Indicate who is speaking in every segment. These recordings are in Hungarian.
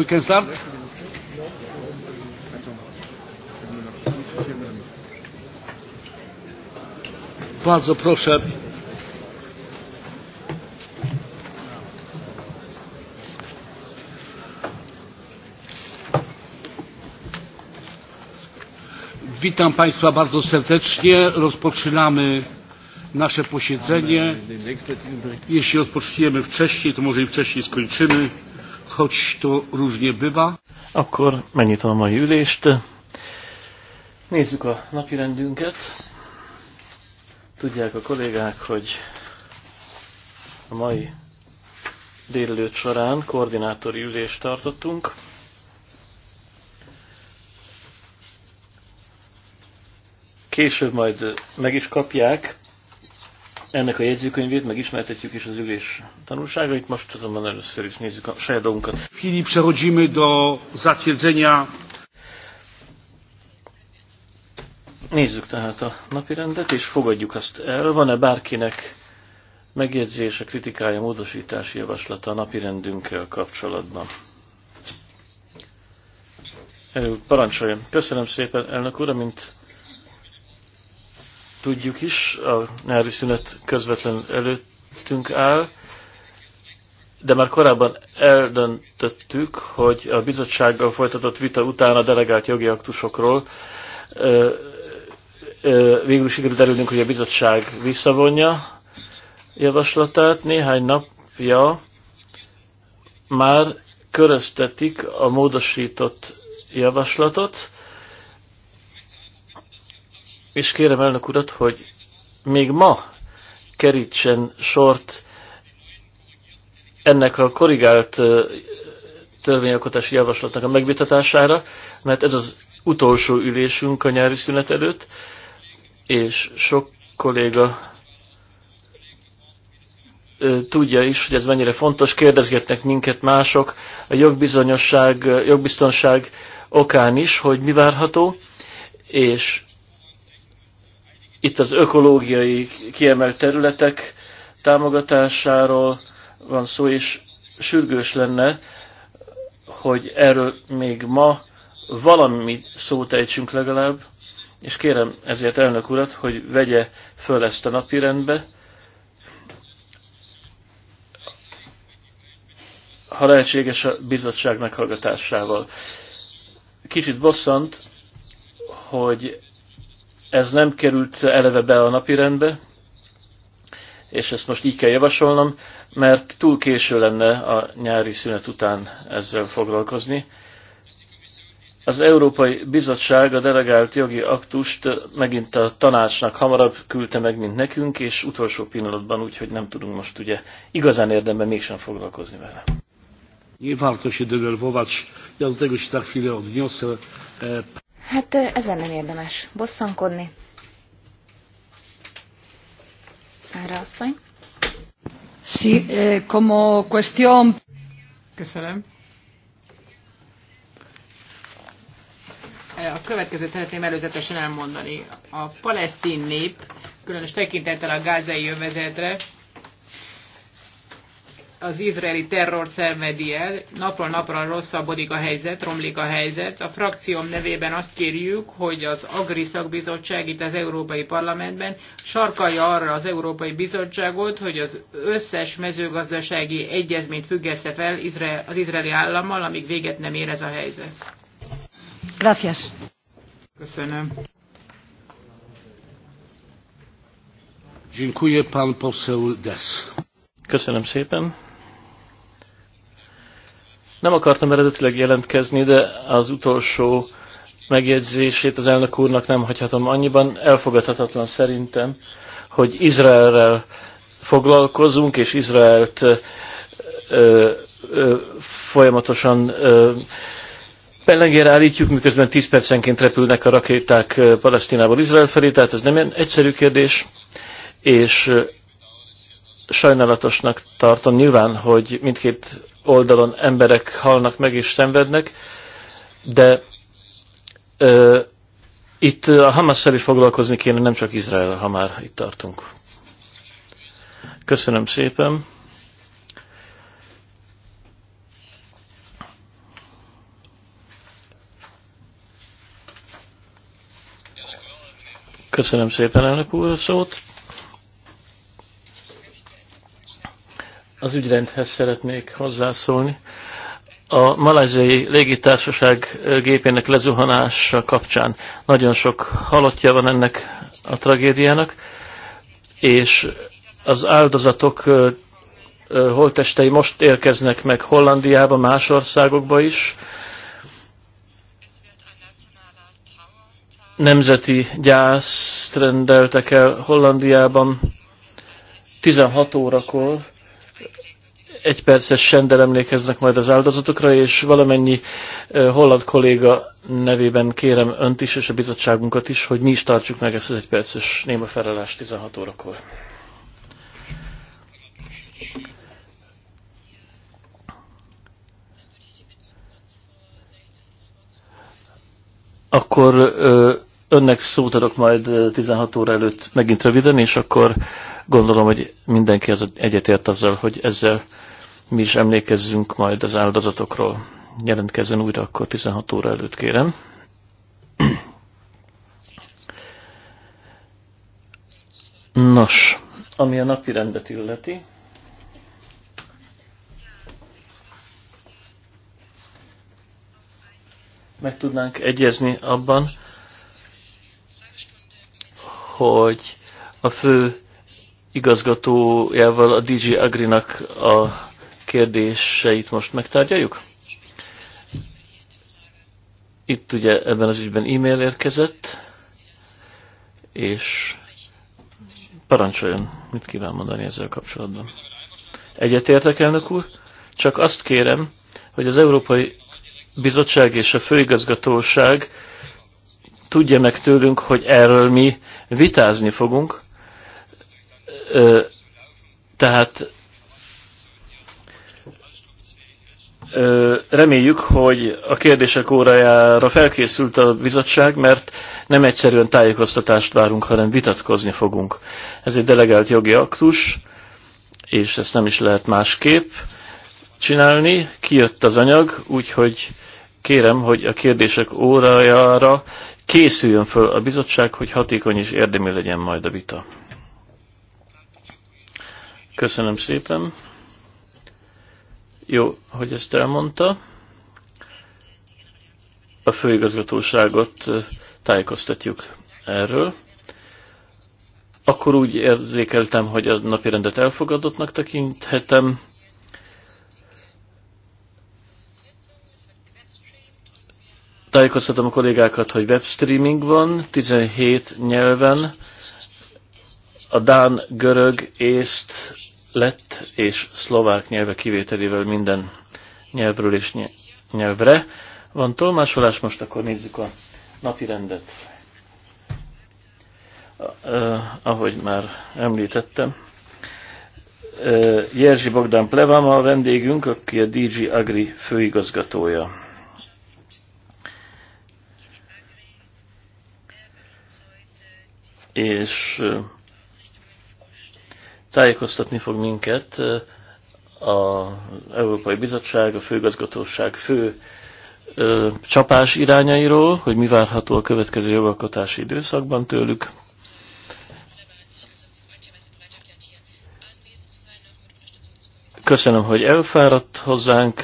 Speaker 1: We can start.
Speaker 2: Bardzo proszę. Witam Państwa bardzo serdecznie. Rozpoczynamy nasze posiedzenie. Jeśli rozpoczniemy wcześniej, to może i wcześniej skończymy choć
Speaker 1: to różnie bywa. Akkor megnyitom a mai ülést. Nézzük a napirendünket. Tudják a kollégák, hogy a mai délelőtt során koordinátori ülést tartottunk. Később majd meg is kapják ennek a jegyzőkönyvét megismertetjük is az ülés tanulságait, most azonban először is nézzük a saját dolgunkat. Filip,
Speaker 2: chwili przechodzimy do zatwierdzenia.
Speaker 1: Nézzük tehát a napi rendet, és fogadjuk azt el. Van-e bárkinek megjegyzése, kritikája, módosítási javaslata a napi rendünkkel kapcsolatban? Erről parancsoljon. Köszönöm szépen, elnök úr, mint tudjuk is, a nyári szünet közvetlen előttünk áll, de már korábban eldöntöttük, hogy a bizottsággal folytatott vita után a delegált jogi aktusokról végül is sikerült hogy a bizottság visszavonja javaslatát. Néhány napja már köröztetik a módosított javaslatot, és kérem elnök urat, hogy még ma kerítsen sort ennek a korrigált törvényalkotási javaslatnak a megvitatására, mert ez az utolsó ülésünk a nyári szünet előtt, és sok kolléga tudja is, hogy ez mennyire fontos, kérdezgetnek minket mások a jogbizonyosság, jogbiztonság okán is, hogy mi várható, és itt az ökológiai kiemelt területek támogatásáról van szó, és sürgős lenne, hogy erről még ma valami szót ejtsünk legalább, és kérem ezért elnök urat, hogy vegye föl ezt a napirendbe. ha lehetséges a bizottság meghallgatásával. Kicsit bosszant, hogy ez nem került eleve be a napirendbe, és ezt most így kell javasolnom, mert túl késő lenne a nyári szünet után ezzel foglalkozni. Az Európai Bizottság a delegált jogi aktust megint a tanácsnak hamarabb küldte meg, mint nekünk, és utolsó pillanatban, úgyhogy nem tudunk most ugye igazán érdemben mégsem foglalkozni vele. Nie warto się denerwować. Ja do tego się za chwilę odniosę.
Speaker 3: Hát ezen nem érdemes bosszankodni. Szára asszony.
Speaker 4: Sí, eh, como cuestión... Köszönöm. A következőt szeretném előzetesen elmondani. A palesztin nép, különös tekintettel a gázai övezetre, az izraeli terror szenvedi el, napról napra rosszabbodik a helyzet, romlik a helyzet. A frakcióm nevében azt kérjük, hogy az Agri Szakbizottság itt az Európai Parlamentben sarkalja arra az Európai Bizottságot, hogy az összes mezőgazdasági egyezményt függesse fel az izraeli állammal, amíg véget nem ér ez a helyzet. Gracias. Köszönöm.
Speaker 2: Dziękuję pan poseł
Speaker 1: Des. Köszönöm szépen. Nem akartam eredetileg jelentkezni, de az utolsó megjegyzését az elnök úrnak nem hagyhatom annyiban. Elfogadhatatlan szerintem, hogy Izraelrel foglalkozunk, és Izraelt ö, ö, folyamatosan ö, pellengére állítjuk, miközben 10 percenként repülnek a rakéták Palesztinából Izrael felé, tehát ez nem ilyen egyszerű kérdés, és sajnálatosnak tartom nyilván, hogy mindkét oldalon emberek halnak meg és szenvednek, de ö, itt a Hamasszal is foglalkozni kéne, nem csak Izrael, ha már itt tartunk. Köszönöm szépen. Köszönöm szépen, elnök úr, a szót. az ügyrendhez szeretnék hozzászólni. A malajzai légitársaság gépének lezuhanása kapcsán nagyon sok halottja van ennek a tragédiának, és az áldozatok holtestei most érkeznek meg Hollandiába, más országokba is. Nemzeti gyászt rendeltek el Hollandiában 16 órakor, egy perces sendel emlékeznek majd az áldozatokra, és valamennyi holland kolléga nevében kérem önt is, és a bizottságunkat is, hogy mi is tartsuk meg ezt az egy perces néma felelást 16 órakor. Akkor önnek szót adok majd 16 óra előtt megint röviden, és akkor gondolom, hogy mindenki az egyetért azzal, hogy ezzel mi is emlékezzünk majd az áldozatokról. Jelentkezzen újra akkor 16 óra előtt, kérem. Nos, ami a napi rendet illeti, meg tudnánk egyezni abban, hogy a fő igazgatójával, a DG Agrinak a kérdéseit most megtárgyaljuk? Itt ugye ebben az ügyben e-mail érkezett, és parancsoljon, mit kíván mondani ezzel kapcsolatban. Egyetértek, elnök úr? Csak azt kérem, hogy az Európai Bizottság és a Főigazgatóság tudja meg tőlünk, hogy erről mi vitázni fogunk. Tehát Reméljük, hogy a kérdések órájára felkészült a bizottság, mert nem egyszerűen tájékoztatást várunk, hanem vitatkozni fogunk. Ez egy delegált jogi aktus, és ezt nem is lehet másképp csinálni. Kijött az anyag, úgyhogy kérem, hogy a kérdések órájára készüljön föl a bizottság, hogy hatékony és érdemű legyen majd a vita. Köszönöm szépen. Jó, hogy ezt elmondta. A főigazgatóságot tájékoztatjuk erről. Akkor úgy érzékeltem, hogy a napi rendet elfogadottnak tekinthetem. Tájékoztatom a kollégákat, hogy webstreaming van, 17 nyelven, a dán, görög, észt, lett és szlovák nyelve kivételével minden nyelvről és nyelvre. Van tolmásolás, most akkor nézzük a napi rendet. ahogy már említettem, Jerzy Bogdan Plevám a vendégünk, aki a DG Agri főigazgatója. És tájékoztatni fog minket az Európai Bizottság, a Főgazgatóság fő ö, csapás irányairól, hogy mi várható a következő jogalkotási időszakban tőlük. Köszönöm, hogy elfáradt hozzánk.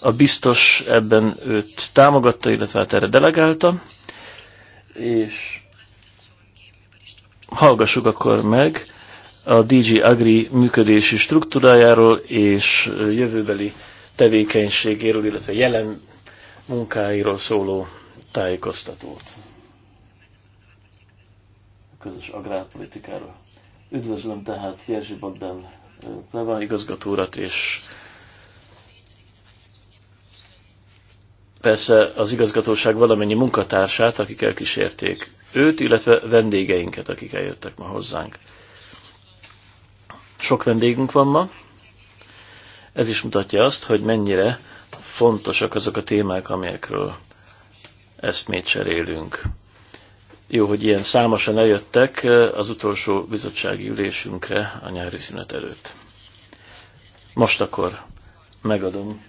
Speaker 1: A biztos ebben őt támogatta, illetve hát erre delegálta. És hallgassuk akkor meg a DG Agri működési struktúrájáról és jövőbeli tevékenységéről, illetve jelen munkáiról szóló tájékoztatót. A közös agrárpolitikáról. Üdvözlöm tehát Jerzy Bogdan Pleván igazgatórat, és persze az igazgatóság valamennyi munkatársát, akik elkísérték őt, illetve vendégeinket, akik eljöttek ma hozzánk. Sok vendégünk van ma. Ez is mutatja azt, hogy mennyire fontosak azok a témák, amelyekről eszmét cserélünk. Jó, hogy ilyen számosan eljöttek eh, az utolsó bizottsági ülésünkre a nyári szünet előtt. Most akkor megadom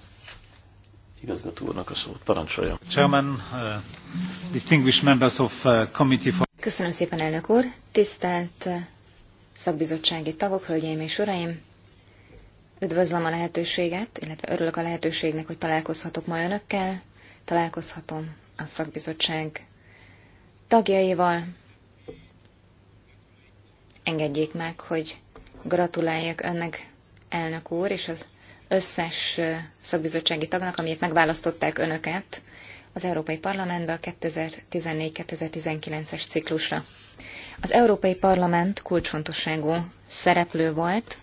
Speaker 1: igazgató úrnak a szót. Parancsolja. Chairman, uh,
Speaker 2: distinguished members of uh, committee
Speaker 1: for...
Speaker 3: Köszönöm szépen, elnök úr. Tisztelt szakbizottsági tagok, hölgyeim és uraim! Üdvözlöm a lehetőséget, illetve örülök a lehetőségnek, hogy találkozhatok ma önökkel, találkozhatom a szakbizottság tagjaival. Engedjék meg, hogy gratuláljak önnek, elnök úr, és az összes szakbizottsági tagnak, amiért megválasztották önöket az Európai Parlamentbe a 2014-2019-es ciklusra. Az Európai Parlament kulcsfontosságú szereplő volt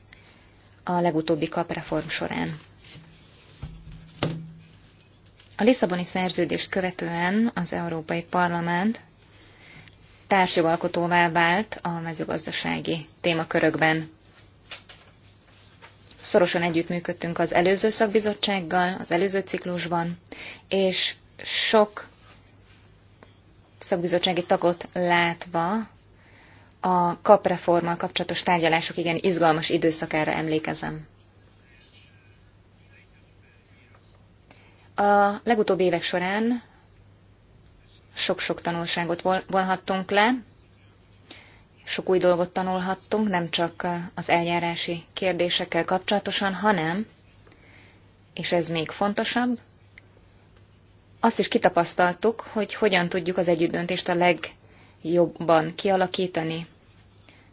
Speaker 3: a legutóbbi kapreform során. A Lisszaboni szerződést követően az Európai Parlament társjogalkotóvá vált a mezőgazdasági témakörökben. Szorosan együttműködtünk az előző szakbizottsággal, az előző ciklusban, és sok szakbizottsági tagot látva a kapreformmal kapcsolatos tárgyalások igen izgalmas időszakára emlékezem. A legutóbbi évek során sok-sok tanulságot vonhattunk le, sok új dolgot tanulhattunk, nem csak az eljárási kérdésekkel kapcsolatosan, hanem, és ez még fontosabb, azt is kitapasztaltuk, hogy hogyan tudjuk az együttdöntést a legjobban kialakítani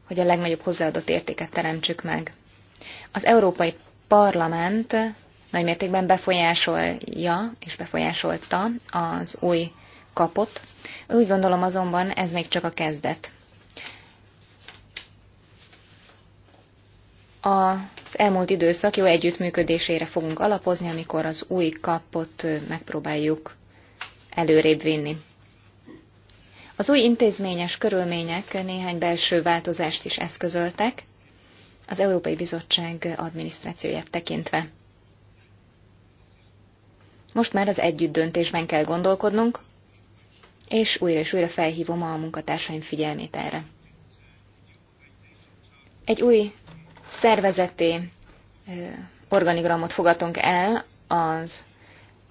Speaker 3: hogy a legnagyobb hozzáadott értéket teremtsük meg. Az Európai Parlament nagymértékben befolyásolja és befolyásolta az új kapot. Úgy gondolom azonban ez még csak a kezdet. Az elmúlt időszak jó együttműködésére fogunk alapozni, amikor az új kapot megpróbáljuk előrébb vinni. Az új intézményes körülmények néhány belső változást is eszközöltek az Európai Bizottság adminisztrációját tekintve. Most már az együtt döntésben kell gondolkodnunk, és újra és újra felhívom a munkatársaim figyelmét erre. Egy új szervezeti organigramot fogadtunk el az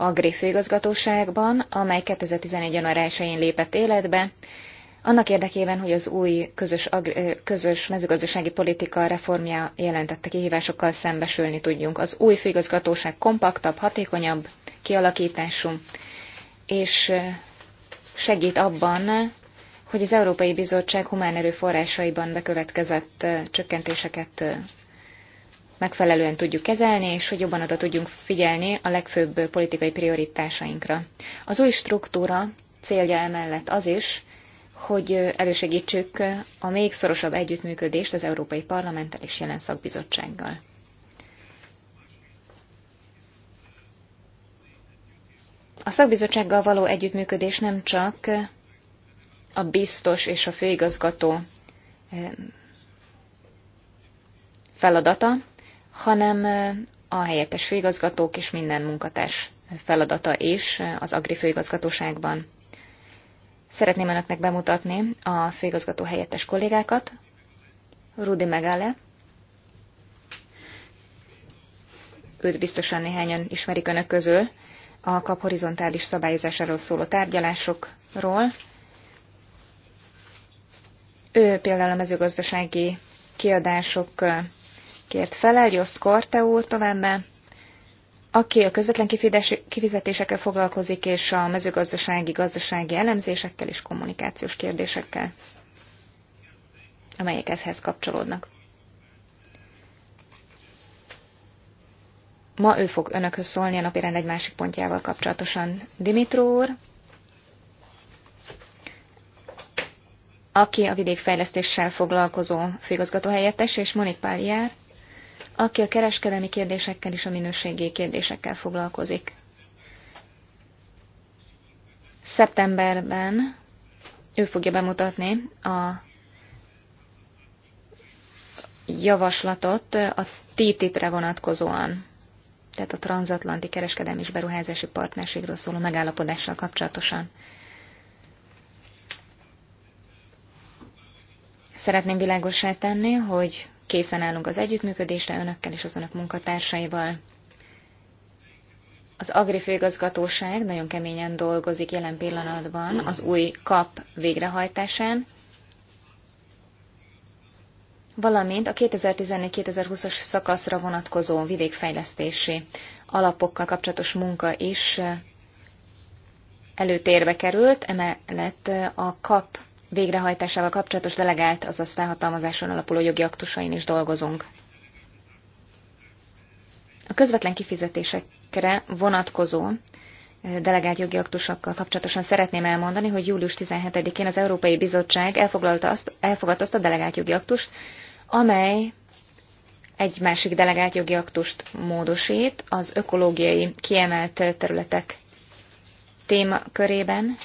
Speaker 3: Agri főigazgatóságban, amely 2011. január 1-én lépett életbe, annak érdekében, hogy az új közös, agri, közös mezőgazdasági politika reformja jelentette kihívásokkal szembesülni tudjunk. Az új főigazgatóság kompaktabb, hatékonyabb kialakítású, és segít abban, hogy az Európai Bizottság humán erőforrásaiban bekövetkezett csökkentéseket megfelelően tudjuk kezelni, és hogy jobban oda tudjunk figyelni a legfőbb politikai prioritásainkra. Az új struktúra célja emellett az is, hogy elősegítsük a még szorosabb együttműködést az Európai Parlamenttel és jelen szakbizottsággal. A szakbizottsággal való együttműködés nem csak a biztos és a főigazgató eh, feladata, hanem a helyettes főigazgatók és minden munkatárs feladata is az Agri főigazgatóságban. Szeretném önöknek bemutatni a főigazgató helyettes kollégákat, Rudi Megale. Őt biztosan néhányan ismerik önök közül a kap horizontális szabályozásáról szóló tárgyalásokról. Ő például a mezőgazdasági kiadások kért felel, Jost Korte úr továbbá, aki a közvetlen kifizetésekkel foglalkozik, és a mezőgazdasági, gazdasági elemzésekkel és kommunikációs kérdésekkel, amelyek ezhez kapcsolódnak. Ma ő fog önökhöz szólni a napirend egy másik pontjával kapcsolatosan. Dimitró úr, aki a vidékfejlesztéssel foglalkozó főigazgató helyettes, és Monik Páliár, aki a kereskedelmi kérdésekkel és a minőségi kérdésekkel foglalkozik. Szeptemberben ő fogja bemutatni a javaslatot a TTIP-re vonatkozóan, tehát a Transatlanti Kereskedelmi és Beruházási Partnerségről szóló megállapodással kapcsolatosan. Szeretném világosá tenni, hogy Készen állunk az együttműködésre önökkel és az önök munkatársaival. Az Agri Főigazgatóság nagyon keményen dolgozik jelen pillanatban az új kap végrehajtásán, valamint a 2014-2020-as szakaszra vonatkozó vidékfejlesztési alapokkal kapcsolatos munka is előtérbe került, emellett a kap végrehajtásával kapcsolatos delegált, azaz felhatalmazáson alapuló jogi aktusain is dolgozunk. A közvetlen kifizetésekre vonatkozó eh, delegált jogi aktusokkal kapcsolatosan szeretném elmondani, hogy július 17-én az Európai Bizottság azt, elfogadta azt a delegált jogi aktust, amely egy másik delegált jogi aktust módosít az ökológiai kiemelt területek témakörében,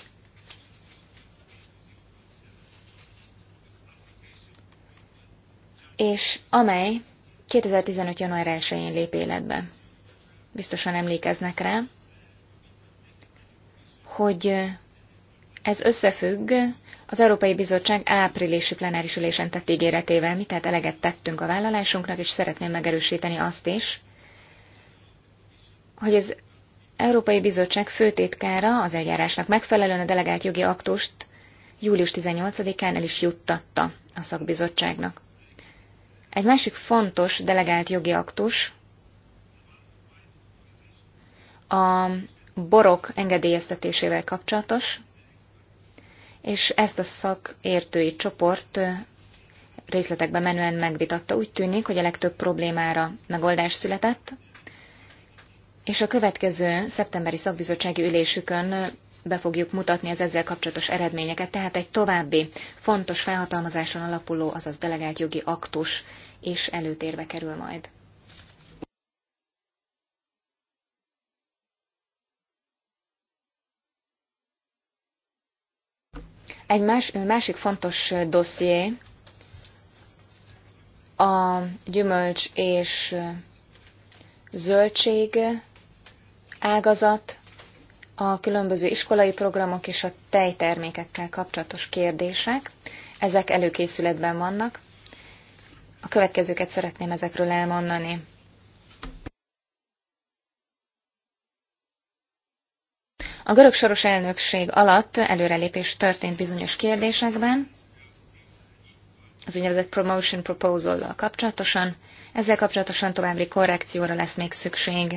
Speaker 3: és amely 2015. január 1-én lép életbe. Biztosan emlékeznek rá, hogy ez összefügg az Európai Bizottság áprilisi plenáris ülésen tett ígéretével, mi tehát eleget tettünk a vállalásunknak, és szeretném megerősíteni azt is, hogy az Európai Bizottság főtétkára az eljárásnak megfelelően a delegált jogi aktust július 18-án el is juttatta a szakbizottságnak. Egy másik fontos delegált jogi aktus a borok engedélyeztetésével kapcsolatos, és ezt a szakértői csoport részletekben menően megvitatta. Úgy tűnik, hogy a legtöbb problémára megoldás született, és a következő szeptemberi szakbizottsági ülésükön be fogjuk mutatni az ezzel kapcsolatos eredményeket, tehát egy további fontos felhatalmazáson alapuló, azaz delegált jogi aktus és előtérbe kerül majd. Egy más, másik fontos dosszié a gyümölcs és zöldség ágazat, a különböző iskolai programok és a tejtermékekkel kapcsolatos kérdések. Ezek előkészületben vannak. A következőket szeretném ezekről elmondani. A görög soros elnökség alatt előrelépés történt bizonyos kérdésekben, az úgynevezett promotion proposal kapcsolatosan. Ezzel kapcsolatosan további korrekcióra lesz még szükség.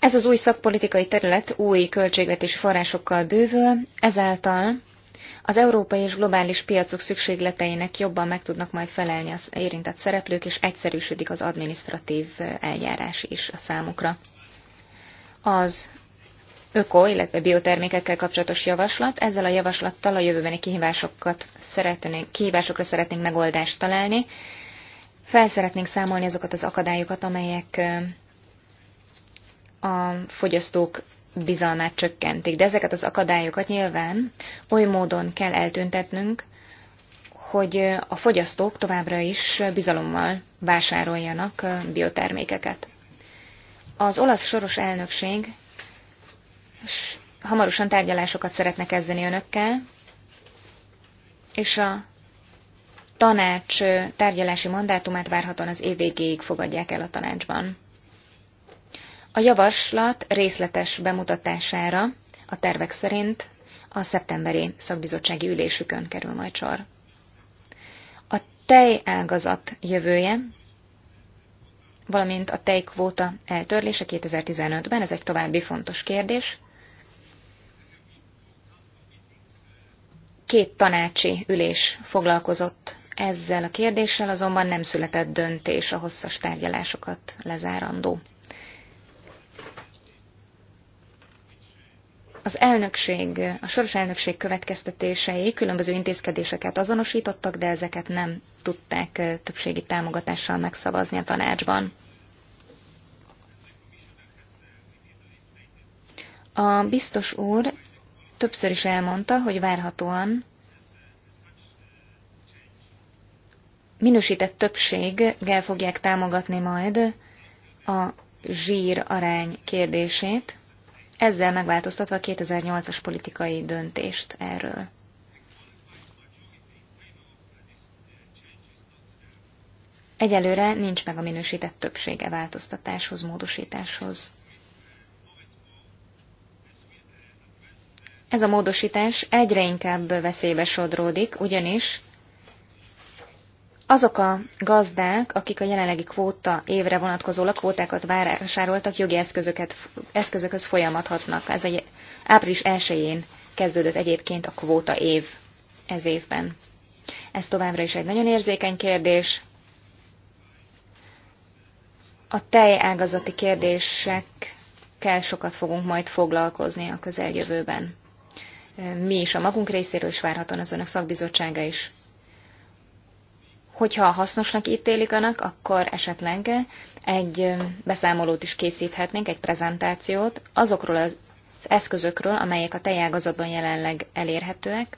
Speaker 3: Ez az új szakpolitikai terület új költségvetési forrásokkal bővül, ezáltal az európai és globális piacok szükségleteinek jobban meg tudnak majd felelni az érintett szereplők, és egyszerűsödik az administratív eljárás is a számukra. Az öko, illetve biotermékekkel kapcsolatos javaslat. Ezzel a javaslattal a jövőbeni kihívásokat szeretnénk, kihívásokra szeretnénk megoldást találni. Fel szeretnénk számolni azokat az akadályokat, amelyek a fogyasztók bizalmát csökkentik. De ezeket az akadályokat nyilván oly módon kell eltüntetnünk, hogy a fogyasztók továbbra is bizalommal vásároljanak biotermékeket. Az olasz soros elnökség hamarosan tárgyalásokat szeretne kezdeni önökkel, és a tanács tárgyalási mandátumát várhatóan az év végéig fogadják el a tanácsban. A javaslat részletes bemutatására a tervek szerint a szeptemberi szakbizottsági ülésükön kerül majd sor. A tej jövője, valamint a tejkvóta eltörlése 2015-ben, ez egy további fontos kérdés. Két tanácsi ülés foglalkozott ezzel a kérdéssel, azonban nem született döntés a hosszas tárgyalásokat lezárandó Az elnökség, a soros elnökség következtetései különböző intézkedéseket azonosítottak, de ezeket nem tudták többségi támogatással megszavazni a tanácsban. A biztos úr többször is elmondta, hogy várhatóan minősített többséggel fogják támogatni majd a zsír arány kérdését, ezzel megváltoztatva a 2008-as politikai döntést erről. Egyelőre nincs meg a minősített többsége változtatáshoz, módosításhoz. Ez a módosítás egyre inkább veszélybe sodródik, ugyanis azok a gazdák, akik a jelenlegi kvóta évre vonatkozó kvótákat vásároltak, jogi eszközöket, eszközökhöz folyamathatnak. Ez egy április 1-én kezdődött egyébként a kvóta év ez évben. Ez továbbra is egy nagyon érzékeny kérdés. A tejágazati kérdésekkel sokat fogunk majd foglalkozni a közeljövőben. Mi is a magunk részéről is várhatóan az önök szakbizottsága is Hogyha hasznosnak ítélik önök, akkor esetleg egy beszámolót is készíthetnénk, egy prezentációt azokról az eszközökről, amelyek a tejágazatban jelenleg elérhetőek,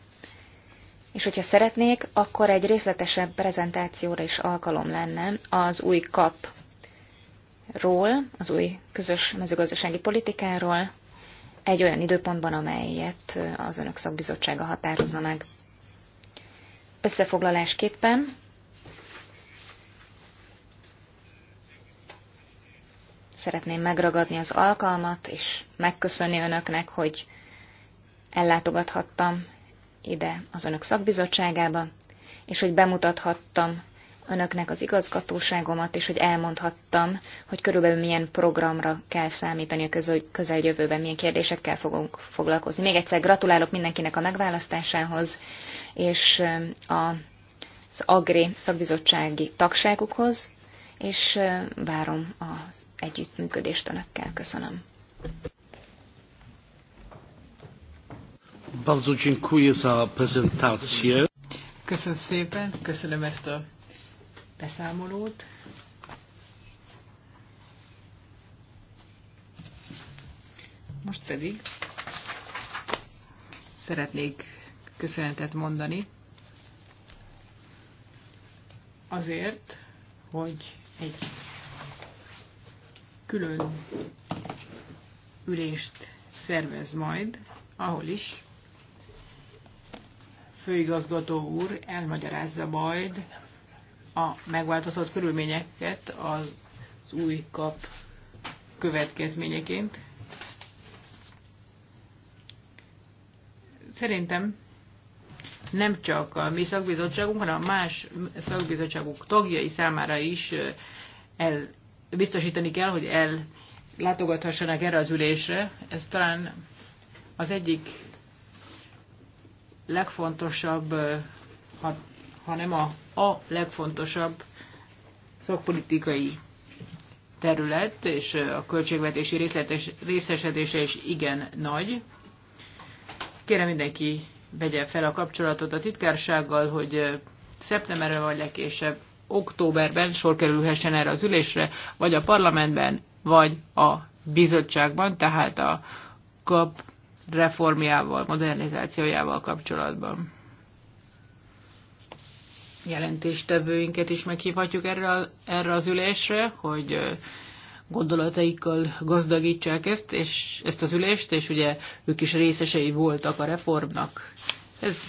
Speaker 3: és hogyha szeretnék, akkor egy részletesebb prezentációra is alkalom lenne az új ról, az új közös mezőgazdasági politikáról, egy olyan időpontban, amelyet az Önök szakbizottsága határozna meg. Összefoglalásképpen Szeretném megragadni az alkalmat, és megköszönni önöknek, hogy ellátogathattam ide az önök szakbizottságába, és hogy bemutathattam önöknek az igazgatóságomat, és hogy elmondhattam, hogy körülbelül milyen programra kell számítani a közö- közeljövőben, milyen kérdésekkel fogunk foglalkozni. Még egyszer gratulálok mindenkinek a megválasztásához, és a, az AGRI szakbizottsági tagságukhoz, és várom az együttműködést önökkel. Köszönöm.
Speaker 2: Bardzo dziękuję za prezentację.
Speaker 3: Köszönöm szépen, köszönöm ezt
Speaker 4: a beszámolót. Most pedig szeretnék köszönetet mondani azért, hogy egy külön ülést szervez majd, ahol is főigazgató úr elmagyarázza majd a megváltozott körülményeket az új kap következményeként. Szerintem nem csak a mi szakbizottságunk, hanem más szakbizottságok tagjai számára is el, biztosítani kell, hogy el látogathassanak erre az ülésre. Ez talán az egyik legfontosabb, ha, ha nem a, a legfontosabb szakpolitikai terület, és a költségvetési részletes, részesedése is igen nagy. Kérem mindenki vegye fel a kapcsolatot a titkársággal, hogy szeptemberre vagy legkésebb októberben sor kerülhessen erre az ülésre, vagy a parlamentben, vagy a bizottságban, tehát a kap reformjával, modernizációjával kapcsolatban. Jelentéstevőinket is meghívhatjuk erre, erre az ülésre, hogy gondolataikkal gazdagítsák ezt, és ezt az ülést, és ugye ők is részesei voltak a reformnak. Ez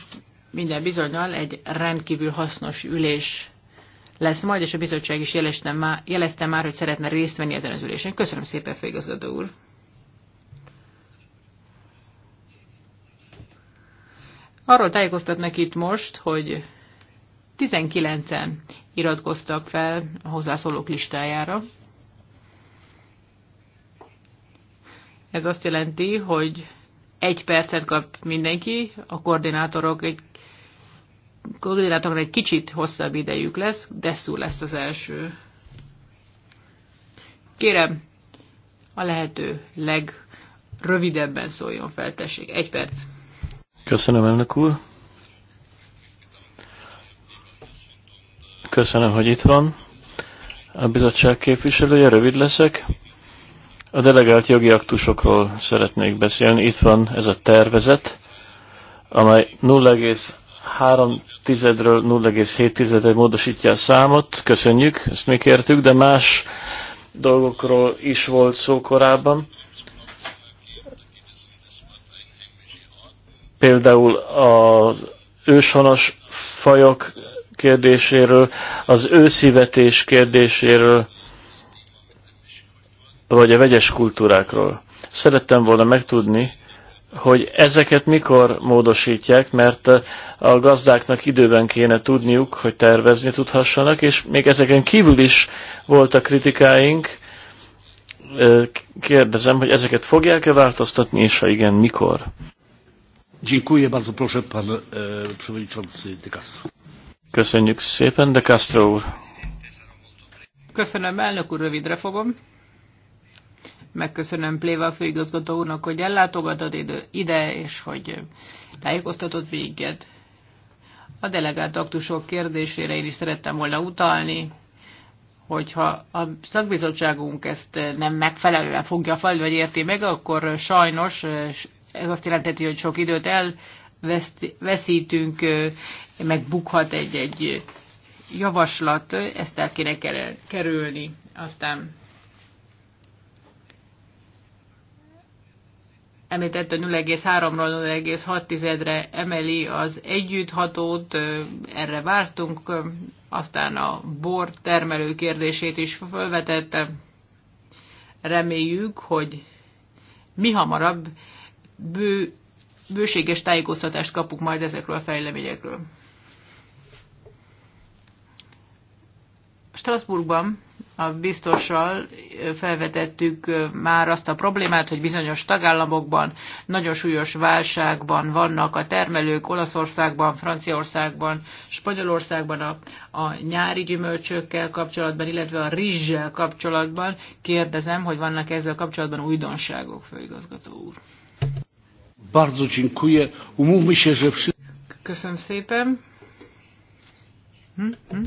Speaker 4: minden bizonyal egy rendkívül hasznos ülés lesz majd, és a bizottság is jelezte már, jelezte már hogy szeretne részt venni ezen az ülésen. Köszönöm szépen, főigazgató úr! Arról tájékoztatnak itt most, hogy 19-en iratkoztak fel a hozzászólók listájára. Ez azt jelenti, hogy egy percet kap mindenki, a koordinátorok egy koordinátoroknak egy kicsit hosszabb idejük lesz, Deszú lesz az első. Kérem, a lehető legrövidebben szóljon fel, tessék. Egy perc.
Speaker 1: Köszönöm, elnök úr. Köszönöm, hogy itt van. A bizottság képviselője, rövid leszek. A delegált jogi aktusokról szeretnék beszélni. Itt van ez a tervezet, amely 0, 3 tizedről 0,7-re módosítja a számot, köszönjük, ezt mi kértük, de más dolgokról is volt szó korábban. Például az őshonos fajok kérdéséről, az őszivetés kérdéséről, vagy a vegyes kultúrákról. Szerettem volna megtudni, hogy ezeket mikor módosítják, mert eh, a gazdáknak időben kéne tudniuk, hogy tervezni tudhassanak, és még ezeken kívül is voltak kritikáink. Eh, kérdezem, hogy ezeket fogják-e változtatni, és ha igen, mikor?
Speaker 2: Dziękuję bardzo, proszę pan eh, przewodniczący De Castro.
Speaker 1: Köszönjük szépen, De Castro úr.
Speaker 4: Köszönöm, elnök úr, rövidre fogom. Megköszönöm Pléva főigazgató úrnak, hogy idő ide, és hogy tájékoztatott minket. A delegált aktusok kérdésére én is szerettem volna utalni, hogyha a szakbizottságunk ezt nem megfelelően fogja fel, vagy érti meg, akkor sajnos ez azt jelenteti, hogy sok időt elveszítünk, megbukhat egy-egy javaslat, ezt el kéne kerülni. Aztán Említett, hogy 0,3-ról 0,6-re emeli az együtthatót, erre vártunk, aztán a bor termelő kérdését is felvetette. Reméljük, hogy mi hamarabb bő, bőséges tájékoztatást kapunk majd ezekről a fejleményekről. Strasbourgban a biztossal felvetettük már azt a problémát, hogy bizonyos tagállamokban nagyon súlyos válságban vannak a termelők Olaszországban, Franciaországban, Spanyolországban a, a nyári gyümölcsökkel kapcsolatban, illetve a rizssel kapcsolatban. Kérdezem, hogy vannak ezzel kapcsolatban újdonságok, főigazgató úr.
Speaker 2: Bardzo dziękuję.
Speaker 1: Umówmy się, że
Speaker 4: Köszönöm szépen. Hm? Hm?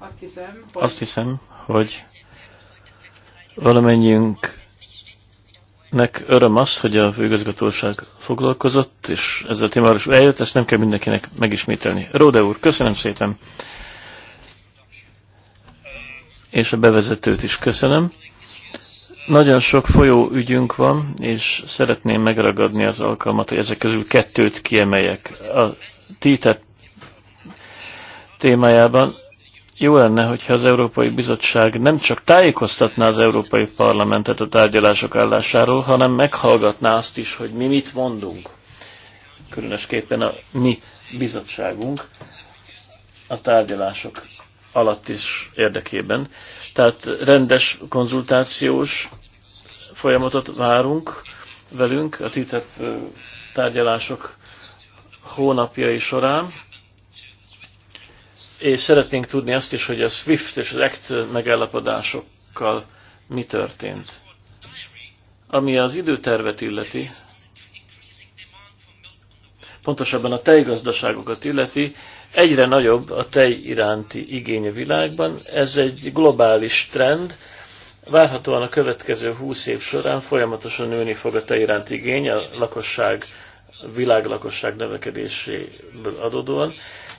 Speaker 4: Azt hiszem, hogy,
Speaker 1: Azt hiszem, hogy valamennyiünknek öröm az, hogy a főigazgatóság foglalkozott, és ez a témáról is eljött, ezt nem kell mindenkinek megismételni. Róde úr, köszönöm szépen! És a bevezetőt is köszönöm. Nagyon sok folyó ügyünk van, és szeretném megragadni az alkalmat, hogy ezek közül kettőt kiemeljek. A TTIP témájában jó lenne, hogyha az Európai Bizottság nem csak tájékoztatná az Európai Parlamentet a tárgyalások állásáról, hanem meghallgatná azt is, hogy mi mit mondunk. Különösképpen a mi bizottságunk a tárgyalások alatt is érdekében. Tehát rendes konzultációs folyamatot várunk velünk a TTIP tárgyalások hónapjai során és szeretnénk tudni azt is, hogy a SWIFT és az ACT megállapodásokkal mi történt. Ami az időtervet illeti, pontosabban a tejgazdaságokat illeti, egyre nagyobb a tej iránti igény a világban. Ez egy globális trend, várhatóan a következő 20 év során folyamatosan nőni fog a tej iránti igény a lakosság, világlakosság növekedéséből adódóan.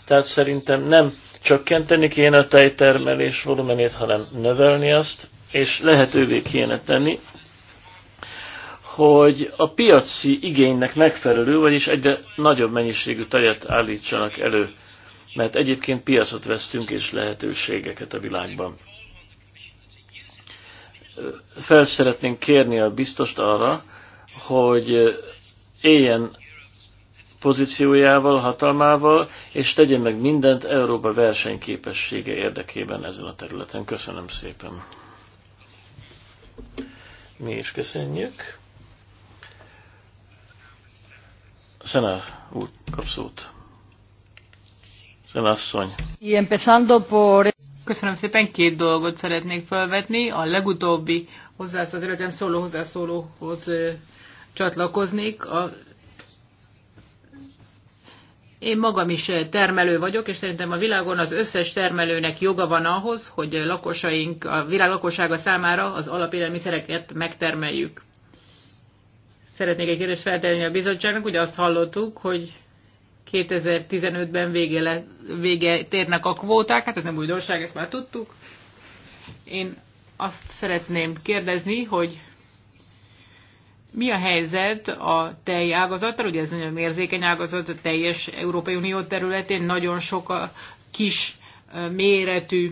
Speaker 1: Tehát szerintem nem csökkenteni kéne a tejtermelés volumenét, hanem növelni azt, és lehetővé kéne tenni, hogy a piaci igénynek megfelelő, vagyis egyre nagyobb mennyiségű tejet állítsanak elő, mert egyébként piacot vesztünk és lehetőségeket a világban. Fel szeretnénk kérni a biztost arra, hogy éljen pozíciójával, hatalmával, és tegye meg mindent Európa versenyképessége érdekében ezen a területen. Köszönöm szépen. Mi is köszönjük. Szenár úr, kap szót. asszony.
Speaker 4: Köszönöm szépen, két dolgot szeretnék felvetni. A legutóbbi hozzász, az előttem szóló hozzászólóhoz csatlakoznék. A én magam is eh, termelő vagyok, és szerintem a világon az összes termelőnek joga van ahhoz, hogy eh, lakosaink, a világ lakossága számára az alapélelmiszereket megtermeljük. Szeretnék egy kérdést feltenni a bizottságnak, ugye azt hallottuk, hogy 2015-ben vége, le, vége térnek a kvóták, hát ez nem újdonság, ezt már tudtuk. Én azt szeretném kérdezni, hogy mi a helyzet a tej ágazattal? Ugye ez nagyon érzékeny ágazat, a teljes Európai Unió területén nagyon sok a kis méretű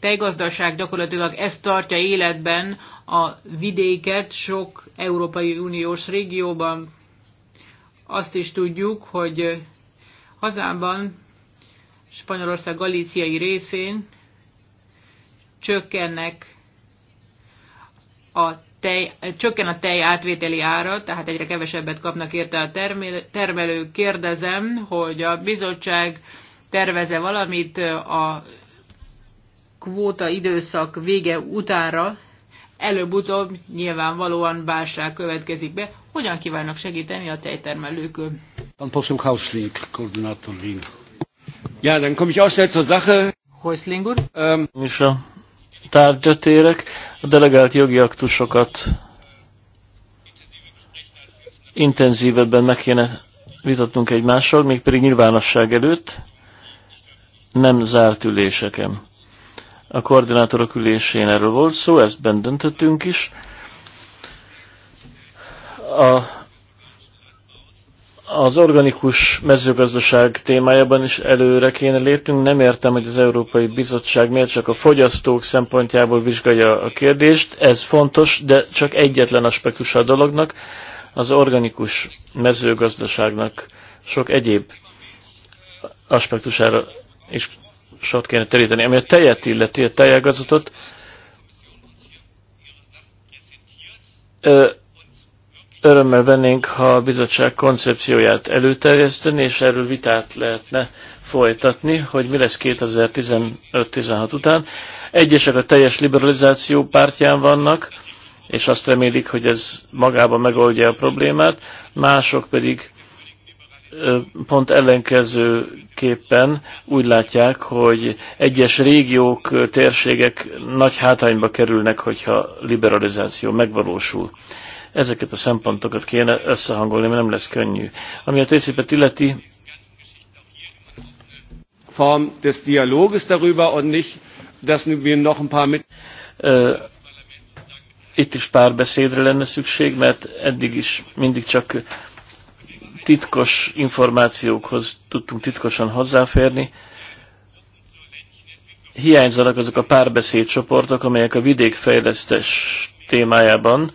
Speaker 4: tejgazdaság gyakorlatilag ezt tartja életben a vidéket sok Európai Uniós régióban. Azt is tudjuk, hogy hazámban, Spanyolország galíciai részén csökkennek a tej, csökken a tej átvételi ára, tehát egyre kevesebbet kapnak érte a termelők. Kérdezem, hogy a bizottság terveze valamit a kvóta időszak vége utára? előbb-utóbb nyilvánvalóan válság következik be. Hogyan kívánnak segíteni a
Speaker 2: tejtermelőkön? Dann poszum Hausling, koordinátor Wien. Ja, dann komme ich auch schnell zur
Speaker 1: Sache. Häusling úr? Ähm, tárgyat érek A delegált jogi aktusokat intenzívebben meg kéne vitatnunk egymással, mégpedig nyilvánosság előtt, nem zárt üléseken. A koordinátorok ülésén erről volt szó, ezt bent döntöttünk is. A az organikus mezőgazdaság témájában is előre kéne lépnünk. Nem értem, hogy az Európai Bizottság miért csak a fogyasztók szempontjából vizsgálja a kérdést. Ez fontos, de csak egyetlen aspektus a dolognak. Az organikus mezőgazdaságnak sok egyéb aspektusára is sort kéne teríteni. Ami a tejet illeti, a tejágazatot, örömmel vennénk, ha a bizottság koncepcióját előterjeszteni, és erről vitát lehetne folytatni, hogy mi lesz 2015-16 után. Egyesek a teljes liberalizáció pártján vannak, és azt remélik, hogy ez magában megoldja a problémát, mások pedig pont ellenkezőképpen úgy látják, hogy egyes régiók, térségek nagy hátrányba kerülnek, hogyha liberalizáció megvalósul. Ezeket a szempontokat kéne összehangolni, mert nem lesz könnyű. Ami a tészépet illeti, Form des Dialoges darüber und nicht, dass wir noch ein paar mit itt is pár beszédre lenne szükség, mert eddig is mindig csak titkos információkhoz tudtunk titkosan hozzáférni. Hiányzanak azok a párbeszédcsoportok, amelyek a vidékfejlesztés témájában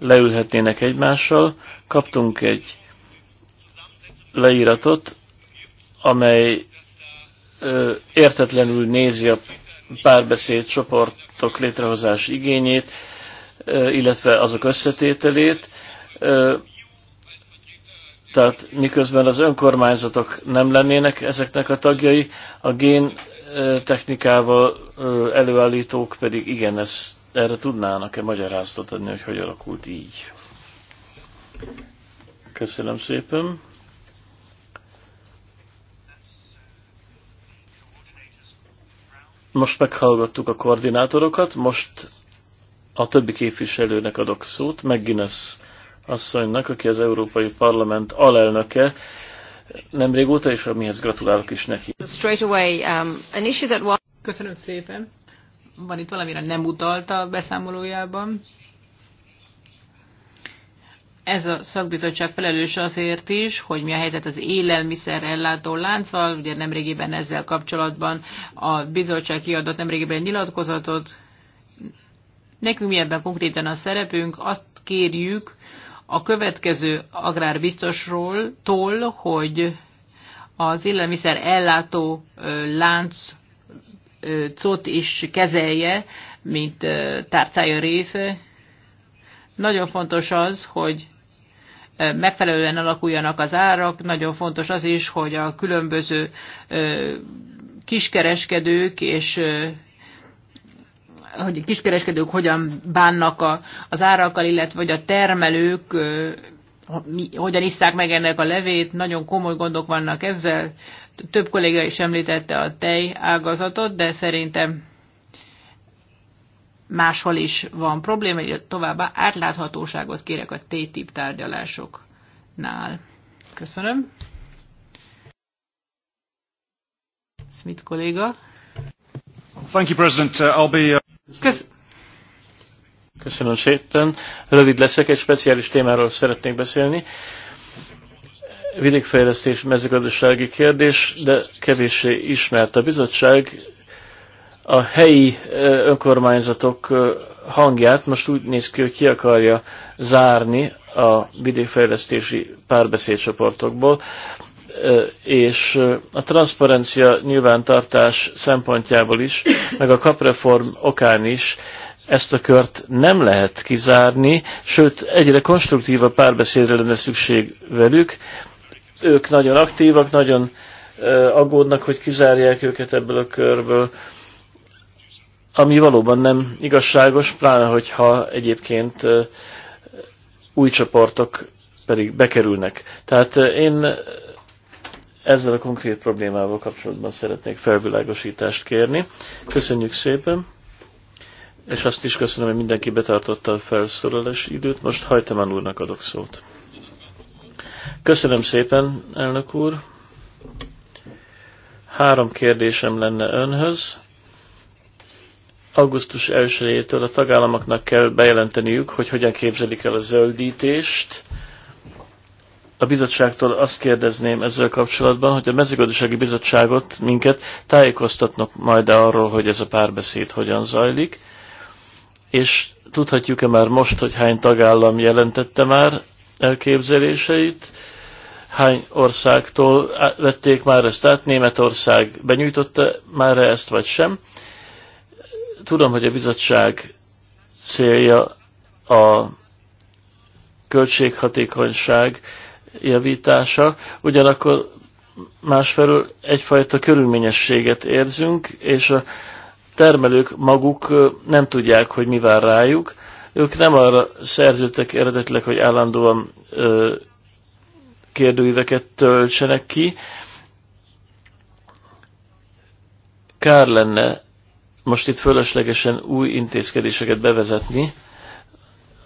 Speaker 1: leülhetnének egymással. Kaptunk egy leíratot, amely ö, értetlenül nézi a párbeszéd csoportok létrehozás igényét, ö, illetve azok összetételét. Ö, tehát miközben az önkormányzatok nem lennének ezeknek a tagjai, a gén technikával előállítók pedig igen, ezt erre tudnának-e magyarázatot adni, hogy hogy alakult így? Köszönöm szépen. Most meghallgattuk a koordinátorokat, most a többi képviselőnek adok szót, meg Guinness asszonynak, aki az Európai Parlament alelnöke, nem régóta, és amihez gratulálok is neki.
Speaker 4: Um, Köszönöm szépen van itt valamire nem utalta a beszámolójában. Ez a szakbizottság felelős azért is, hogy mi a helyzet az élelmiszer ellátó lánccal. Ugye nemrégiben ezzel kapcsolatban a bizottság kiadott nemrégiben egy nyilatkozatot. Nekünk mi ebben konkrétan a szerepünk? Azt kérjük a következő agrárbiztosról, tól, hogy az élelmiszer ellátó lánc COT is kezelje, mint tárcája része. Nagyon fontos az, hogy megfelelően alakuljanak az árak, nagyon fontos az is, hogy a különböző kiskereskedők és hogy a kiskereskedők hogyan bánnak a, az árakkal, illetve hogy a termelők hogyan iszták meg ennek a levét, nagyon komoly gondok vannak ezzel, több kolléga is említette a tej ágazatot, de szerintem máshol is van probléma, hogy továbbá átláthatóságot kérek a T-tip tárgyalásoknál. Köszönöm. Smith kolléga.
Speaker 1: Thank you, President. Uh, I'll be, uh, Kösz Köszönöm szépen. Rövid leszek, egy speciális témáról szeretnék beszélni vidékfejlesztés mezőgazdasági kérdés, de kevéssé ismert a bizottság. A helyi önkormányzatok hangját most úgy néz ki, hogy ki akarja zárni a vidékfejlesztési párbeszédcsoportokból, és a transzparencia nyilvántartás szempontjából is, meg a kapreform okán is ezt a kört nem lehet kizárni, sőt, egyre konstruktívabb párbeszédre lenne szükség velük, ők nagyon aktívak, nagyon aggódnak, hogy kizárják őket ebből a körből, ami valóban nem igazságos, pláne hogyha egyébként új csoportok pedig bekerülnek. Tehát én ezzel a konkrét problémával kapcsolatban szeretnék felvilágosítást kérni. Köszönjük szépen, és azt is köszönöm, hogy mindenki betartotta a felszólalás időt. Most Hajtemán úrnak adok szót. Köszönöm szépen, elnök úr. Három kérdésem lenne önhöz. Augusztus 1-től a tagállamoknak kell bejelenteniük, hogy hogyan képzelik el a zöldítést. A bizottságtól azt kérdezném ezzel kapcsolatban, hogy a mezőgazdasági bizottságot minket tájékoztatnak majd arról, hogy ez a párbeszéd hogyan zajlik, és tudhatjuk-e már most, hogy hány tagállam jelentette már elképzeléseit, hány országtól vették már ezt át, Németország benyújtotta már ezt vagy sem. Tudom, hogy a bizottság célja a költséghatékonyság javítása, ugyanakkor másfelől egyfajta körülményességet érzünk, és a termelők maguk nem tudják, hogy mi vár rájuk. Ők nem arra szerződtek eredetileg, hogy állandóan kérdőíveket töltsenek ki. Kár lenne most itt fölöslegesen új intézkedéseket bevezetni,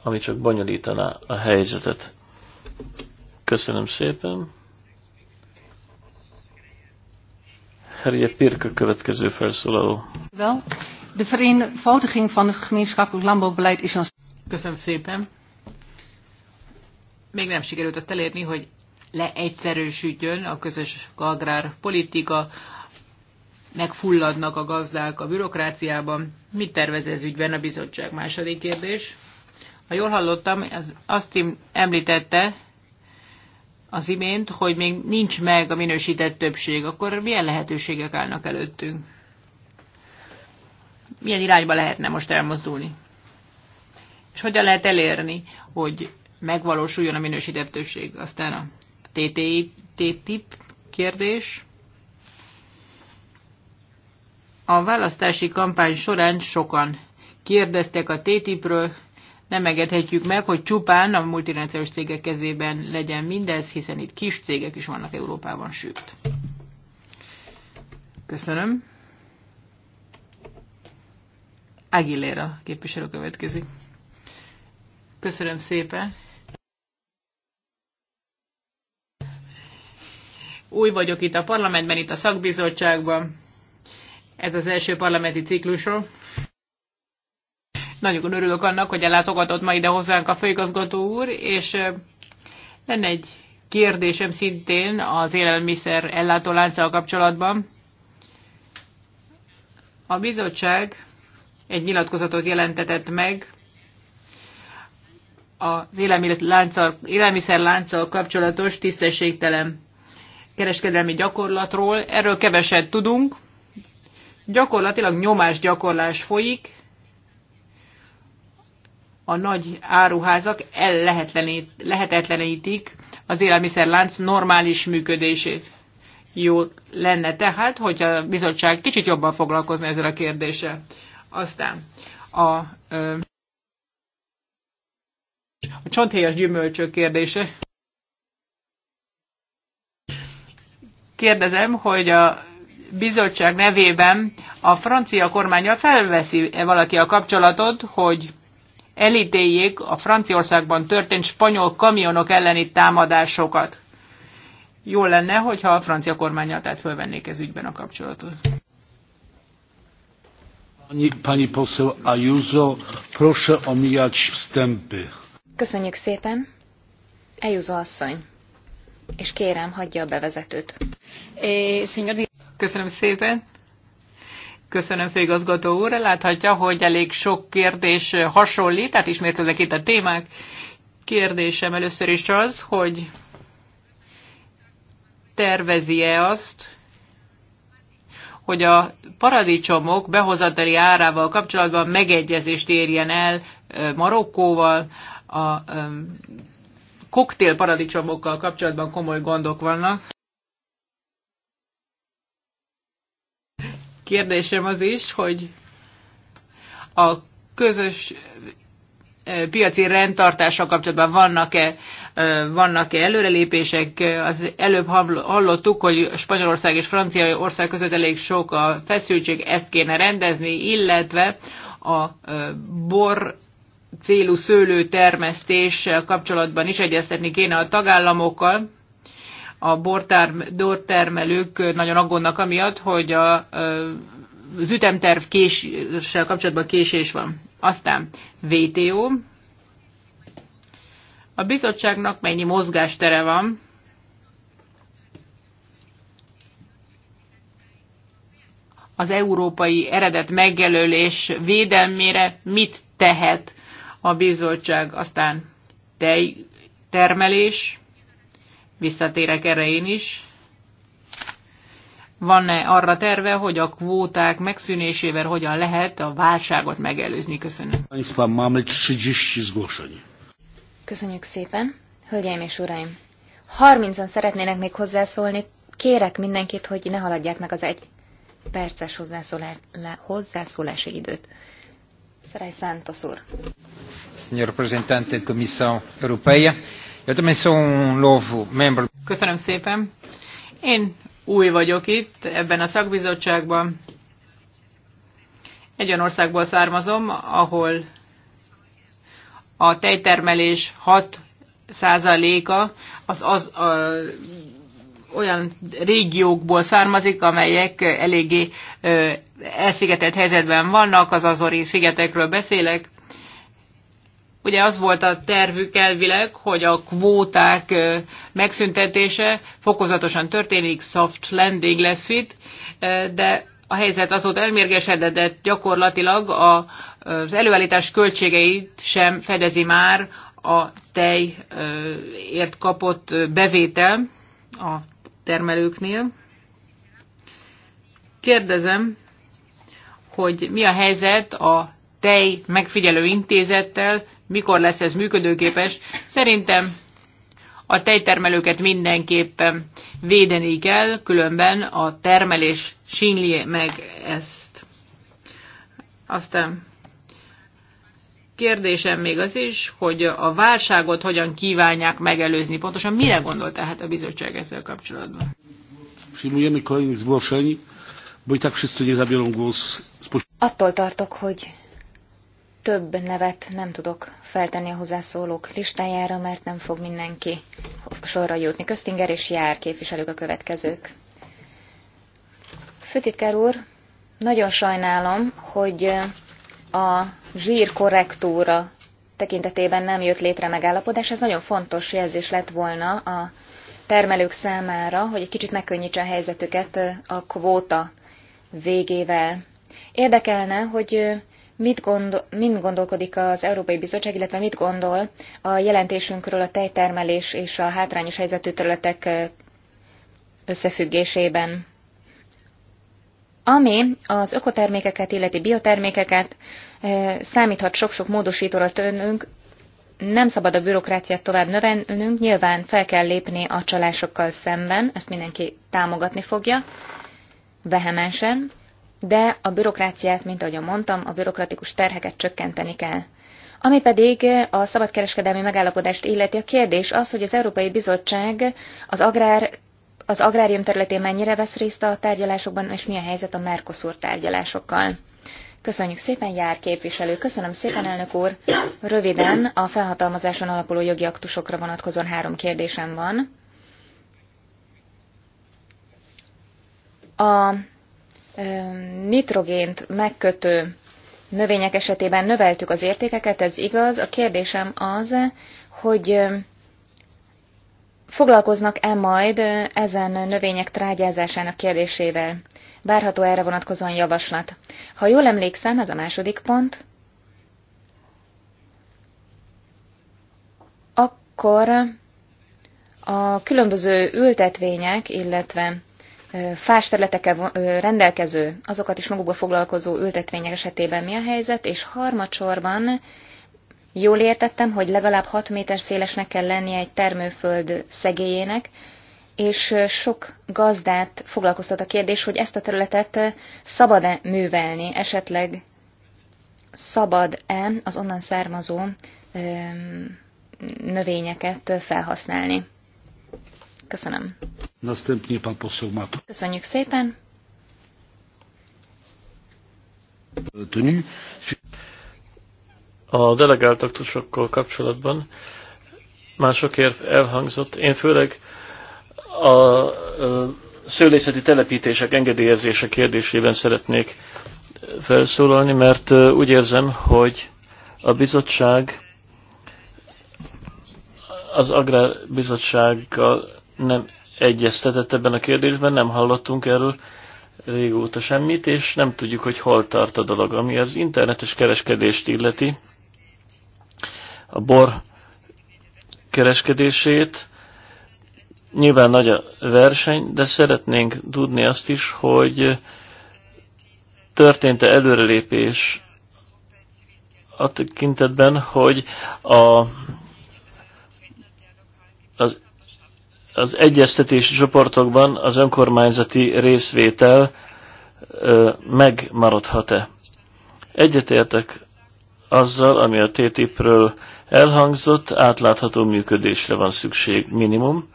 Speaker 1: ami csak bonyolítaná a helyzetet. Köszönöm szépen. Herje Pirke következő felszólaló. De
Speaker 4: vereenvoudiging van het gemeenschappelijk landbouwbeleid is Köszönöm szépen. Még nem sikerült azt elérni, hogy leegyszerűsítjön a közös agrárpolitika, megfulladnak a gazdák a bürokráciában. Mit tervez ez ügyben a bizottság? Második kérdés. Ha jól hallottam, az, azt említette az imént, hogy még nincs meg a minősített többség, akkor milyen lehetőségek állnak előttünk? Milyen irányba lehetne most elmozdulni? És hogyan lehet elérni, hogy megvalósuljon a minősített többség? Aztán a TTIP kérdés. A választási kampány során sokan kérdeztek a TTIP-ről, nem engedhetjük meg, hogy csupán a multinacionalis cégek kezében legyen mindez, hiszen itt kis cégek is vannak Európában, sőt. Köszönöm. Aguilera képviselő következik. Köszönöm szépen. új vagyok itt a parlamentben, itt a szakbizottságban. Ez az első parlamenti ciklusom. Nagyon örülök annak, hogy ellátogatott ma ide hozzánk a főigazgató úr, és lenne egy kérdésem szintén az élelmiszer ellátólánccal kapcsolatban. A bizottság egy nyilatkozatot jelentetett meg az élelmiszer lánccal kapcsolatos tisztességtelen kereskedelmi gyakorlatról, erről keveset tudunk. Gyakorlatilag nyomásgyakorlás folyik, a nagy áruházak lehetetlenítik az élelmiszerlánc normális működését. Jó lenne tehát, hogy a bizottság kicsit jobban foglalkozna ezzel a kérdéssel. Aztán a, a csonthéjas gyümölcsök kérdése. Kérdezem, hogy a bizottság nevében a francia kormányra felveszi-e valaki a kapcsolatot, hogy elítéljék a Franciaországban történt spanyol kamionok elleni támadásokat. Jó lenne, hogyha a francia kormányra tehát felvennék ez ügyben a kapcsolatot.
Speaker 2: Pani, pani poseł Ayuso, proszę omijać wstępy.
Speaker 3: Köszönjük szépen. Ayuso asszony és kérem, hagyja a bevezetőt. Eh, Köszönöm szépen.
Speaker 4: Köszönöm főigazgató úr. Láthatja, hogy elég sok kérdés hasonlít, tehát ismétlődnek itt a témák. Kérdésem először is az, hogy tervezi-e azt, hogy a paradicsomok behozatali árával kapcsolatban megegyezést érjen el eh, Marokkóval, a koktél paradicsomokkal kapcsolatban komoly gondok vannak. Kérdésem az is, hogy a közös eh, piaci rendtartással kapcsolatban vannak-e eh, vannak -e előrelépések. Az előbb hallottuk, hogy Spanyolország és Franciaország között elég sok a feszültség, ezt kéne rendezni, illetve a eh, bor célú szőlőtermesztés kapcsolatban is egyeztetni kéne a tagállamokkal. A bortermelők nagyon aggódnak amiatt, hogy a, az ütemterv késsel kapcsolatban késés van. Aztán VTO. A bizottságnak mennyi mozgástere van? az európai eredet megjelölés védelmére mit tehet a bizottság aztán tej termelés, visszatérek erre én is. Van-e arra terve, hogy a kvóták megszűnésével hogyan lehet a válságot megelőzni? Köszönöm.
Speaker 3: Köszönjük szépen. Hölgyeim és uraim! 30-an szeretnének még hozzászólni. Kérek mindenkit, hogy ne haladják meg az egy perces hozzászólási időt. Szeráj Szántos úr!
Speaker 2: Um
Speaker 4: Köszönöm szépen. Én új vagyok itt, ebben a szakbizottságban. Egy olyan országból származom, ahol a tejtermelés 6 százaléka az, az a, olyan régiókból származik, amelyek eléggé elszigetelt helyzetben vannak, az Azori szigetekről beszélek. Ugye az volt a tervük elvileg, hogy a kvóták megszüntetése fokozatosan történik, soft landing lesz itt, de a helyzet azóta elmérgesedett, gyakorlatilag az előállítás költségeit sem fedezi már a tejért kapott bevétel a termelőknél. Kérdezem, hogy mi a helyzet a tej megfigyelő intézettel, mikor lesz ez működőképes. Szerintem a tejtermelőket mindenképpen védeni kell, különben a termelés sínli meg ezt. Aztán kérdésem még az is, hogy a válságot hogyan kívánják megelőzni. Pontosan mire gondolt tehát a bizottság ezzel kapcsolatban?
Speaker 3: Attól tartok, hogy több nevet nem tudok feltenni a hozzászólók listájára, mert nem fog mindenki sorra jutni. Köztinger és Jár képviselők a következők. Főtitkár úr, nagyon sajnálom, hogy a zsírkorrektúra tekintetében nem jött létre megállapodás. Ez nagyon fontos jelzés lett volna a termelők számára, hogy egy kicsit megkönnyítse a helyzetüket a kvóta végével. Érdekelne, hogy Mit gondol, mind gondolkodik az Európai Bizottság, illetve mit gondol a jelentésünkről a tejtermelés és a hátrányos helyzetű területek összefüggésében? Ami az ökotermékeket, illeti biotermékeket számíthat sok-sok módosítóra tőlünk, nem szabad a bürokráciát tovább növelnünk, nyilván fel kell lépni a csalásokkal szemben, ezt mindenki támogatni fogja, vehemensen, de a bürokráciát, mint ahogy mondtam, a bürokratikus terheket csökkenteni kell. Ami pedig a szabadkereskedelmi megállapodást illeti, a kérdés az, hogy az Európai Bizottság az agrár az agrárium területén mennyire vesz részt a tárgyalásokban, és mi a helyzet a Mercosur tárgyalásokkal. Köszönjük szépen, jár képviselő. Köszönöm szépen, elnök úr. Röviden a felhatalmazáson alapuló jogi aktusokra vonatkozóan három kérdésem van. A nitrogént megkötő növények esetében növeltük az értékeket, ez igaz. A kérdésem az, hogy foglalkoznak-e majd ezen növények trágyázásának kérdésével? Várható erre vonatkozóan javaslat. Ha jól emlékszem, ez a második pont, akkor a különböző ültetvények, illetve fás területekkel rendelkező, azokat is magukba foglalkozó ültetvények esetében mi a helyzet, és harmadsorban jól értettem, hogy legalább 6 méter szélesnek kell lennie egy termőföld szegélyének, és sok gazdát foglalkoztat a kérdés, hogy ezt a területet szabad-e művelni, esetleg szabad-e az onnan származó növényeket felhasználni. Köszönöm.
Speaker 2: Następnie pan poseł Mato.
Speaker 3: Köszönjük szépen.
Speaker 1: A delegált aktusokkal kapcsolatban mások érv elhangzott. Én főleg a szőlészeti telepítések engedélyezése kérdésében szeretnék felszólalni, mert úgy érzem, hogy a bizottság az Agrárbizottsággal nem egyeztetett ebben a kérdésben, nem hallottunk erről régóta semmit, és nem tudjuk, hogy hol tart a dolog. Ami az internetes kereskedést illeti, a bor kereskedését, nyilván nagy a verseny, de szeretnénk tudni azt is, hogy történt-e előrelépés a tekintetben, hogy a, az az egyeztetési csoportokban az önkormányzati részvétel megmaradhat-e. Egyetértek azzal, ami a TTIP-ről elhangzott, átlátható működésre van szükség minimum.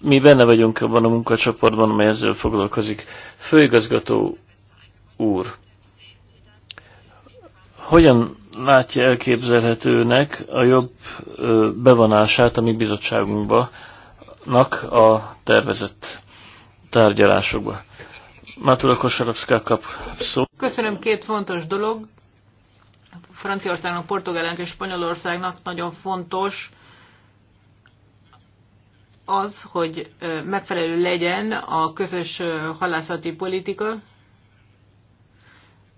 Speaker 1: Mi benne vagyunk abban a munkacsoportban, amely ezzel foglalkozik. Főigazgató úr, hogyan látja elképzelhetőnek a jobb bevonását a mi bizottságunknak a tervezett tárgyalásokba. Mátula Kosarovszka kap szó.
Speaker 4: Köszönöm két fontos dolog. Franciaországnak, Portugálnak és Spanyolországnak nagyon fontos az, hogy megfelelő legyen a közös halászati politika,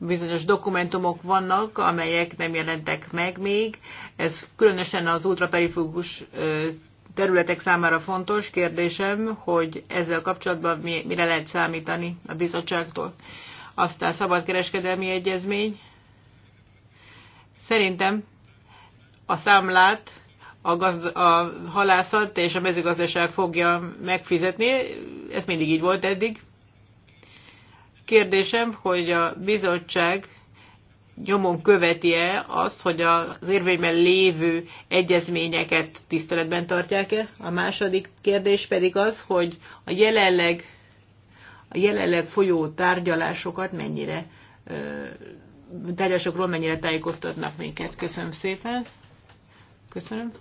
Speaker 4: bizonyos dokumentumok vannak, amelyek nem jelentek meg még. Ez különösen az ultraperifugus területek számára fontos kérdésem, hogy ezzel kapcsolatban mire lehet számítani a bizottságtól. Aztán szabadkereskedelmi egyezmény. Szerintem a számlát a, gazd, a halászat és a mezőgazdaság fogja megfizetni. Ez mindig így volt eddig. Kérdésem, hogy a bizottság nyomon követi-e azt, hogy az érvényben lévő egyezményeket tiszteletben tartják-e? A második kérdés pedig az, hogy a jelenleg, a jelenleg folyó tárgyalásokat mennyire tárgyalásokról mennyire tájékoztatnak minket. Köszönöm szépen. Köszönöm.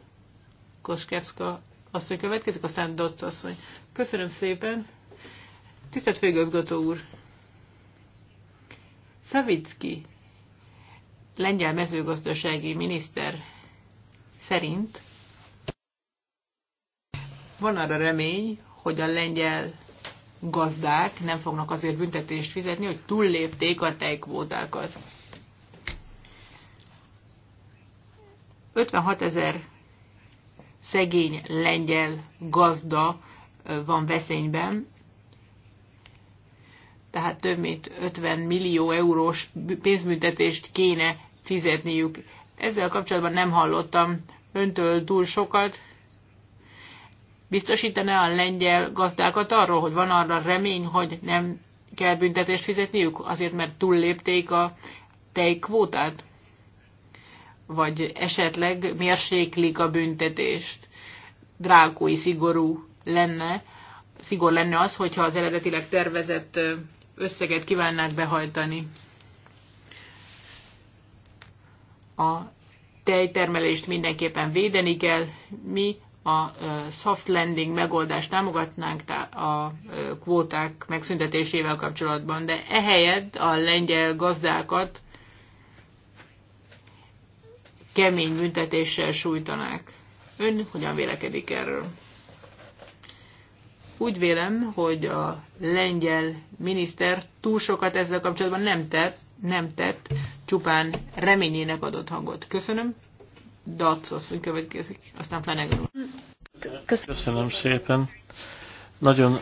Speaker 4: Koskevska asszony következik, aztán Dotz asszony. Köszönöm szépen. Tisztelt Főigazgató úr! Szavicki lengyel mezőgazdasági miniszter szerint van arra remény, hogy a lengyel gazdák nem fognak azért büntetést fizetni, hogy túllépték a tejkvótákat. 56 ezer szegény lengyel gazda van veszélyben, tehát több mint 50 millió eurós pénzbüntetést kéne fizetniük. Ezzel kapcsolatban nem hallottam öntől túl sokat. Biztosítaná a lengyel gazdákat arról, hogy van arra remény, hogy nem kell büntetést fizetniük, azért mert túllépték a tejkvótát? Vagy esetleg mérséklik a büntetést? Drákói szigorú lenne, szigor lenne az, hogyha az eredetileg tervezett összeget kívánnák behajtani a tejtermelést mindenképpen védeni kell. Mi a soft landing megoldást támogatnánk a kvóták megszüntetésével kapcsolatban, de ehelyett a lengyel gazdákat kemény büntetéssel sújtanák. Ön hogyan vélekedik erről? Úgy vélem, hogy a lengyel miniszter túl sokat ezzel kapcsolatban nem tett, nem tett csupán reményének adott hangot. Köszönöm. Dac asszony következik, aztán Flanagan
Speaker 1: Köszönöm. Köszönöm szépen. Nagyon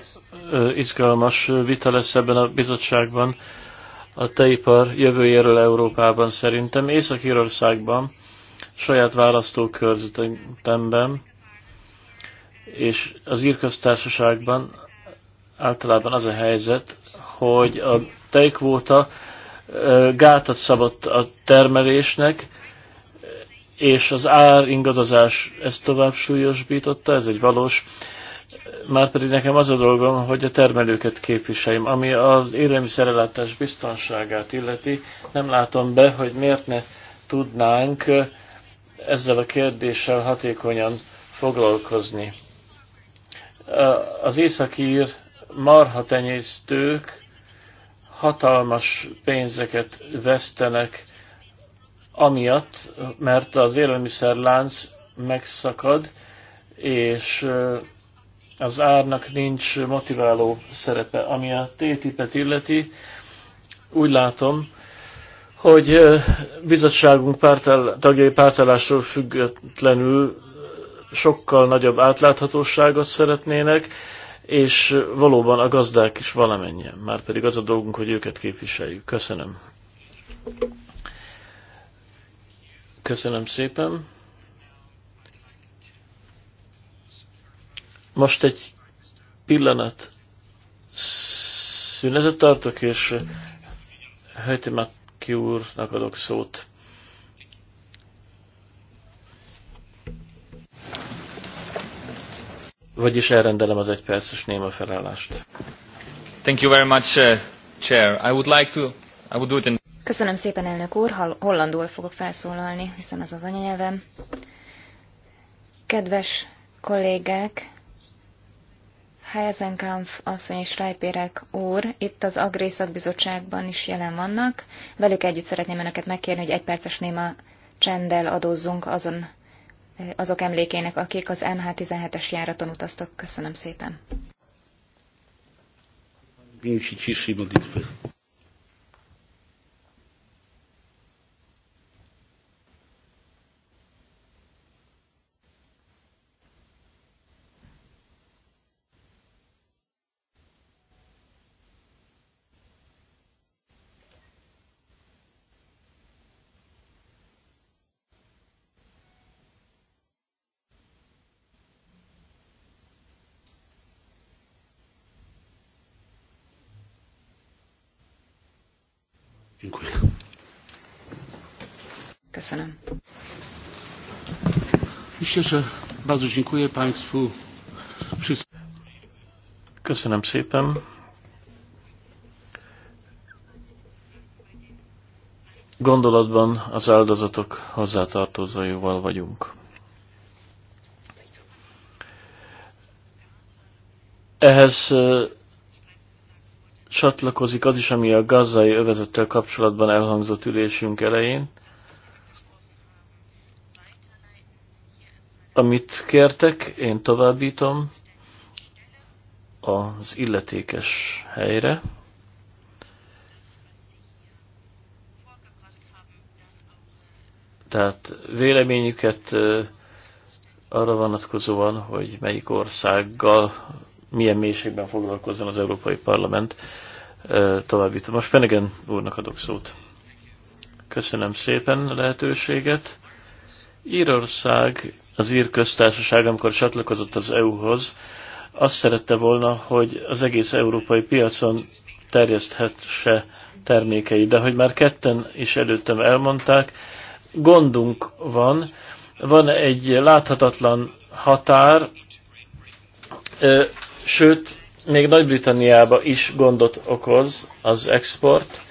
Speaker 1: izgalmas vita lesz ebben a bizottságban a teipar jövőjéről Európában szerintem. Észak-Írországban, saját választókörzetemben és az írköztársaságban általában az a helyzet, hogy a tejkvóta gátat szabott a termelésnek, és az ár ingadozás ezt tovább súlyosbította, ez egy valós. Márpedig nekem az a dolgom, hogy a termelőket képviseljem. Ami az élelmiszerellátás biztonságát illeti, nem látom be, hogy miért ne tudnánk ezzel a kérdéssel hatékonyan foglalkozni az északír marhatenyésztők hatalmas pénzeket vesztenek amiatt, mert az élelmiszerlánc megszakad, és az árnak nincs motiváló szerepe. Ami a TTIP-et illeti, úgy látom, hogy bizottságunk pártel, tagjai pártállásról függetlenül sokkal nagyobb átláthatóságot szeretnének, és valóban a gazdák is valamennyien, már pedig az a dolgunk, hogy őket képviseljük. Köszönöm. Köszönöm szépen. Most egy pillanat szünetet tartok, és Höjtemaki úrnak adok szót. Vagyis elrendelem az egy perces néma felállást. Thank you very much, uh, Chair. I would like to... I would do it in...
Speaker 3: Köszönöm szépen, elnök úr. Hollandul fogok felszólalni, hiszen az az anyanyelvem. Kedves kollégák, Heisenkampf asszony és Rajpérek úr itt az Agri szakbizottságban is jelen vannak. Velük együtt szeretném önöket megkérni, hogy egy perces néma csenddel adózzunk azon azok emlékének, akik az MH17-es járaton utaztak. Köszönöm szépen.
Speaker 1: bardzo dziękuję Państwu. Köszönöm szépen. Gondolatban az áldozatok hozzátartozóival vagyunk. Ehhez csatlakozik az is, ami a gazdai övezettel kapcsolatban elhangzott ülésünk elején. Amit kértek, én továbbítom az illetékes helyre. Tehát véleményüket arra vonatkozóan, hogy melyik országgal milyen mélységben foglalkozzon az Európai Parlament továbbítom. Most Fenegen úrnak adok szót. Köszönöm szépen a lehetőséget. Írország az ír köztársaság, amikor csatlakozott az EU-hoz, azt szerette volna, hogy az egész európai piacon terjeszthesse termékei. De hogy már ketten is előttem elmondták, gondunk van, van egy láthatatlan határ, ö, sőt, még Nagy-Britanniába is gondot okoz az export,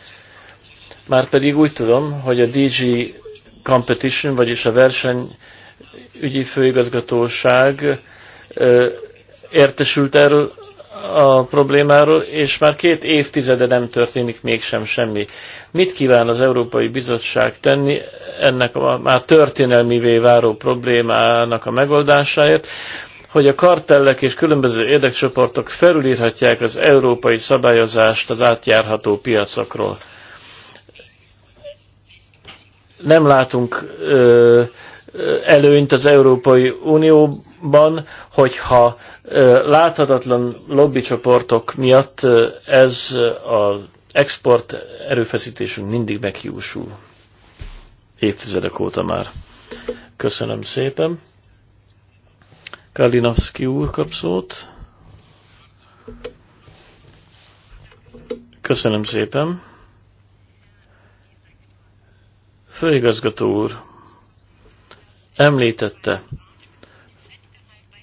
Speaker 1: már pedig úgy tudom, hogy a DG Competition, vagyis a verseny ügyi főigazgatóság értesült erről a problémáról, és már két évtizede nem történik mégsem semmi. Mit kíván az Európai Bizottság tenni ennek a már történelmivé váró problémának a megoldásáért, hogy a kartellek és különböző érdekcsoportok felülírhatják az európai szabályozást az átjárható piacokról. Nem látunk ö, előnyt az Európai Unióban, hogyha láthatatlan lobbycsoportok miatt ez az export erőfeszítésünk mindig meghiúsul. Évtizedek óta már. Köszönöm szépen. Kalinowski úr kap szót. Köszönöm szépen. Főigazgató úr, említette,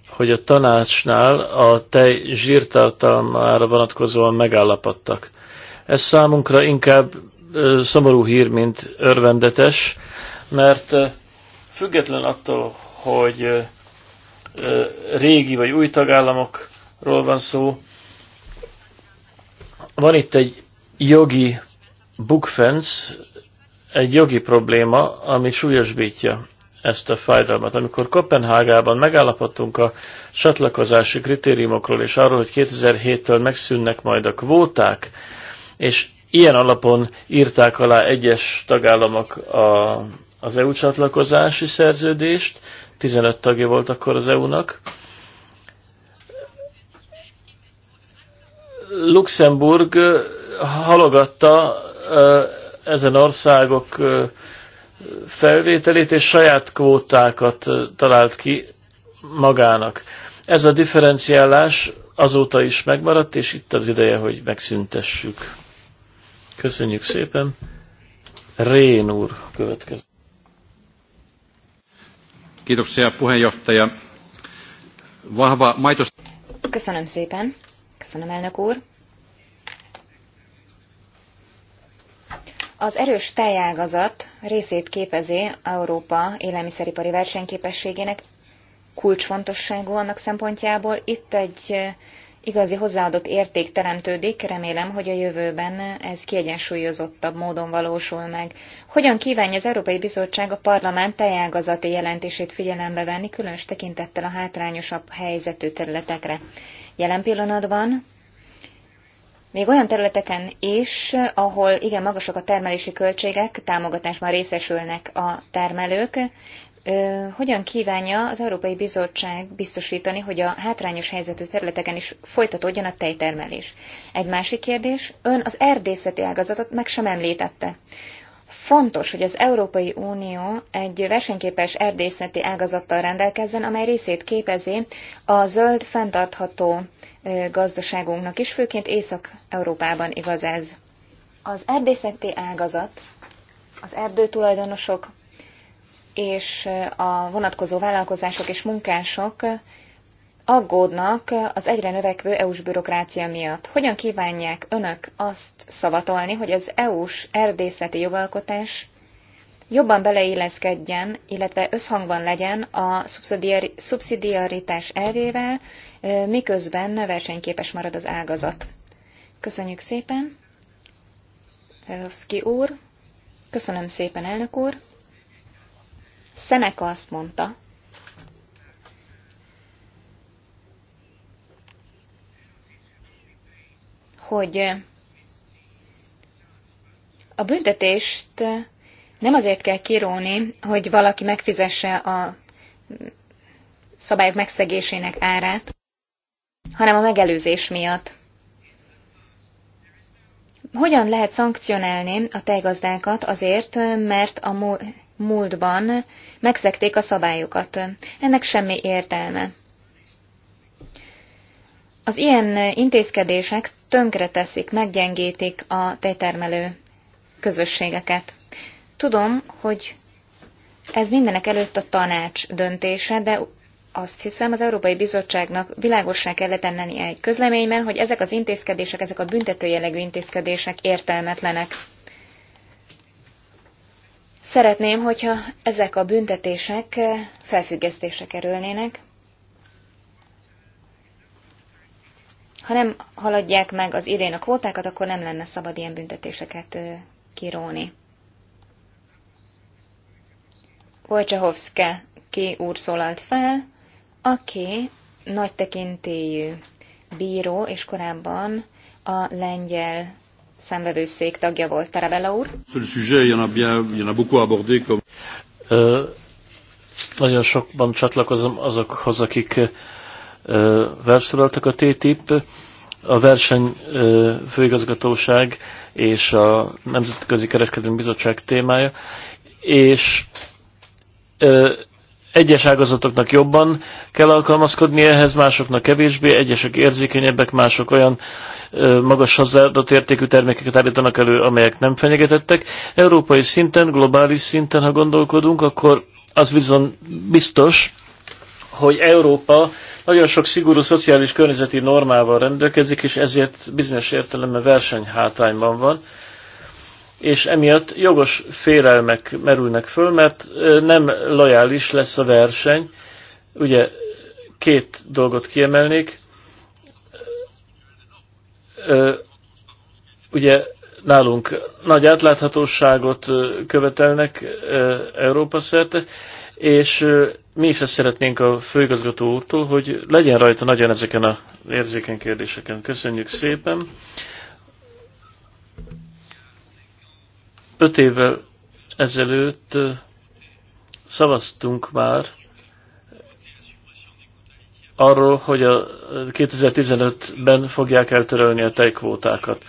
Speaker 1: hogy a tanácsnál a tej zsírtartalmára vonatkozóan megállapodtak. Ez számunkra inkább szomorú hír, mint örvendetes, mert független attól, hogy régi vagy új tagállamokról van szó, van itt egy jogi bukfenc, egy jogi probléma, ami súlyosbítja ezt a fájdalmat. Amikor Kopenhágában megállapodtunk a csatlakozási kritériumokról, és arról, hogy 2007-től megszűnnek majd a kvóták, és ilyen alapon írták alá egyes tagállamok a, az EU csatlakozási szerződést, 15 tagja volt akkor az EU-nak. Luxemburg halogatta ezen országok felvételét, és saját kvótákat talált ki magának. Ez a differenciálás azóta is megmaradt, és itt az ideje, hogy megszüntessük. Köszönjük szépen. Rén úr következő. Kiitoksia puheenjohtaja. Vahva maitos...
Speaker 3: Köszönöm szépen. Köszönöm elnök úr. Az erős tejágazat részét képezi Európa élelmiszeripari versenyképességének kulcsfontosságú annak szempontjából. Itt egy igazi hozzáadott érték teremtődik, remélem, hogy a jövőben ez kiegyensúlyozottabb módon valósul meg. Hogyan kívánja az Európai Bizottság a parlament tejágazati jelentését figyelembe venni, különös tekintettel a hátrányosabb helyzetű területekre? Jelen pillanatban még olyan területeken is, ahol igen magasak a termelési költségek, támogatásban részesülnek a termelők, hogyan kívánja az Európai Bizottság biztosítani, hogy a hátrányos helyzetű területeken is folytatódjon a tejtermelés? Egy másik kérdés, ön az erdészeti ágazatot meg sem említette. Fontos, hogy az Európai Unió egy versenyképes erdészeti ágazattal rendelkezzen, amely részét képezi a zöld fenntartható gazdaságunknak is, főként Észak-Európában igaz ez. Az erdészeti ágazat, az erdőtulajdonosok és a vonatkozó vállalkozások és munkások aggódnak az egyre növekvő EU-s bürokrácia miatt. Hogyan kívánják önök azt szavatolni, hogy az EU-s erdészeti jogalkotás jobban beleilleszkedjen, illetve összhangban legyen a szubszidiaritás elvével, miközben versenyképes marad az ágazat. Köszönjük szépen, Ferovszki úr. Köszönöm szépen, elnök úr. Szeneka azt mondta, hogy a büntetést nem azért kell kiróni, hogy valaki megfizesse a szabályok megszegésének árát, hanem a megelőzés miatt. Hogyan lehet szankcionálni a tejgazdákat azért, mert a múltban megszekték a szabályokat? Ennek semmi értelme. Az ilyen intézkedések tönkreteszik, meggyengítik a tejtermelő közösségeket. Tudom, hogy ez mindenek előtt a tanács döntése, de azt hiszem, az Európai Bizottságnak világossá kellett tenni egy közleményben, hogy ezek az intézkedések, ezek a büntető jellegű intézkedések értelmetlenek. Szeretném, hogyha ezek a büntetések felfüggesztésre kerülnének, ha nem haladják meg az idén a kvótákat, akkor nem lenne szabad ilyen büntetéseket kiróni. Wojciechowski ki úr szólalt fel, aki nagy tekintélyű bíró, és korábban a lengyel számvevőszék tagja volt Tarabella úr.
Speaker 1: nagyon sokban csatlakozom azokhoz, akik ö, a TTIP. A verseny főigazgatóság és a Nemzetközi Kereskedelmi Bizottság témája, és egyes ágazatoknak jobban kell alkalmazkodni ehhez, másoknak kevésbé, egyesek érzékenyebbek, mások olyan ö, magas hozzáadott értékű termékeket állítanak elő, amelyek nem fenyegetettek. Európai szinten, globális szinten, ha gondolkodunk, akkor az viszont biztos, hogy Európa nagyon sok szigorú szociális környezeti normával rendelkezik, és ezért bizonyos értelemben versenyhátrányban van és emiatt jogos félelmek merülnek föl, mert nem lojális lesz a verseny. Ugye két dolgot kiemelnék. Ugye nálunk nagy átláthatóságot követelnek Európa szerte, és mi is ezt szeretnénk a főigazgató úrtól, hogy legyen rajta nagyon ezeken a érzékeny kérdéseken. Köszönjük szépen! Öt évvel ezelőtt szavaztunk már arról, hogy a 2015-ben fogják eltörölni a tejkvótákat.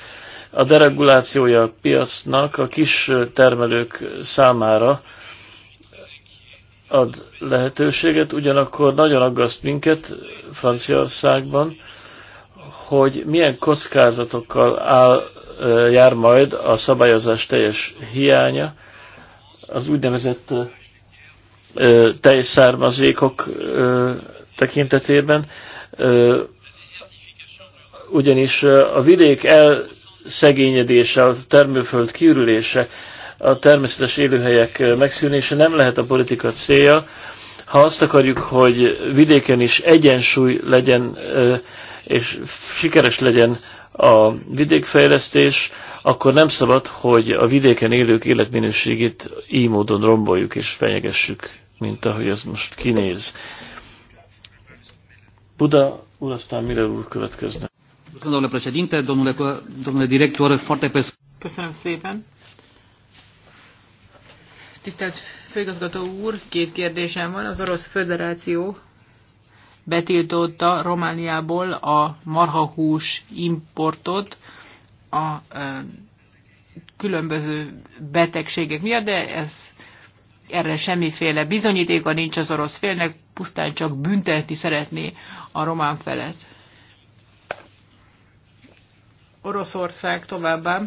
Speaker 1: A deregulációja a piacnak a kis termelők számára ad lehetőséget, ugyanakkor nagyon aggaszt minket Franciaországban, hogy milyen kockázatokkal áll jár majd a szabályozás teljes hiánya, az úgynevezett teljes származékok tekintetében, ugyanis a vidék elszegényedése, a termőföld kiürülése, a természetes élőhelyek megszűnése nem lehet a politika célja. Ha azt akarjuk, hogy vidéken is egyensúly legyen és sikeres legyen a vidékfejlesztés, akkor nem szabad, hogy a vidéken élők életminőségét így módon romboljuk és fenyegessük, mint ahogy az most kinéz. Buda úr, aztán mire úr következne?
Speaker 4: Köszönöm szépen. Tisztelt főigazgató úr, két kérdésem van. Az Orosz Föderáció betiltotta Romániából a marhahús importot a különböző betegségek miatt, de ez erre semmiféle bizonyítéka nincs az orosz félnek, pusztán csak büntetni szeretné a román felet. Oroszország továbbá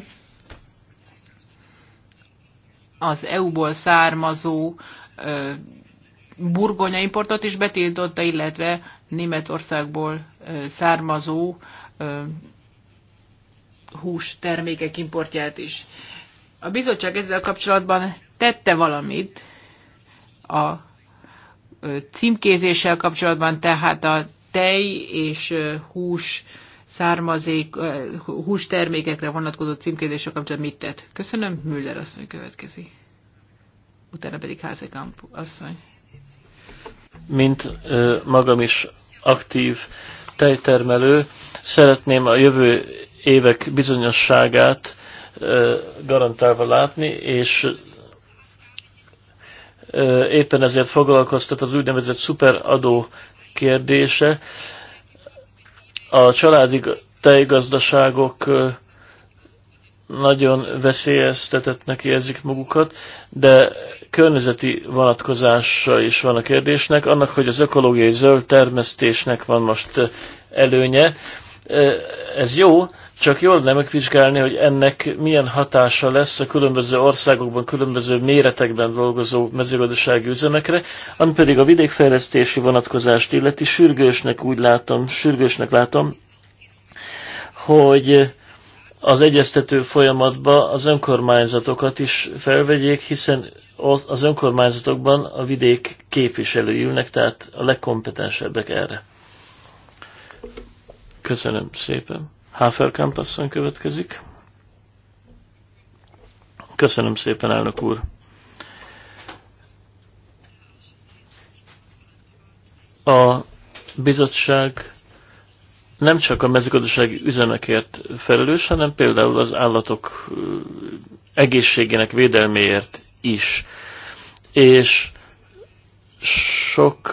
Speaker 4: az EU-ból származó burgonya importot is betiltotta, illetve Németországból származó hús termékek importját is. A bizottság ezzel kapcsolatban tette valamit a címkézéssel kapcsolatban, tehát a tej és hús származék, hústermékekre vonatkozó címkézéssel kapcsolatban mit tett? Köszönöm, Müller asszony következik. Utána pedig Házekamp asszony.
Speaker 1: Mint magam is aktív tejtermelő, szeretném a jövő évek bizonyosságát garantálva látni, és éppen ezért foglalkoztat az úgynevezett szuperadó kérdése. A családi tejgazdaságok nagyon veszélyeztetetnek érzik magukat, de környezeti vonatkozása is van a kérdésnek, annak, hogy az ökológiai zöld termesztésnek van most eh, előnye. Eh, ez jó, csak jól nem megvizsgálni, hogy ennek milyen hatása lesz a különböző országokban, különböző méretekben dolgozó mezőgazdasági üzemekre, ami pedig a vidékfejlesztési vonatkozást illeti, sürgősnek úgy látom, sürgősnek látom, hogy az egyeztető folyamatba az önkormányzatokat is felvegyék, hiszen az önkormányzatokban a vidék képviselői ülnek, tehát a legkompetensebbek erre. Köszönöm szépen. Háfer Kampasszon következik. Köszönöm szépen, elnök úr. A bizottság nem csak a mezőgazdasági üzemekért felelős, hanem például az állatok egészségének védelméért is. És sok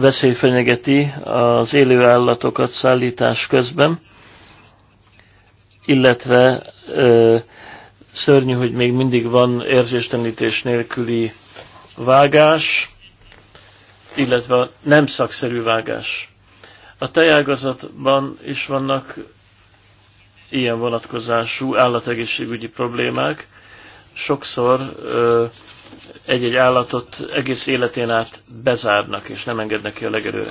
Speaker 1: veszély fenyegeti az élő állatokat szállítás közben, illetve szörnyű, hogy még mindig van érzéstelenítés nélküli vágás, illetve nem szakszerű vágás. A tejágazatban is vannak ilyen vonatkozású állategészségügyi problémák. Sokszor egy-egy állatot egész életén át bezárnak, és nem engednek ki a legelőre.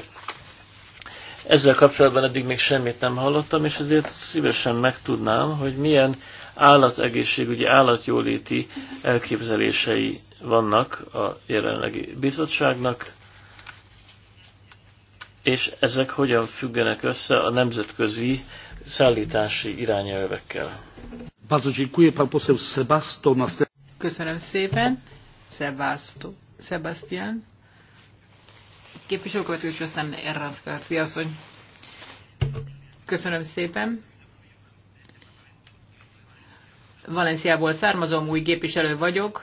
Speaker 1: Ezzel kapcsolatban eddig még semmit nem hallottam, és ezért szívesen megtudnám, hogy milyen állategészségügyi, állatjóléti elképzelései vannak a jelenlegi bizottságnak, és ezek hogyan függenek össze a nemzetközi szállítási irányelvekkel.
Speaker 2: Köszönöm
Speaker 4: szépen, Sebasto. Sebastian. Képviselőkövetkező, és aztán Errant Garcia asszony. Köszönöm szépen. Valenciából származom, új képviselő vagyok,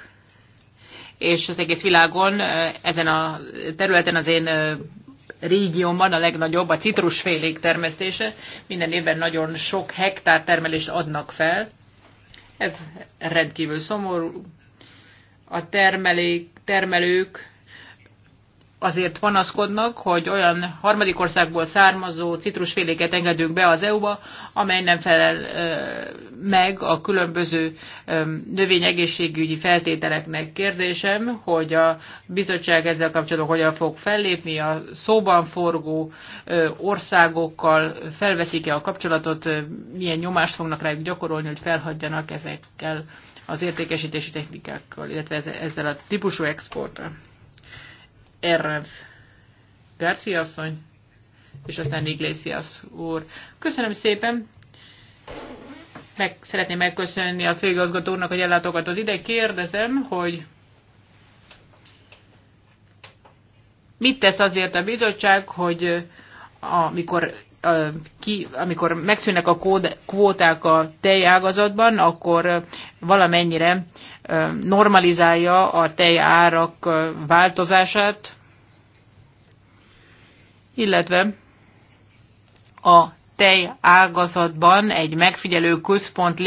Speaker 4: és az egész világon eh, ezen a területen az én eh, régiómban a legnagyobb a citrusfélék termesztése. Minden évben nagyon sok hektár termelést adnak fel. Ez rendkívül szomorú. A termelék, termelők azért panaszkodnak, hogy olyan harmadik országból származó citrusféléket engedünk be az EU-ba, amely nem felel meg a különböző növényegészségügyi feltételeknek. Kérdésem, hogy a bizottság ezzel kapcsolatban hogyan fog fellépni, a szóban forgó országokkal felveszik-e a kapcsolatot, milyen nyomást fognak rájuk gyakorolni, hogy felhagyjanak ezekkel az értékesítési technikákkal, illetve ezzel a típusú exportra. Errev Garcia asszony, és aztán Iglesias úr. Köszönöm szépen! Meg szeretném megköszönni a főigazgatónak, hogy ellátogatott ide. Kérdezem, hogy mit tesz azért a bizottság, hogy amikor ki, amikor megszűnnek a kód, kvóták a tejágazatban, akkor valamennyire normalizálja a tejárak változását, illetve a tej ágazatban egy megfigyelő központ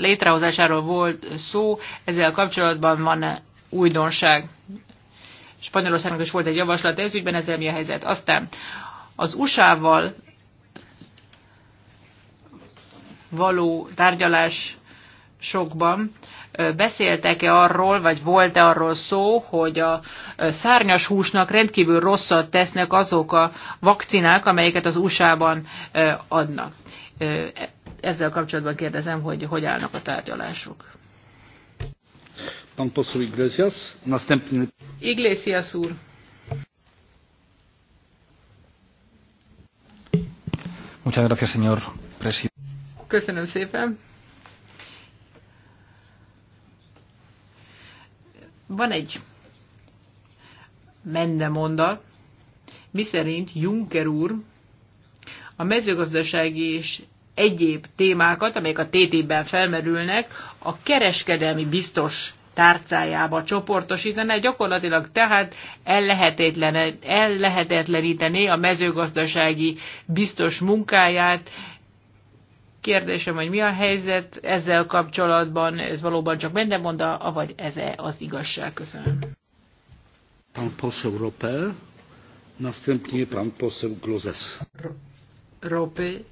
Speaker 4: létrehozásáról volt szó, ezzel kapcsolatban van -e újdonság. Spanyolországnak is volt egy javaslat ez ügyben, ezzel mi a helyzet. Aztán az USA-val való tárgyalás sokban beszéltek-e arról, vagy volt-e arról szó, hogy a szárnyas húsnak rendkívül rosszat tesznek azok a vakcinák, amelyeket az USA-ban adnak. E-, ezzel kapcsolatban kérdezem, hogy hogy állnak a tárgyalások.
Speaker 2: Pan poseł Iglesias, następny.
Speaker 4: Iglesias úr.
Speaker 2: Muchas gracias, señor presidente.
Speaker 4: Köszönöm szépen. Van egy mendemonda, miszerint Juncker úr a mezőgazdasági és egyéb témákat, amelyek a tt ben felmerülnek, a kereskedelmi biztos tárcájába csoportosítaná, gyakorlatilag tehát ellehetetleníteni a mezőgazdasági biztos munkáját, kérdésem, hogy mi a helyzet ezzel kapcsolatban, ez valóban csak mendemonda, avagy ez-e az igazság? Köszönöm.
Speaker 2: Pan poseł Ropel, następnie pan poseł Glozes.
Speaker 4: Ropé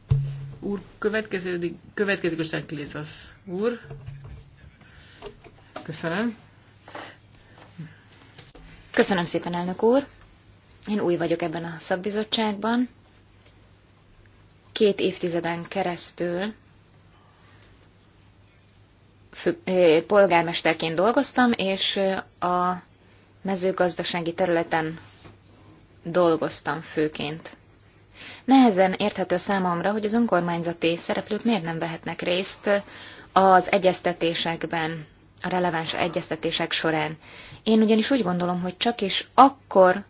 Speaker 4: úr, következődik, következik aztán Klézasz úr.
Speaker 3: Köszönöm. Köszönöm szépen, elnök úr. Én új vagyok ebben a szakbizottságban két évtizeden keresztül eh, polgármesterként dolgoztam, és eh, a mezőgazdasági területen dolgoztam főként. Nehezen érthető számomra, hogy az önkormányzati szereplők miért nem vehetnek részt eh, az egyeztetésekben, a releváns egyeztetések során. Én ugyanis úgy gondolom, hogy csak is akkor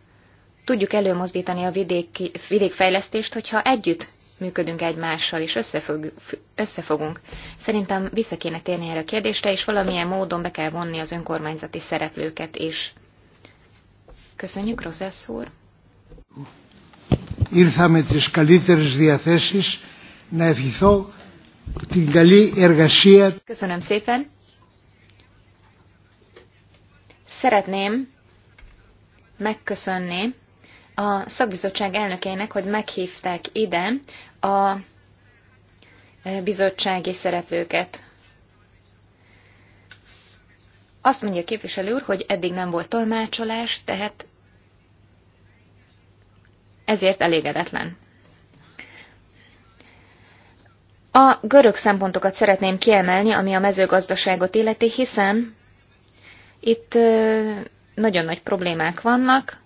Speaker 3: tudjuk előmozdítani a vidéki, vidékfejlesztést, hogyha együtt működünk egymással, és összefog, összefogunk. Szerintem vissza kéne térni erre a kérdésre, és valamilyen módon be kell vonni az önkormányzati szereplőket is. Köszönjük, Rosesz úr!
Speaker 2: Ήρθαμε τις καλύτερες διαθέσεις να ευχηθώ την καλή εργασία.
Speaker 3: Köszönöm szépen! Szeretném megköszönni a szakbizottság elnökeinek, hogy meghívták ide a e, bizottsági szereplőket. Azt mondja a képviselő úr, hogy eddig nem volt tolmácsolás, tehát ezért elégedetlen. A görög szempontokat szeretném kiemelni, ami a mezőgazdaságot illeti, hiszen itt e, nagyon nagy problémák vannak,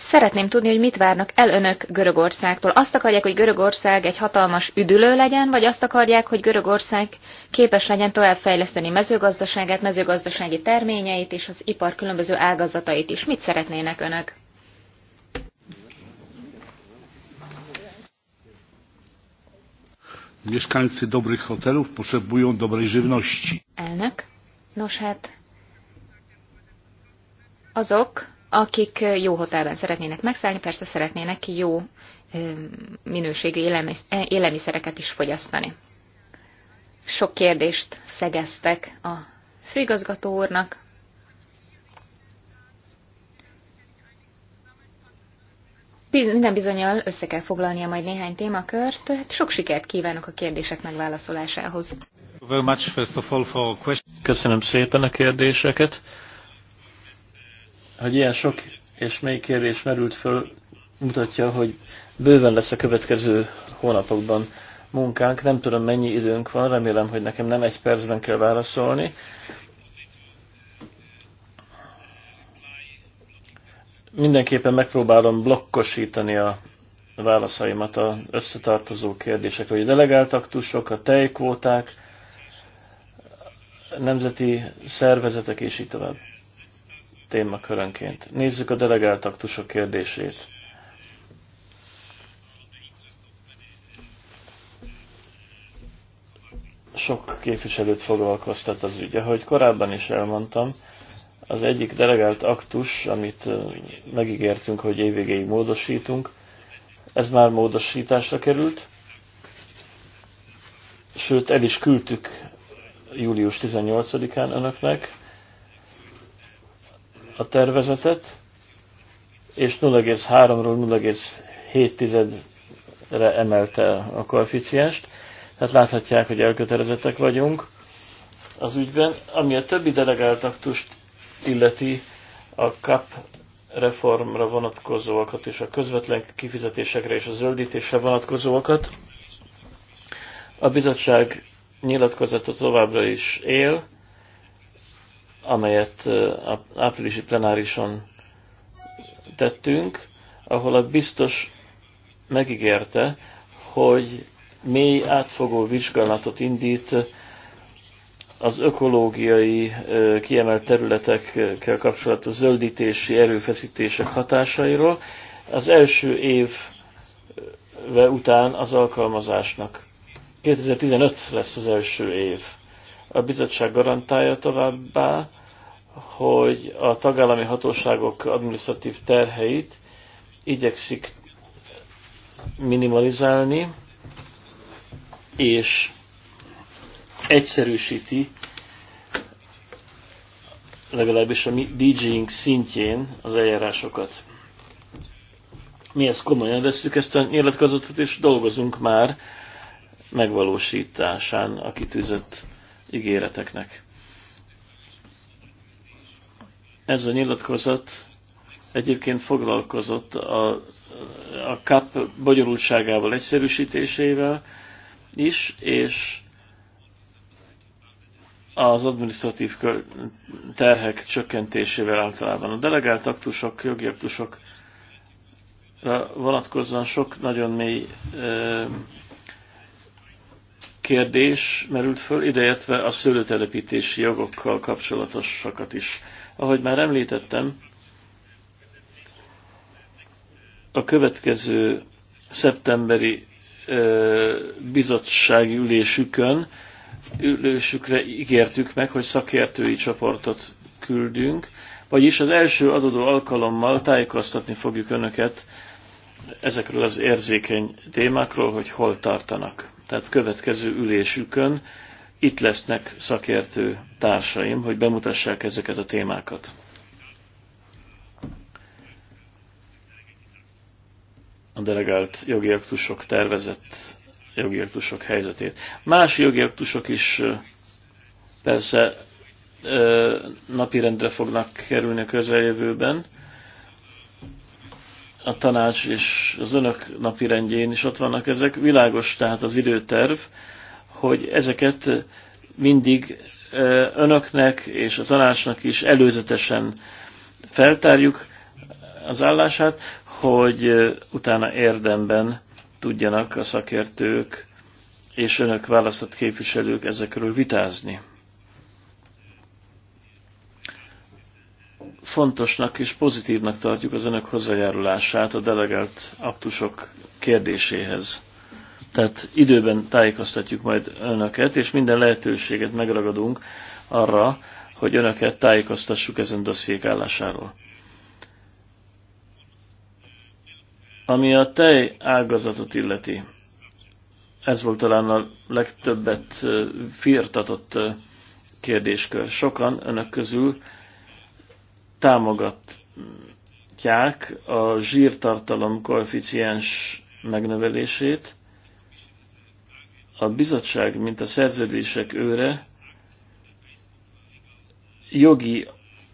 Speaker 3: Szeretném tudni, hogy mit várnak el önök Görögországtól. Azt akarják, hogy Görögország egy hatalmas üdülő legyen, vagy azt akarják, hogy Görögország képes legyen továbbfejleszteni mezőgazdaságát, mezőgazdasági terményeit és az ipar különböző ágazatait is. Mit szeretnének önök?
Speaker 2: Mieszkańcy dobrych hotelów potrzebują dobrej żywności.
Speaker 3: Elnök? Nos hát, azok, akik jó hotelben szeretnének megszállni, persze szeretnének jó minőségű eh, élelmiszereket is fogyasztani. Sok kérdést szegeztek a főigazgató úrnak. Minden bizonyal össze kell foglalnia majd néhány témakört. Hát sok sikert kívánok a kérdések megválaszolásához.
Speaker 1: Köszönöm szépen a kérdéseket hogy ilyen sok és mély kérdés merült föl, mutatja, hogy bőven lesz a következő hónapokban munkánk. Nem tudom, mennyi időnk van, remélem, hogy nekem nem egy percben kell válaszolni. Mindenképpen megpróbálom blokkosítani a válaszaimat a összetartozó kérdésekre, hogy delegált aktusok, a tejkvóták, nemzeti szervezetek és így tovább témakörönként. Nézzük a delegált aktusok kérdését. Sok képviselőt foglalkoztat az ügy. Ahogy korábban is elmondtam, az egyik delegált aktus, amit megígértünk, hogy évvégéig módosítunk, ez már módosításra került, sőt el is küldtük július 18-án önöknek, a tervezetet, és 0,3-ról 0,7-re emelte a koeficienst. Tehát láthatják, hogy elkötelezettek vagyunk az ügyben. Ami a többi delegáltaktust illeti, a CAP reformra vonatkozóakat és a közvetlen kifizetésekre és a zöldítésre vonatkozóakat. A bizottság nyilatkozata továbbra is él, amelyet áprilisi plenárison tettünk, ahol a biztos megígérte, hogy mély átfogó vizsgálatot indít az ökológiai kiemelt területekkel kapcsolatos zöldítési erőfeszítések hatásairól. Az első év után az alkalmazásnak. 2015 lesz az első év. A bizottság garantálja továbbá, hogy a tagállami hatóságok administratív terheit igyekszik minimalizálni, és egyszerűsíti legalábbis a DJing szintjén az eljárásokat. Mi ezt komolyan veszük, ezt a nyilatkozatot, és dolgozunk már megvalósításán a kitűzött ígéreteknek. Ez a nyilatkozat egyébként foglalkozott a, a kap bonyolultságával, egyszerűsítésével is, és az adminisztratív terhek csökkentésével általában. A delegált aktusok, jogi aktusok vonatkozóan sok nagyon mély kérdés merült föl, ideértve a szőlőtelepítési jogokkal kapcsolatosakat is. Ahogy már említettem, a következő szeptemberi ö, bizottsági ülésükön, ülésükre ígértük meg, hogy szakértői csoportot küldünk, vagyis az első adódó alkalommal tájékoztatni fogjuk Önöket ezekről az érzékeny témákról, hogy hol tartanak. Tehát következő ülésükön itt lesznek szakértő társaim, hogy bemutassák ezeket a témákat. A delegált jogi aktusok tervezett jogi aktusok helyzetét. Más jogi aktusok is persze napirendre fognak kerülni a közeljövőben. A tanács és az önök napirendjén is ott vannak ezek. Világos tehát az időterv, hogy ezeket mindig önöknek és a tanácsnak is előzetesen feltárjuk az állását, hogy utána érdemben tudjanak a szakértők és önök választott képviselők ezekről vitázni. Fontosnak és pozitívnak tartjuk az önök hozzájárulását a delegált aktusok kérdéséhez. Tehát időben tájékoztatjuk majd önöket, és minden lehetőséget megragadunk arra, hogy önöket tájékoztassuk ezen dossziék állásáról. Ami a tej ágazatot illeti, ez volt talán a legtöbbet firtatott kérdéskör. Sokan önök közül támogatják a zsírtartalom koeficiens megnövelését, a bizottság, mint a szerződések őre jogi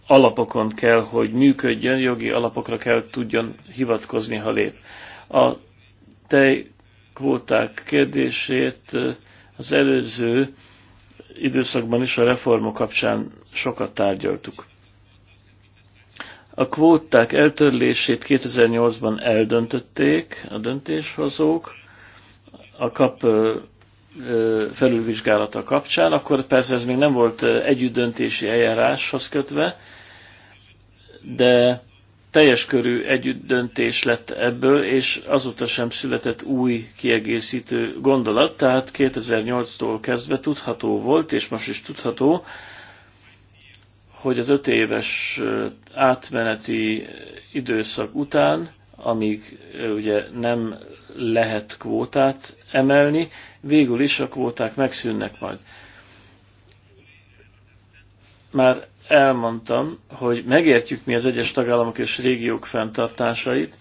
Speaker 1: alapokon kell, hogy működjön, jogi alapokra kell tudjon hivatkozni, ha lép. A tejkvóták kérdését eh, az előző időszakban is a reformok kapcsán sokat tárgyaltuk. A kvóták eltörlését 2008-ban eldöntötték a döntéshozók, a kap eh, felülvizsgálata kapcsán, akkor persze ez még nem volt együttdöntési eljáráshoz kötve, de teljes körű együttdöntés lett ebből, és azóta sem született új kiegészítő gondolat, tehát 2008-tól kezdve tudható volt, és most is tudható, hogy az öt éves átmeneti időszak után amíg ugye nem lehet kvótát emelni, végül is a kvóták megszűnnek majd. Már elmondtam, hogy megértjük mi az egyes tagállamok és régiók fenntartásait,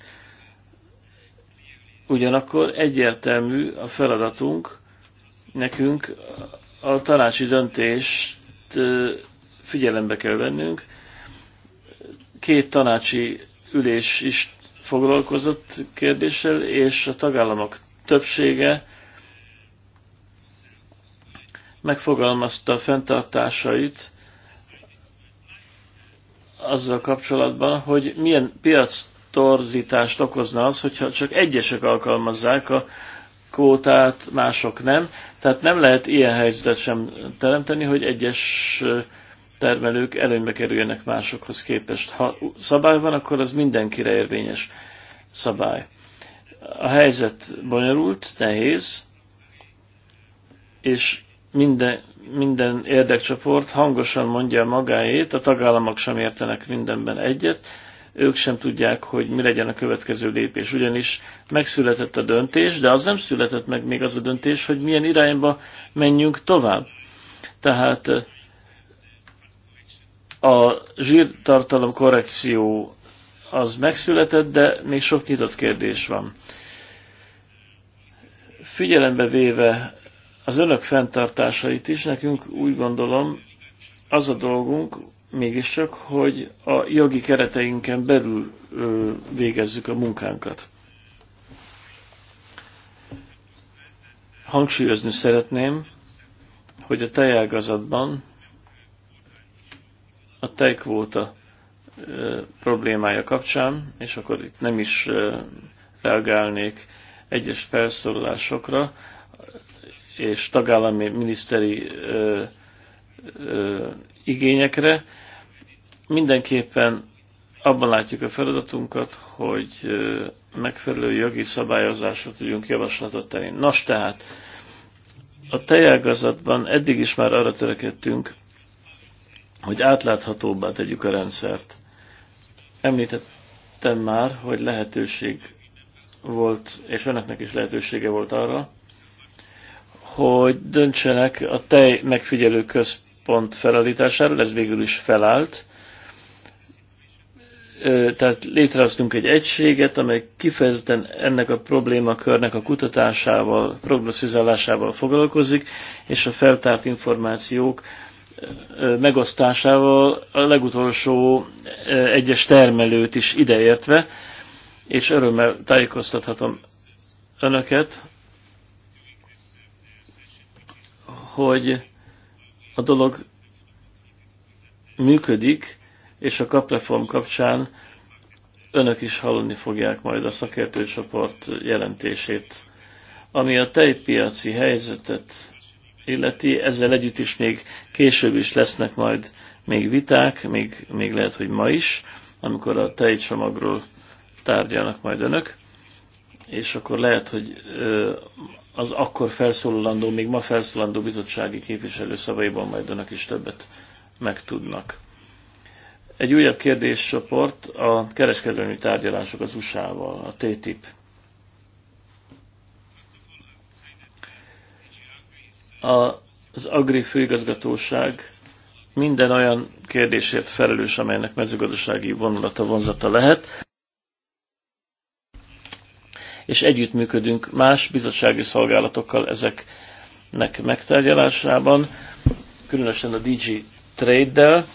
Speaker 1: ugyanakkor egyértelmű a feladatunk, nekünk a tanácsi döntést figyelembe kell vennünk. Két tanácsi ülés is foglalkozott kérdéssel, és a tagállamok többsége megfogalmazta fenntartásait azzal kapcsolatban, hogy milyen piac torzítást okozna az, hogyha csak egyesek alkalmazzák a kvótát, mások nem. Tehát nem lehet ilyen helyzetet sem teremteni, hogy egyes termelők előnybe kerüljenek másokhoz képest. Ha szabály van, akkor az mindenkire érvényes szabály. A helyzet bonyolult, nehéz, és minden, minden érdekcsoport hangosan mondja magáét, a tagállamok sem értenek mindenben egyet, ők sem tudják, hogy mi legyen a következő lépés. Ugyanis megszületett a döntés, de az nem született meg még az a döntés, hogy milyen irányba menjünk tovább. Tehát a zsírtartalom korrekció az megszületett, de még sok nyitott kérdés van. Figyelembe véve az önök fenntartásait is, nekünk úgy gondolom, az a dolgunk mégiscsak, hogy a jogi kereteinken belül ö, végezzük a munkánkat. Hangsúlyozni szeretném, hogy a tejágazatban a tejkvóta problémája kapcsán, és akkor itt nem is reagálnék egyes felszólalásokra, és tagállami miniszteri ö, ö, igényekre. Mindenképpen abban látjuk a feladatunkat, hogy megfelelő jogi szabályozásra tudjunk javaslatot tenni. Nos tehát, a tejágazatban eddig is már arra törekedtünk, hogy átláthatóbbá tegyük a rendszert. Említettem már, hogy lehetőség volt, és önöknek is lehetősége volt arra, hogy döntsenek a tej megfigyelő központ felállításáról, ez végül is felállt. Tehát létrehoztunk egy egységet, amely kifejezetten ennek a problémakörnek a kutatásával, prognosztizálásával foglalkozik, és a feltárt információk megosztásával a legutolsó egyes termelőt is ideértve, és örömmel tájékoztathatom önöket, hogy a dolog működik, és a kapreform kapcsán önök is hallani fogják majd a szakértőcsoport jelentését. Ami a tejpiaci helyzetet illeti, ezzel együtt is még később is lesznek majd még viták, még, még lehet, hogy ma is, amikor a tejcsomagról tárgyalnak majd önök, és akkor lehet, hogy az akkor felszólalandó, még ma felszólalandó bizottsági képviselő szavaiban majd önök is többet megtudnak. Egy újabb kérdéscsoport a kereskedelmi tárgyalások az USA-val, a TTIP az Agri főigazgatóság minden olyan kérdésért felelős, amelynek mezőgazdasági vonulata vonzata lehet, és együttműködünk más bizottsági szolgálatokkal ezeknek megtárgyalásában, különösen a DG Trade-del,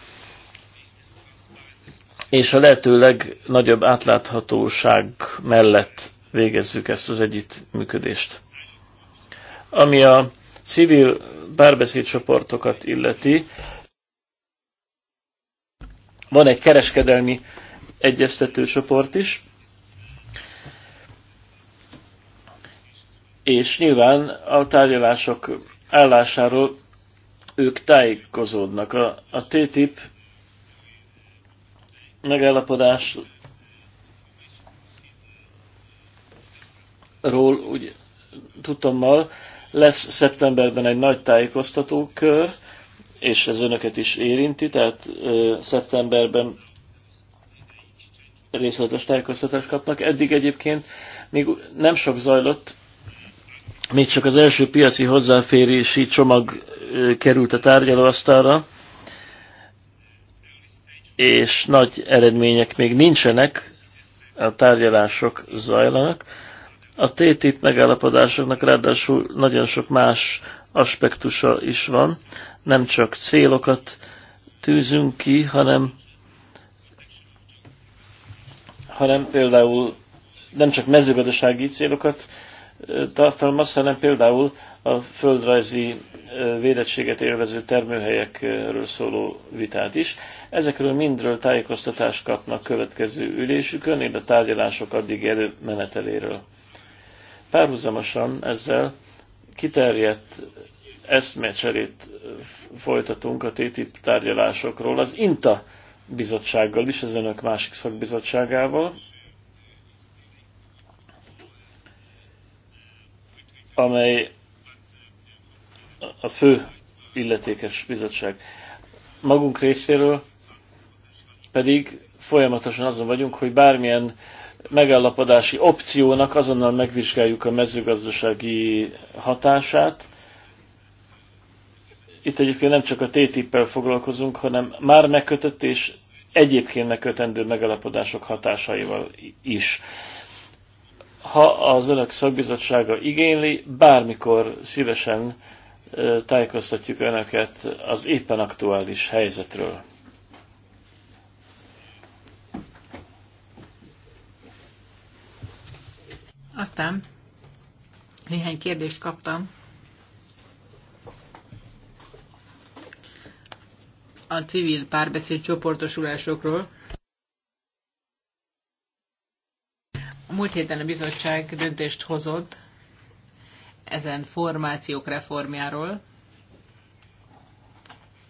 Speaker 1: és a lehető legnagyobb átláthatóság mellett végezzük ezt az együttműködést. Ami a civil párbeszédcsoportokat illeti, van egy kereskedelmi csoport is, és nyilván a tárgyalások állásáról ők tájékozódnak. A, a TTIP megállapodás ról, úgy tudtommal, lesz szeptemberben egy nagy tájékoztatókör, és ez önöket is érinti, tehát ö, szeptemberben részletes tájékoztatást kapnak. Eddig egyébként még nem sok zajlott, még csak az első piaci hozzáférési csomag ö, került a tárgyalóasztalra, és nagy eredmények még nincsenek, a tárgyalások zajlanak a TTIP megállapodásoknak ráadásul nagyon sok más aspektusa is van. Nem csak célokat tűzünk ki, hanem, hanem például nem csak mezőgazdasági célokat tartalmaz, hanem például a földrajzi védettséget élvező termőhelyekről szóló vitát is. Ezekről mindről tájékoztatást kapnak következő ülésükön, illetve tárgyalások addig előmeneteléről. Párhuzamosan ezzel kiterjedt eszmecserét folytatunk a TTIP tárgyalásokról az INTA bizottsággal is, az önök másik szakbizottságával, amely a fő illetékes bizottság. Magunk részéről pedig folyamatosan azon vagyunk, hogy bármilyen megállapodási opciónak azonnal megvizsgáljuk a mezőgazdasági hatását. Itt egyébként nem csak a ttip el foglalkozunk, hanem már megkötött és egyébként megkötendő megállapodások hatásaival is. Ha az önök szakbizottsága igényli, bármikor szívesen tájékoztatjuk önöket az éppen aktuális helyzetről.
Speaker 4: Aztán néhány kérdést kaptam a civil párbeszéd csoportosulásokról. A múlt héten a bizottság döntést hozott ezen formációk reformjáról.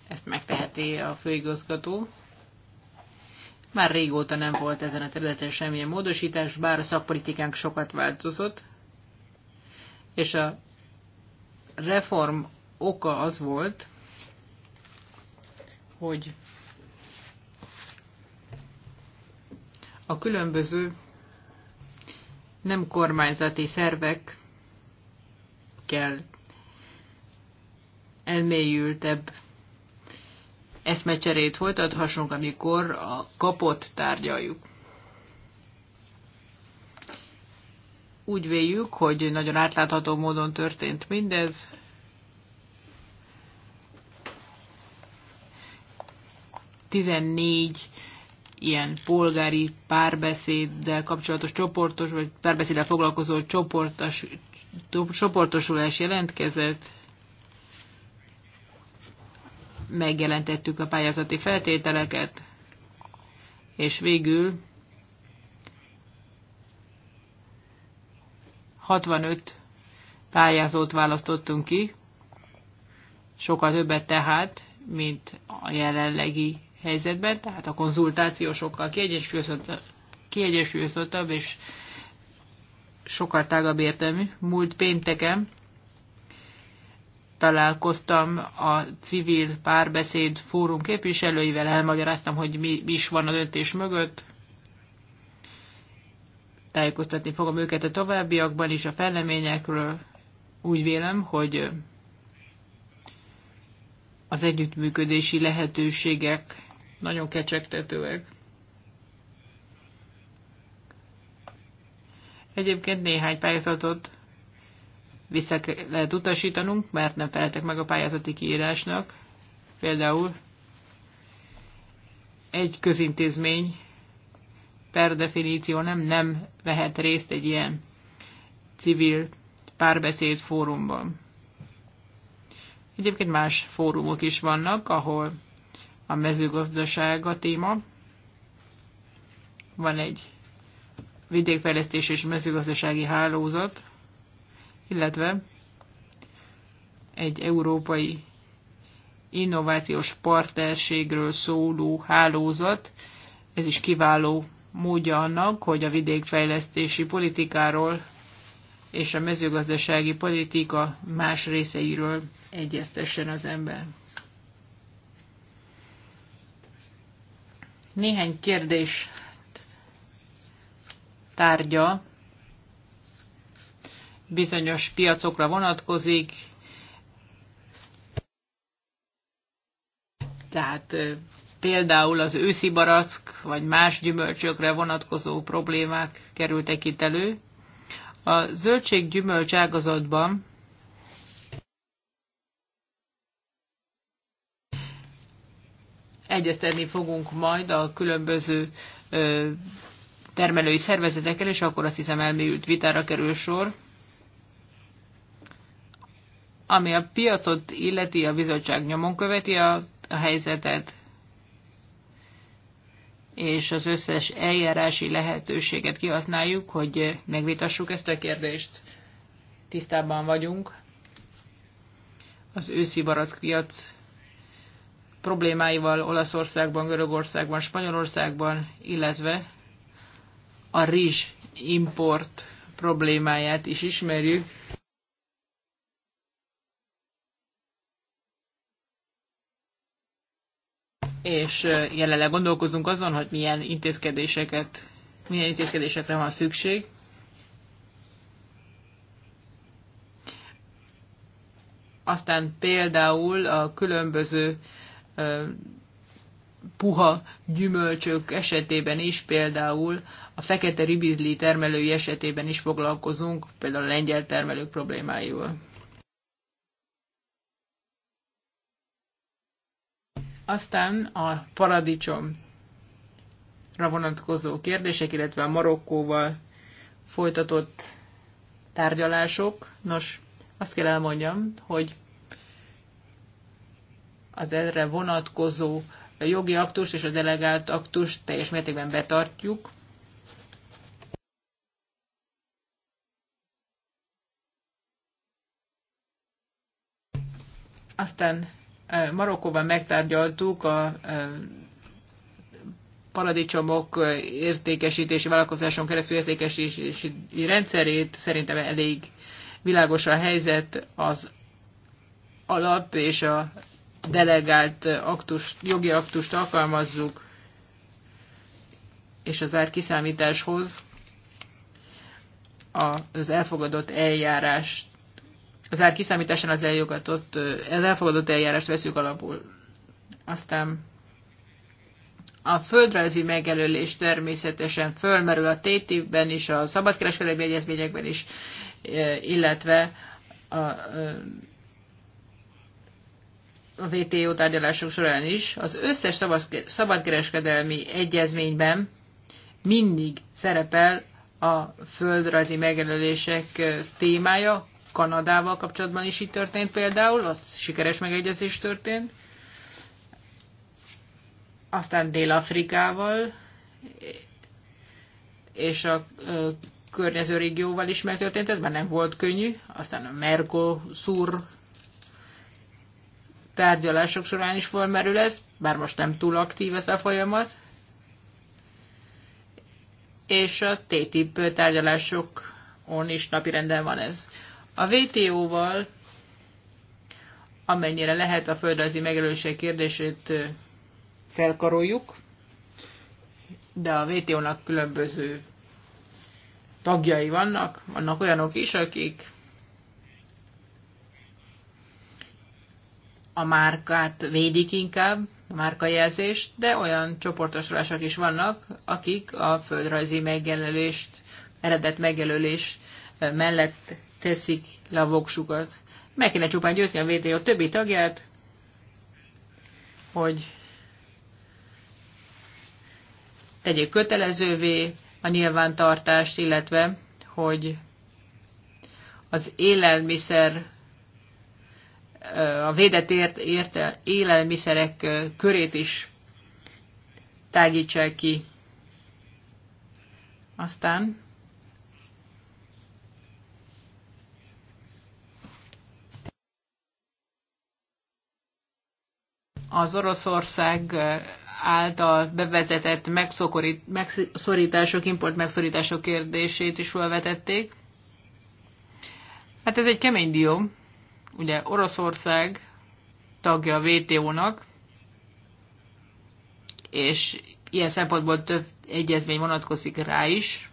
Speaker 4: Ezt megteheti a főigazgató. Már régóta nem volt ezen a területen semmilyen módosítás, bár a szakpolitikánk sokat változott, és a reform oka az volt, hogy a különböző nem kormányzati szervek kell elmélyültebb eszmecserét folytathassunk, amikor a kapot tárgyaljuk. Úgy véljük, hogy nagyon átlátható módon történt mindez. Tizennégy ilyen polgári párbeszéddel kapcsolatos csoportos, vagy párbeszéddel foglalkozó csoportos, csoportosulás jelentkezett megjelentettük a pályázati feltételeket, és végül 65 pályázót választottunk ki, sokkal többet tehát, mint a jelenlegi helyzetben, tehát a konzultáció sokkal kiegyensúlyozottabb, és sokkal tágabb értelmű. Múlt pénteken találkoztam a civil párbeszéd fórum képviselőivel, elmagyaráztam, hogy mi is van a döntés mögött. Tájékoztatni fogom őket a továbbiakban is a felleményekről. Úgy vélem, hogy az együttműködési lehetőségek nagyon kecsegtetőek. Egyébként néhány pályázatot vissza lehet utasítanunk, mert nem feleltek meg a pályázati kiírásnak. Például egy közintézmény per definíció nem, nem vehet részt egy ilyen civil párbeszéd fórumban. Egyébként más fórumok is vannak, ahol a mezőgazdaság a téma. Van egy vidékfejlesztés és mezőgazdasági hálózat, illetve egy európai innovációs partnerségről szóló hálózat. Ez is kiváló módja annak, hogy a vidékfejlesztési politikáról és a mezőgazdasági politika más részeiről egyeztessen az ember. Néhány kérdés tárgya bizonyos piacokra vonatkozik, tehát például az őszi barack vagy más gyümölcsökre vonatkozó problémák kerültek itt elő. A zöldség-gyümölcs ágazatban egyeztetni fogunk majd a különböző termelői szervezetekkel, és akkor azt hiszem elmélyült vitára kerül sor. Ami a piacot illeti, a bizottság nyomon követi a, a helyzetet, és az összes eljárási lehetőséget kihasználjuk, hogy megvitassuk ezt a kérdést. Tisztában vagyunk az őszi barackpiac problémáival Olaszországban, Görögországban, Spanyolországban, illetve a rizs import problémáját is ismerjük. és jelenleg gondolkozunk azon, hogy milyen intézkedéseket, milyen intézkedésekre van szükség. Aztán például a különböző puha gyümölcsök esetében is, például a fekete ribizli termelői esetében is foglalkozunk, például a lengyel termelők problémáival. Aztán a paradicsomra vonatkozó kérdések, illetve a Marokkóval folytatott tárgyalások. Nos, azt kell elmondjam, hogy az erre vonatkozó jogi aktust és a delegált aktust teljes mértékben betartjuk. Aztán Marokkóban megtárgyaltuk a paradicsomok értékesítési, vállalkozáson keresztül értékesítési rendszerét. Szerintem elég világos a helyzet az alap és a delegált aktust, jogi aktust alkalmazzuk, és az árkiszámításhoz az elfogadott eljárást az ár kiszámításán az eljogatott, az elfogadott eljárást veszük alapul. Aztán a földrajzi megelőlés természetesen fölmerül a TTIP-ben is, a szabadkereskedelmi egyezményekben is, illetve a, a WTO tárgyalások során is. Az összes szabadkereskedelmi egyezményben mindig szerepel a földrajzi megelőlések témája, Kanadával kapcsolatban is így történt például, az sikeres megegyezés történt. Aztán Dél-Afrikával és a környező régióval is megtörtént, ez már nem volt könnyű. Aztán a Mercosur tárgyalások során is felmerül ez, bár most nem túl aktív ez a folyamat. És a TTIP tárgyalásokon is napirenden van ez. A vto val amennyire lehet a földrajzi megelőség kérdését felkaroljuk, de a vto nak különböző tagjai vannak, vannak olyanok is, akik a márkát védik inkább, a márkajelzést, de olyan csoportosulások is vannak, akik a földrajzi megjelölést, eredet megjelölés mellett teszik le a voksukat. Meg kéne csupán győzni a a többi tagját, hogy tegyék kötelezővé a nyilvántartást, illetve hogy az élelmiszer a védett ért, ért, élelmiszerek körét is tágítsák ki. Aztán az Oroszország által bevezetett megszorítások, import megszorítások kérdését is felvetették. Hát ez egy kemény dió. Ugye Oroszország tagja a WTO-nak, és ilyen szempontból több egyezmény vonatkozik rá is.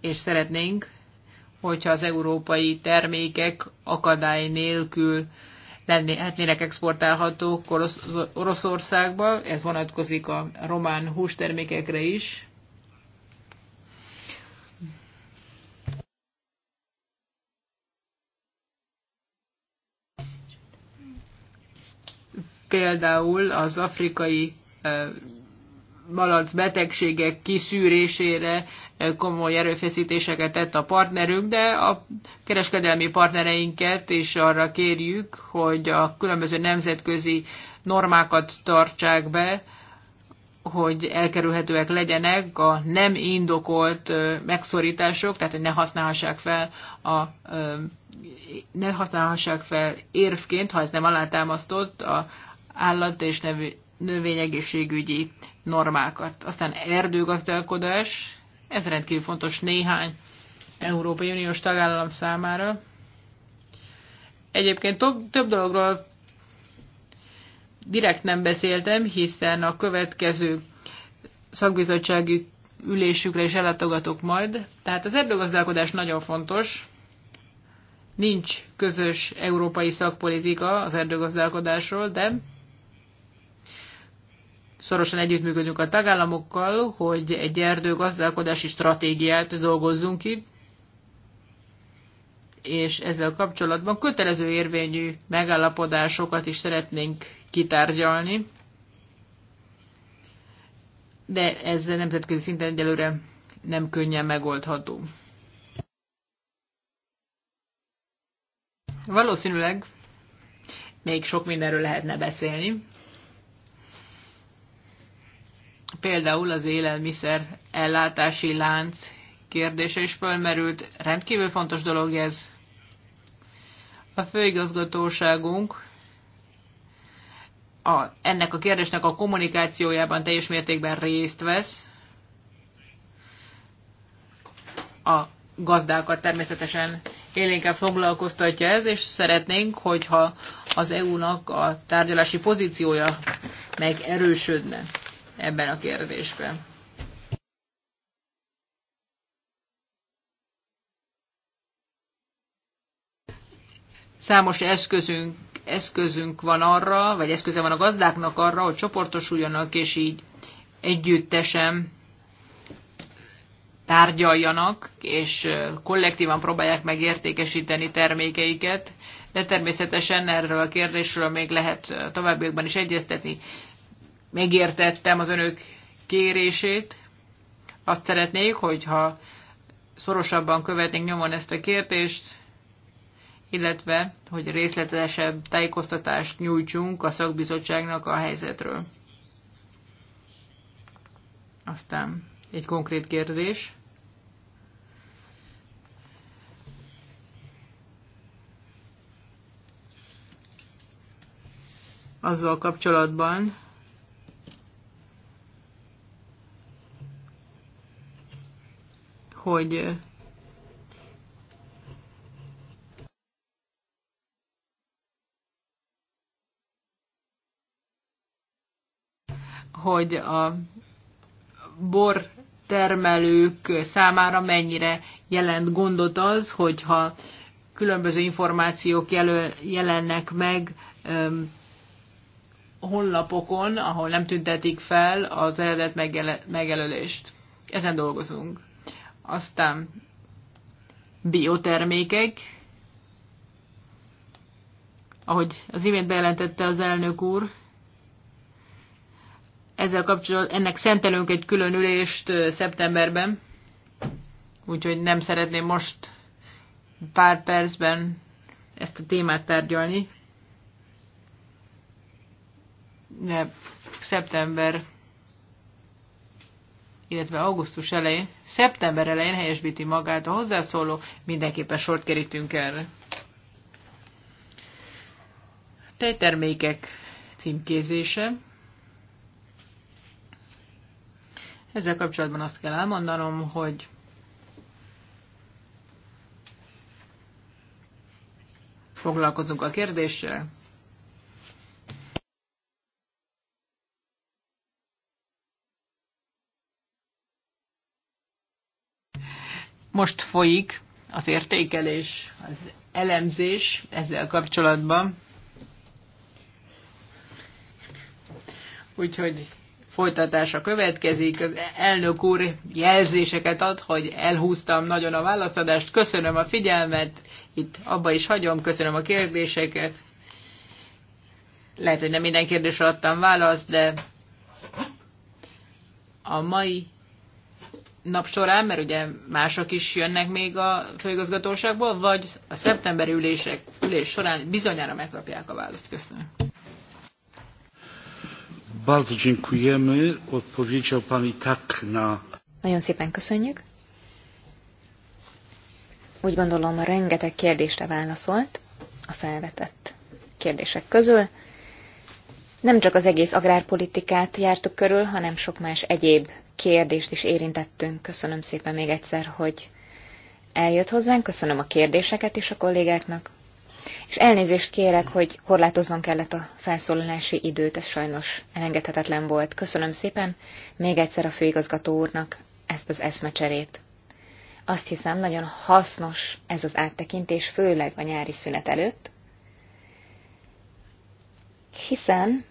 Speaker 4: És szeretnénk hogyha az európai termékek akadály nélkül lennének exportálhatók Orosz, Oroszországba, ez vonatkozik a román hústermékekre is. Például az afrikai eh, malac betegségek kiszűrésére komoly erőfeszítéseket tett a partnerünk, de a kereskedelmi partnereinket is arra kérjük, hogy a különböző nemzetközi normákat tartsák be, hogy elkerülhetőek legyenek a nem indokolt megszorítások, tehát hogy ne használhassák fel a ne használhassák fel érvként, ha ez nem alátámasztott a állat és növényegészségügyi normákat. Aztán erdőgazdálkodás, ez rendkívül fontos néhány Európai Uniós tagállam számára. Egyébként több, több dologról direkt nem beszéltem, hiszen a következő szakbizottsági ülésükre is ellátogatok majd. Tehát az erdőgazdálkodás nagyon fontos. Nincs közös európai szakpolitika az erdőgazdálkodásról, de Szorosan együttműködünk a tagállamokkal, hogy egy erdőgazdálkodási stratégiát dolgozzunk ki, és ezzel kapcsolatban kötelező érvényű megállapodásokat is szeretnénk kitárgyalni, de ez nemzetközi szinten egyelőre nem könnyen megoldható. Valószínűleg még sok mindenről lehetne beszélni. például az élelmiszer ellátási lánc kérdése is fölmerült. Rendkívül fontos dolog ez. A főigazgatóságunk a, ennek a kérdésnek a kommunikációjában teljes mértékben részt vesz. A gazdákat természetesen élénkkel foglalkoztatja ez, és szeretnénk, hogyha az EU-nak a tárgyalási pozíciója megerősödne ebben a kérdésben. Számos eszközünk, eszközünk van arra, vagy eszköze van a gazdáknak arra, hogy csoportosuljanak, és így együttesen tárgyaljanak, és kollektívan próbálják megértékesíteni termékeiket, de természetesen erről a kérdésről még lehet továbbiakban is egyeztetni megértettem az önök kérését. Azt szeretnék, hogyha szorosabban követnénk nyomon ezt a kérdést, illetve hogy részletesebb tájékoztatást nyújtsunk a szakbizottságnak a helyzetről. Aztán egy konkrét kérdés. Azzal kapcsolatban, hogy hogy a bor termelők számára mennyire jelent gondot az, hogyha különböző információk jelöl, jelennek meg öm, honlapokon, ahol nem tüntetik fel az eredet megjelölést. Ezen dolgozunk aztán biotermékek, ahogy az imént bejelentette az elnök úr, ezzel kapcsolatban ennek szentelünk egy külön ülést szeptemberben, úgyhogy nem szeretném most pár percben ezt a témát tárgyalni. De szeptember illetve augusztus elején, szeptember elején helyesbíti magát a hozzászóló, mindenképpen sort kerítünk erre. Tejtermékek címkézése. Ezzel kapcsolatban azt kell elmondanom, hogy foglalkozunk a kérdéssel, Most folyik az értékelés, az elemzés ezzel kapcsolatban. Úgyhogy folytatása következik. Az elnök úr jelzéseket ad, hogy elhúztam nagyon a válaszadást. Köszönöm a figyelmet, itt abba is hagyom, köszönöm a kérdéseket. Lehet, hogy nem minden kérdésre adtam választ, de a mai nap során, mert ugye mások is jönnek még a főigazgatóságból, vagy a szeptemberi ülések, ülés során bizonyára megkapják a választ. Köszönöm.
Speaker 2: Bardzo dziękujemy. Odpowiedział Pan tak na...
Speaker 3: Nagyon szépen köszönjük. Úgy gondolom, rengeteg kérdésre válaszolt a felvetett kérdések közül. Nem csak az egész agrárpolitikát jártuk körül, hanem sok más egyéb kérdést is érintettünk. Köszönöm szépen még egyszer, hogy eljött hozzánk, köszönöm a kérdéseket is a kollégáknak, és elnézést kérek, hogy korlátoznom kellett a felszólalási időt, ez sajnos elengedhetetlen volt. Köszönöm szépen még egyszer a főigazgató úrnak ezt az eszmecserét. Azt hiszem, nagyon hasznos ez az áttekintés, főleg a nyári szünet előtt, hiszen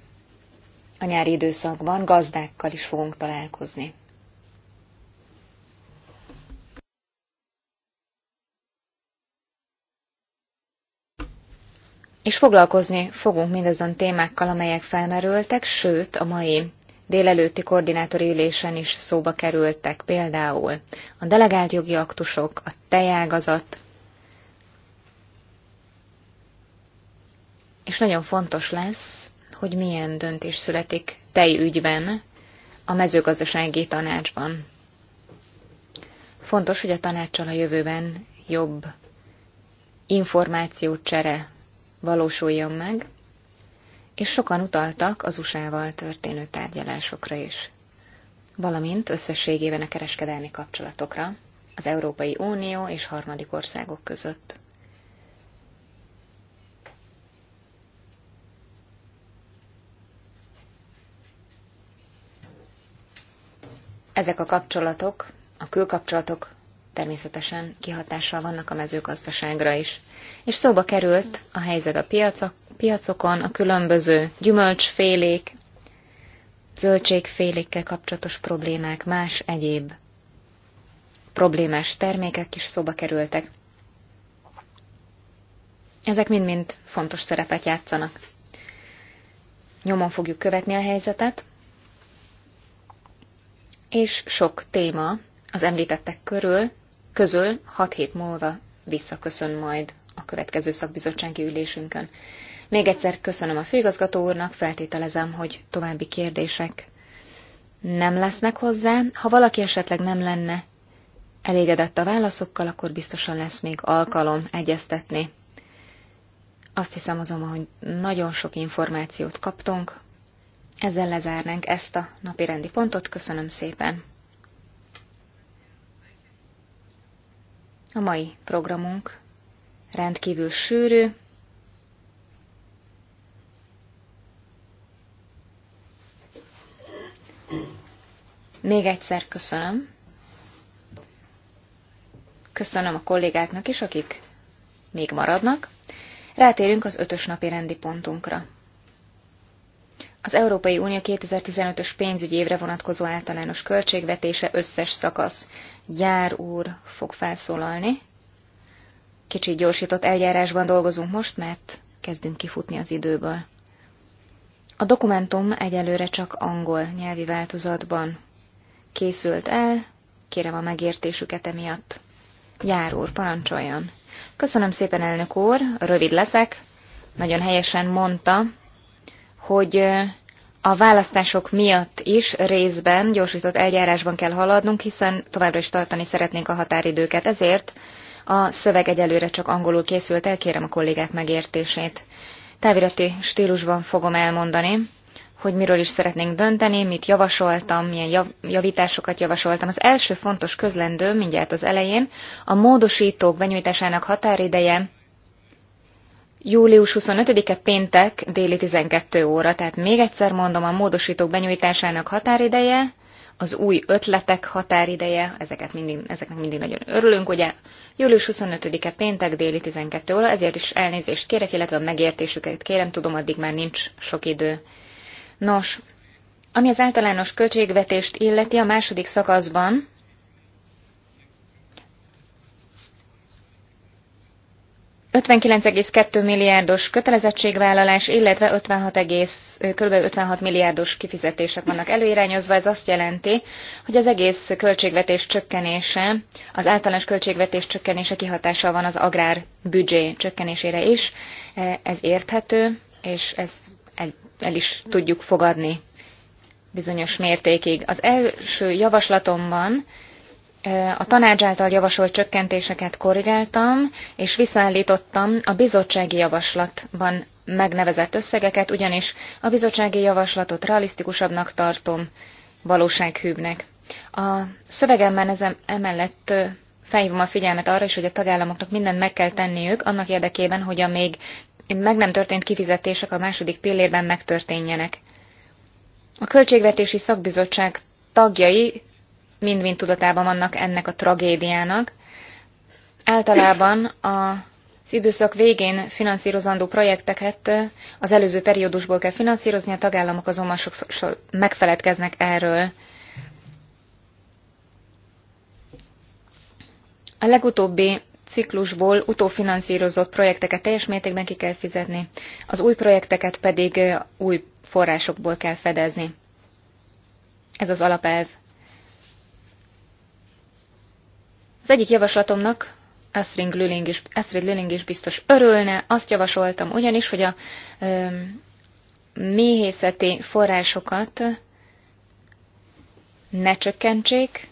Speaker 3: a nyári időszakban gazdákkal is fogunk találkozni. És foglalkozni fogunk mindazon témákkal, amelyek felmerültek, sőt a mai délelőtti koordinátori ülésen is szóba kerültek, például a delegált jogi aktusok, a tejágazat, és nagyon fontos lesz hogy milyen döntés születik tej ügyben a mezőgazdasági tanácsban. Fontos, hogy a tanácssal a jövőben jobb információcsere valósuljon meg, és sokan utaltak az USA-val történő tárgyalásokra is, valamint összességében a kereskedelmi kapcsolatokra az Európai Unió és harmadik országok között. Ezek a kapcsolatok, a külkapcsolatok természetesen kihatással vannak a mezőgazdaságra is. És szóba került a helyzet a piacok, piacokon, a különböző gyümölcsfélék, zöldségfélékkel kapcsolatos problémák, más egyéb problémás termékek is szóba kerültek. Ezek mind-mind fontos szerepet játszanak. Nyomon fogjuk követni a helyzetet, és sok téma az említettek körül, közül 6 hét múlva visszaköszön majd a következő szakbizottsági ülésünkön. Még egyszer köszönöm a főigazgató úrnak, feltételezem, hogy további kérdések nem lesznek hozzá. Ha valaki esetleg nem lenne elégedett a válaszokkal, akkor biztosan lesz még alkalom egyeztetni. Azt hiszem azonban, hogy nagyon sok információt kaptunk, ezzel lezárnánk ezt a napi rendi pontot. Köszönöm szépen! A mai programunk rendkívül sűrű, Még egyszer köszönöm. Köszönöm a kollégáknak is, akik még maradnak. Rátérünk az ötös napi rendi pontunkra az Európai Unió 2015-ös pénzügyi évre vonatkozó általános költségvetése összes szakasz. Jár úr fog felszólalni. Kicsit gyorsított eljárásban dolgozunk most, mert kezdünk kifutni az időből. A dokumentum egyelőre csak angol nyelvi változatban készült el, kérem a megértésüket emiatt. Jár úr, parancsoljon! Köszönöm szépen, elnök úr, rövid leszek. Nagyon helyesen mondta, hogy a választások miatt is részben gyorsított eljárásban kell haladnunk, hiszen továbbra is tartani szeretnénk a határidőket. Ezért a szöveg egyelőre csak angolul készült el, kérem a kollégák megértését. Távirati stílusban fogom elmondani, hogy miről is szeretnénk dönteni, mit javasoltam, milyen jav javításokat javasoltam. Az első fontos közlendő mindjárt az elején a módosítók benyújtásának határideje Július 25-e péntek déli 12 óra, tehát még egyszer mondom, a módosítók benyújtásának határideje, az új ötletek határideje, ezeket mindig, ezeknek mindig nagyon örülünk, ugye? Július 25-e péntek déli 12 óra, ezért is elnézést kérek, illetve a megértésüket kérem, tudom, addig már nincs sok idő. Nos, ami az általános költségvetést illeti, a második szakaszban 59,2 milliárdos kötelezettségvállalás, illetve 56, egész, kb. 56 milliárdos kifizetések vannak előirányozva. Ez azt jelenti, hogy az egész költségvetés csökkenése, az általános költségvetés csökkenése kihatása van az agrár büdzsé csökkenésére is. E, ez érthető, és ezt el, el is tudjuk fogadni bizonyos mértékig. Az első javaslatomban a tanács által javasolt csökkentéseket korrigáltam, és visszaállítottam a bizottsági javaslatban megnevezett összegeket, ugyanis a bizottsági javaslatot realisztikusabbnak tartom, valósághűbbnek. A szövegemben ezem emellett felhívom a figyelmet arra is, hogy a tagállamoknak mindent meg kell tenniük annak érdekében, hogy a még meg nem történt kifizetések a második pillérben megtörténjenek. A Költségvetési Szakbizottság tagjai mind-mind tudatában vannak ennek a tragédiának. Általában a az időszak végén finanszírozandó projekteket az előző periódusból kell finanszírozni, a tagállamok azonban sokszor megfeledkeznek erről. A legutóbbi ciklusból utófinanszírozott projekteket teljes mértékben ki kell fizetni, az új projekteket pedig új forrásokból kell fedezni. Ez az alapelv. Az egyik javaslatomnak Astrid Lüling is, Astrid Lüling is biztos örülne, azt javasoltam ugyanis, hogy a ö, méhészeti forrásokat ne csökkentsék,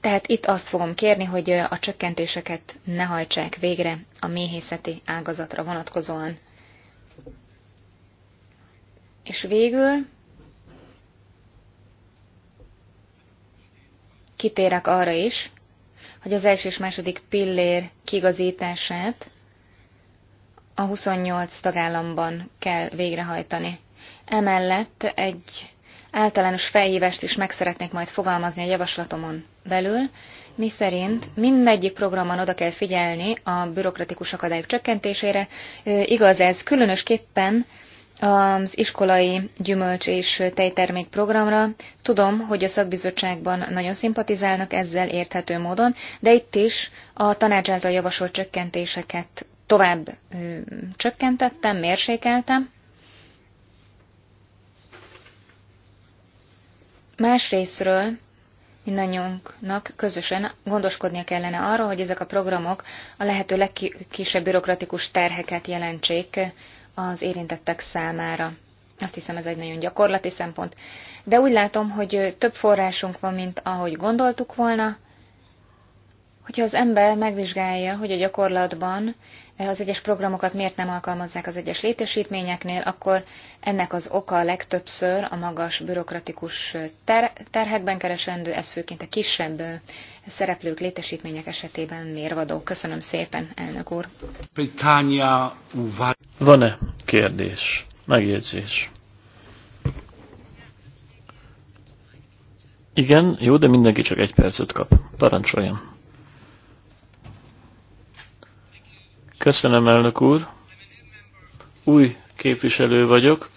Speaker 3: tehát itt azt fogom kérni, hogy a csökkentéseket ne hajtsák végre a méhészeti ágazatra vonatkozóan. És végül kitérek arra is, hogy az első és második pillér kigazítását a 28 tagállamban kell végrehajtani. Emellett egy általános felhívást is meg szeretnék majd fogalmazni a javaslatomon belül, mi szerint mindegyik programon oda kell figyelni a bürokratikus akadályok csökkentésére. Igaz ez különösképpen az iskolai gyümölcs és tejtermék programra. Tudom, hogy a szakbizottságban nagyon szimpatizálnak ezzel érthető módon, de itt is a tanács által javasolt csökkentéseket tovább ö, csökkentettem, mérsékeltem. Másrésztről mindannyiunknak közösen gondoskodnia kellene arról, hogy ezek a programok a lehető legkisebb bürokratikus terheket jelentsék az érintettek számára. Azt hiszem, ez egy nagyon gyakorlati szempont. De úgy látom, hogy több forrásunk van, mint ahogy gondoltuk volna. Hogyha az ember megvizsgálja, hogy a gyakorlatban az egyes programokat miért nem alkalmazzák az egyes létesítményeknél, akkor ennek az oka legtöbbször a magas bürokratikus ter- terhekben keresendő, ez főként a kisebb szereplők létesítmények esetében mérvadó. Köszönöm szépen, elnök úr.
Speaker 1: Van-e kérdés, megjegyzés? Igen, jó, de mindenki csak egy percet kap. Parancsoljon. Köszönöm, elnök úr. Új képviselő vagyok,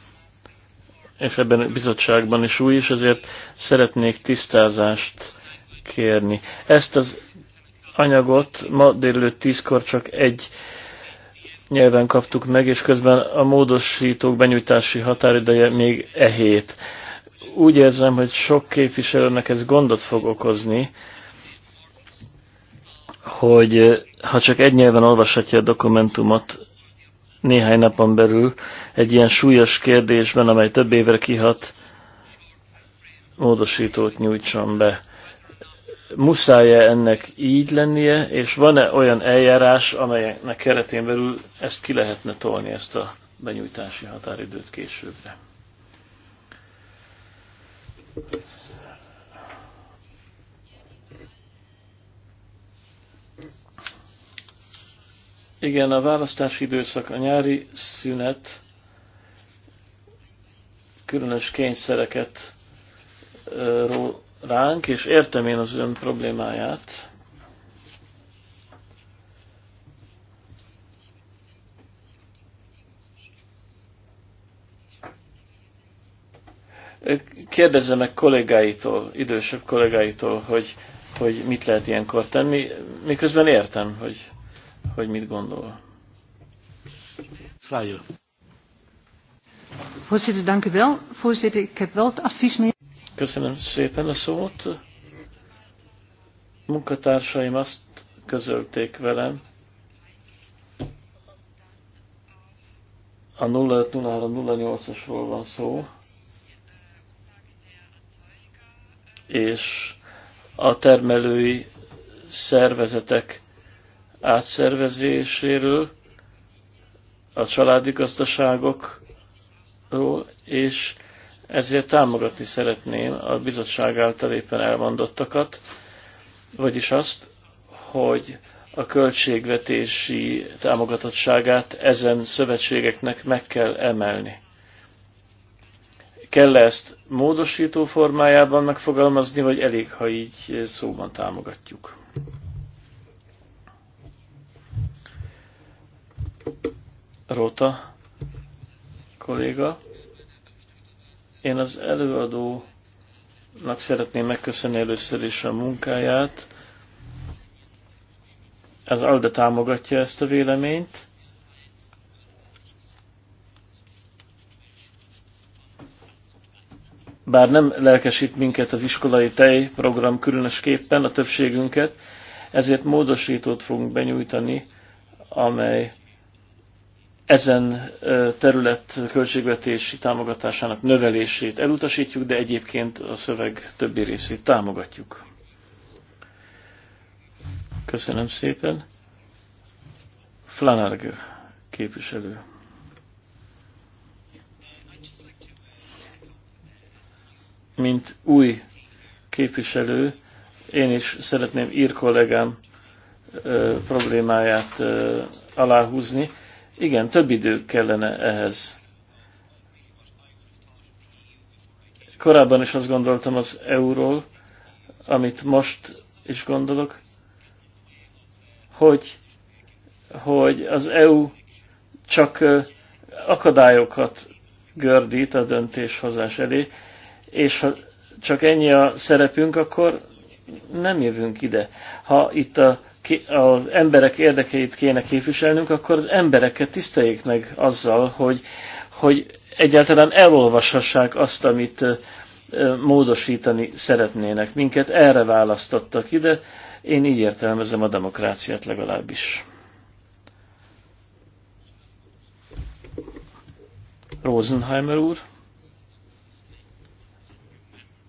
Speaker 1: és ebben a bizottságban is új, és ezért szeretnék tisztázást kérni. Ezt az anyagot ma délelőtt tízkor csak egy nyelven kaptuk meg, és közben a módosítók benyújtási határideje még e hét. Úgy érzem, hogy sok képviselőnek ez gondot fog okozni, hogy eh, ha csak egy nyelven olvashatja a dokumentumot néhány napon belül, egy ilyen súlyos kérdésben, amely több évre kihat, módosítót nyújtson be. Muszáj-e ennek így lennie, és van-e olyan eljárás, amelynek keretén belül ezt ki lehetne tolni, ezt a benyújtási határidőt későbbre? Igen, a választási időszak, a nyári szünet különös kényszereket ró ránk, és értem én az ön problémáját. Kérdezze meg kollégáitól, idősebb kollégáitól, hogy, hogy mit lehet ilyenkor tenni, miközben értem, hogy hogy mit gondol. Fájl.
Speaker 4: Voorzitter, dank u wel. Voorzitter, ik heb wel het
Speaker 1: advies mee. Köszönöm szépen a szót. Munkatársaim azt közölték velem, a 0503-08-asról van szó, és a termelői szervezetek átszervezéséről, a családi gazdaságokról, és ezért támogatni szeretném a bizottság által éppen elmondottakat, vagyis azt, hogy a költségvetési támogatottságát ezen szövetségeknek meg kell emelni. Kell -e ezt módosító formájában megfogalmazni, vagy elég, ha így szóban támogatjuk? Rota, kolléga. Én az előadónak szeretném megköszönni először is a munkáját. Az ALDE támogatja ezt a véleményt. Bár nem lelkesít minket az iskolai tejprogram különösképpen, a többségünket, ezért módosítót fogunk benyújtani, amely ezen terület költségvetési támogatásának növelését elutasítjuk, de egyébként a szöveg többi részét támogatjuk. Köszönöm szépen. Flanarg képviselő. Mint új képviselő, én is szeretném ír kollégám ö, problémáját ö, aláhúzni igen, több idő kellene ehhez. Korábban is azt gondoltam az euról, amit most is gondolok, hogy, hogy az EU csak akadályokat gördít a döntéshozás elé, és ha csak ennyi a szerepünk, akkor nem jövünk ide. Ha itt a, az emberek érdekeit kéne képviselnünk, akkor az embereket tiszteljék meg azzal, hogy, hogy egyáltalán elolvashassák azt, amit módosítani szeretnének. Minket erre választottak ide, én így értelmezem a demokráciát legalábbis. Rosenheimer úr.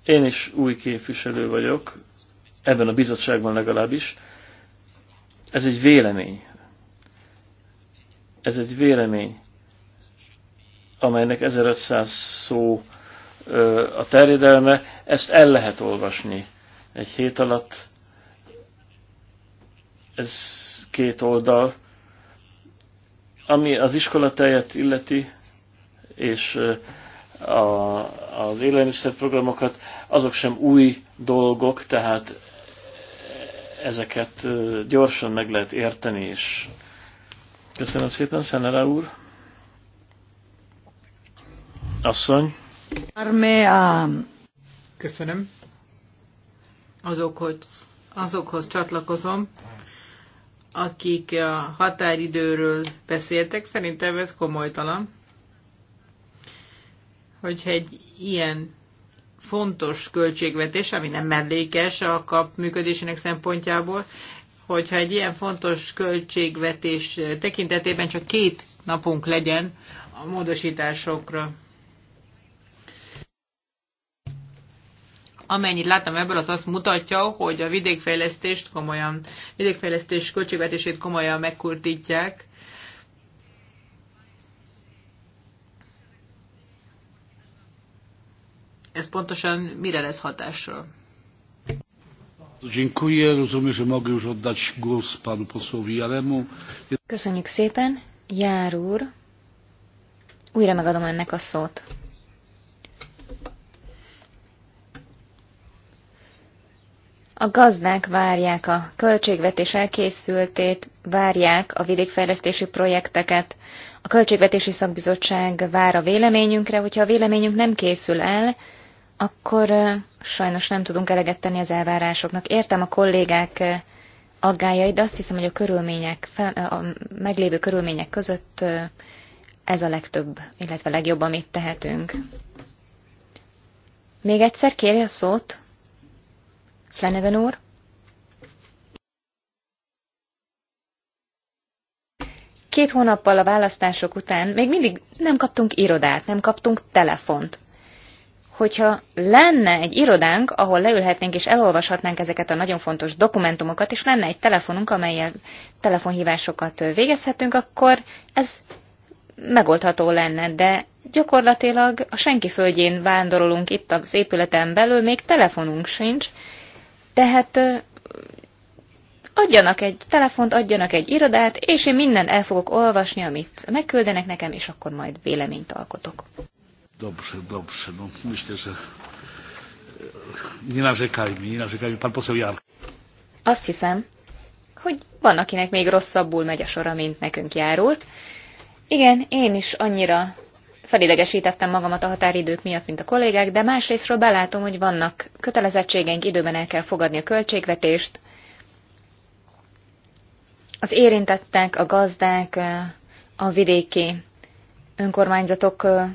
Speaker 1: Én is új képviselő vagyok ebben a bizottságban legalábbis, ez egy vélemény. Ez egy vélemény, amelynek 1500 szó a terjedelme, ezt el lehet olvasni egy hét alatt. Ez két oldal. Ami az iskolatáját illeti, és a, az élelmiszerprogramokat, azok sem új dolgok, tehát ezeket gyorsan meg lehet érteni, és köszönöm szépen, Szenere úr. Asszony.
Speaker 4: Köszönöm. Azokhoz, azokhoz csatlakozom, akik a határidőről beszéltek, szerintem ez komolytalan, hogyha egy ilyen fontos költségvetés, ami nem mellékes a kap működésének szempontjából, hogyha egy ilyen fontos költségvetés tekintetében csak két napunk legyen a módosításokra. amennyit láttam ebből, az azt mutatja, hogy a vidékfejlesztést komolyan, vidékfejlesztés költségvetését komolyan megkurtítják. ez pontosan mire lesz hatással?
Speaker 2: Köszönjük szépen,
Speaker 3: Jár úr. Újra megadom ennek a szót. A gazdák várják a költségvetés elkészültét, várják a vidékfejlesztési projekteket. A Költségvetési Szakbizottság vár a véleményünkre, hogyha a véleményünk nem készül el, akkor sajnos nem tudunk eleget tenni az elvárásoknak. Értem a kollégák aggájait, de azt hiszem, hogy a körülmények, a meglévő körülmények között ez a legtöbb, illetve legjobb, amit tehetünk. Még egyszer kérje a szót, Flanagan úr. Két hónappal a választások után még mindig nem kaptunk irodát, nem kaptunk telefont hogyha lenne egy irodánk, ahol leülhetnénk és elolvashatnánk ezeket a nagyon fontos dokumentumokat, és lenne egy telefonunk, amelyel telefonhívásokat végezhetünk, akkor ez megoldható lenne, de gyakorlatilag a senki földjén vándorolunk itt az épületen belül, még telefonunk sincs, tehát adjanak egy telefont, adjanak egy irodát, és én mindent el fogok olvasni, amit megküldenek nekem, és akkor majd véleményt alkotok.
Speaker 2: Dobrze, dobrze. No, myślę, że e, nie narzekajmy, nie narzekajmy. Pan poseł
Speaker 3: Azt hiszem, hogy van, akinek még rosszabbul megy a sora, mint nekünk járult. Igen, én is annyira felidegesítettem magamat a határidők miatt, mint a kollégák, de másrésztről belátom, hogy vannak kötelezettségeink, időben el kell fogadni a költségvetést. Az érintettek, a gazdák, e, a vidéki önkormányzatok e,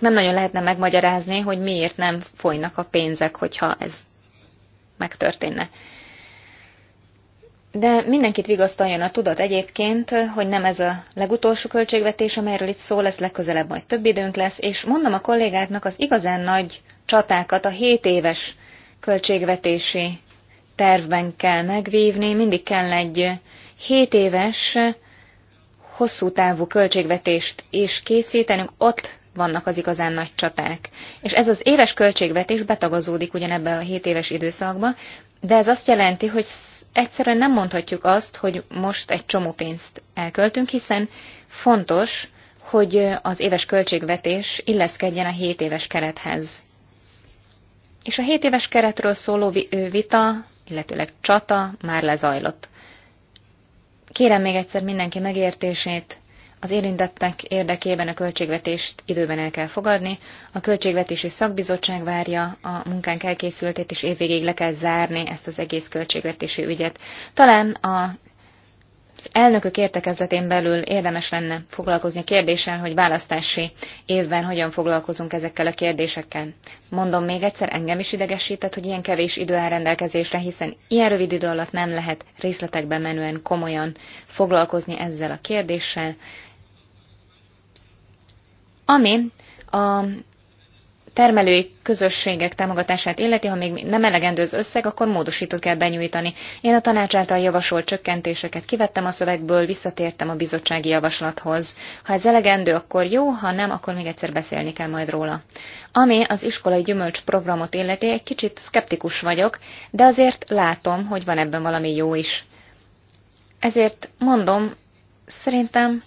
Speaker 3: nem nagyon lehetne megmagyarázni, hogy miért nem folynak a pénzek, hogyha ez megtörténne. De mindenkit vigasztaljon a tudat egyébként, hogy nem ez a legutolsó költségvetés, amelyről itt szó lesz, legközelebb majd több időnk lesz, és mondom a kollégáknak az igazán nagy csatákat a 7 éves költségvetési tervben kell megvívni, mindig kell egy 7 éves hosszú távú költségvetést is készítenünk, ott vannak az igazán nagy csaták. És ez az éves költségvetés betagazódik ugyanebbe a 7 éves időszakba, de ez azt jelenti, hogy egyszerűen nem mondhatjuk azt, hogy most egy csomó pénzt elköltünk, hiszen fontos, hogy az éves költségvetés illeszkedjen a 7 éves kerethez. És a 7 éves keretről szóló vita, illetőleg csata már lezajlott. Kérem még egyszer mindenki megértését, az érintettek érdekében a költségvetést időben el kell fogadni, a költségvetési szakbizottság várja a munkánk elkészültét, és évvégéig le kell zárni ezt az egész költségvetési ügyet. Talán a az elnökök értekezletén belül érdemes lenne foglalkozni kérdéssel, hogy választási évben hogyan foglalkozunk ezekkel a kérdésekkel. Mondom még egyszer, engem is idegesített, hogy ilyen kevés idő áll rendelkezésre, hiszen ilyen rövid idő alatt nem lehet részletekben menően komolyan foglalkozni ezzel a kérdéssel. Ami a termelői közösségek támogatását illeti, ha még nem elegendő az összeg, akkor módosítót kell benyújtani. Én a tanács által javasolt csökkentéseket kivettem a szövegből, visszatértem a bizottsági javaslathoz. Ha ez elegendő, akkor jó, ha nem, akkor még egyszer beszélni kell majd róla. Ami az iskolai gyümölcs programot illeti, egy kicsit szkeptikus vagyok, de azért látom, hogy van ebben valami jó is. Ezért mondom, szerintem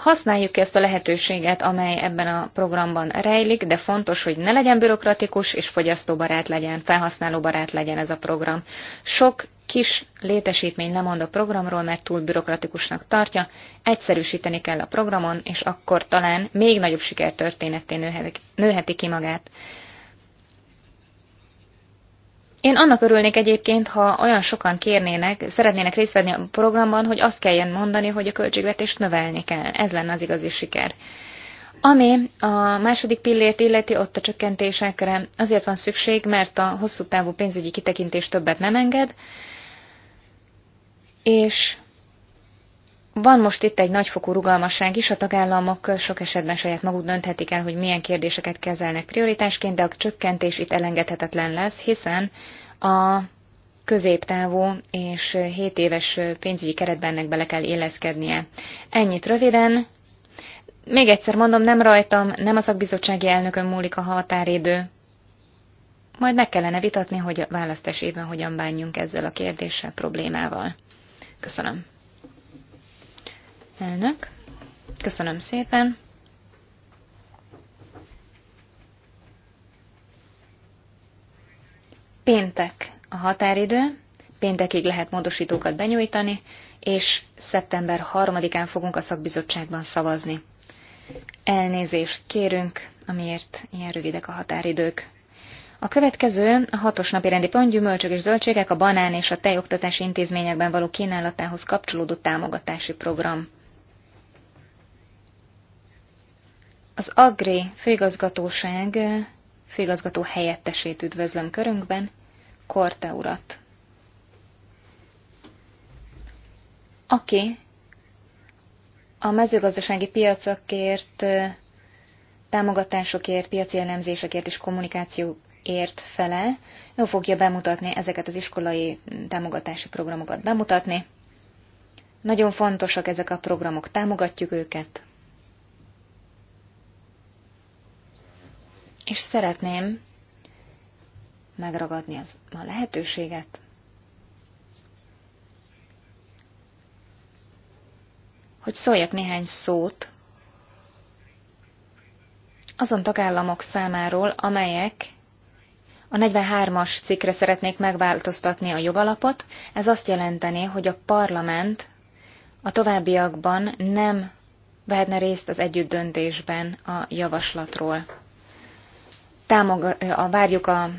Speaker 3: használjuk ezt a lehetőséget, amely ebben a programban rejlik, de fontos, hogy ne legyen bürokratikus és fogyasztóbarát legyen, felhasználóbarát legyen ez a program. Sok kis létesítmény lemond a programról, mert túl bürokratikusnak tartja, egyszerűsíteni kell a programon, és akkor talán még nagyobb sikertörténetté nőheti ki magát. Én annak örülnék egyébként, ha olyan sokan kérnének, szeretnének részt venni a programban, hogy azt kelljen mondani, hogy a költségvetést növelni kell. Ez lenne az igazi siker. Ami a második pillért illeti, ott a csökkentésekre azért van szükség, mert a hosszú távú pénzügyi kitekintés többet nem enged, és van most itt egy nagyfokú rugalmasság is, a tagállamok sok esetben saját maguk dönthetik el, hogy milyen kérdéseket kezelnek prioritásként, de a csökkentés itt elengedhetetlen lesz, hiszen a középtávú és 7 éves pénzügyi keretben ennek bele kell éleszkednie. Ennyit röviden. Még egyszer mondom, nem rajtam, nem a szakbizottsági elnökön múlik a határidő. Majd meg kellene vitatni, hogy a választás évben hogyan bánjunk ezzel a kérdéssel, problémával. Köszönöm. Elnök, köszönöm szépen. Péntek a határidő, péntekig lehet módosítókat benyújtani, és szeptember 3-án fogunk a szakbizottságban szavazni. Elnézést kérünk, amiért ilyen rövidek a határidők. A következő a hatos napi rendi pont gyümölcsök és zöldségek a banán és a tejoktatási intézményekben való kínálatához kapcsolódó támogatási program. Az Agri főigazgatóság főigazgató helyettesét üdvözlöm körünkben, Korte urat. Aki a mezőgazdasági piacokért, támogatásokért, piaci elemzésekért és kommunikációért fele, ő fogja bemutatni ezeket az iskolai támogatási programokat bemutatni. Nagyon fontosak ezek a programok, támogatjuk őket, és szeretném megragadni az, a lehetőséget, hogy szóljak néhány szót azon tagállamok számáról, amelyek a 43-as cikkre szeretnék megváltoztatni a jogalapot. Ez azt jelenteni, hogy a parlament a továbbiakban nem vehetne részt az együttdöntésben a javaslatról támog- a, várjuk a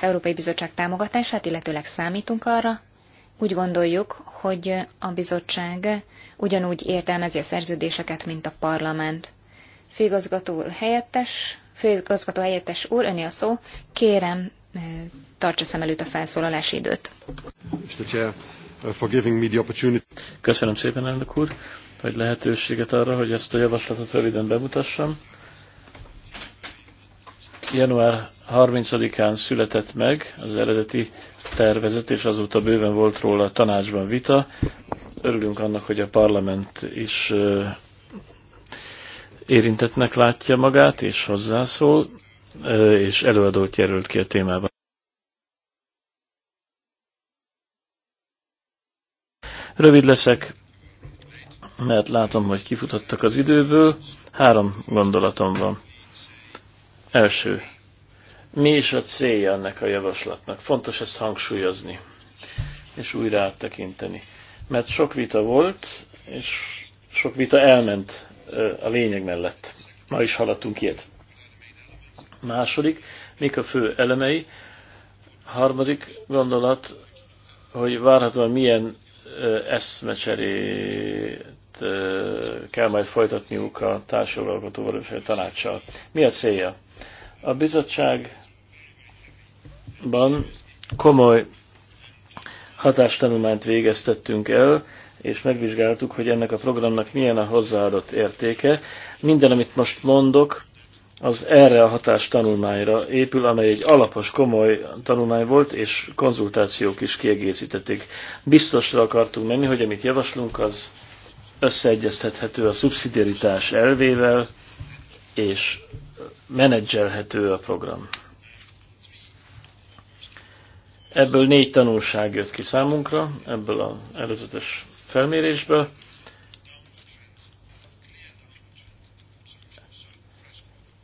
Speaker 3: Európai Bizottság támogatását, illetőleg számítunk arra. Úgy gondoljuk, hogy a bizottság ugyanúgy értelmezi a szerződéseket, mint a parlament. Főigazgató helyettes, főigazgató helyettes úr, öné a szó, kérem, tartsa szem előtt a felszólalási időt.
Speaker 1: Uh, Köszönöm szépen, elnök úr, hogy lehetőséget arra, hogy ezt a javaslatot röviden bemutassam január 30-án született meg az eredeti tervezet, és azóta bőven volt róla a tanácsban vita. Örülünk annak, hogy a parlament is érintetnek látja magát, és hozzászól, és előadót jelölt ki a témában. Rövid leszek, mert látom, hogy kifutottak az időből. Három gondolatom van. Első. Mi is a célja ennek a javaslatnak? Fontos ezt hangsúlyozni, és újra áttekinteni. Mert sok vita volt, és sok vita elment a lényeg mellett. Ma is haladtunk ilyet. Második, mik a fő elemei? Harmadik gondolat, hogy várhatóan milyen eszmecserét kell majd folytatniuk a társadalkotóval és a tanácssal. Mi a célja? A bizottságban komoly hatástanulmányt végeztettünk el, és megvizsgáltuk, hogy ennek a programnak milyen a hozzáadott értéke. Minden, amit most mondok, az erre a hatás tanulmányra épül, amely egy alapos, komoly tanulmány volt, és konzultációk is kiegészítették. Biztosra akartunk menni, hogy amit javaslunk, az összeegyeztethető a szubszidiaritás elvével, és menedzselhető a program. Ebből négy tanulság jött ki számunkra, ebből az előzetes felmérésből.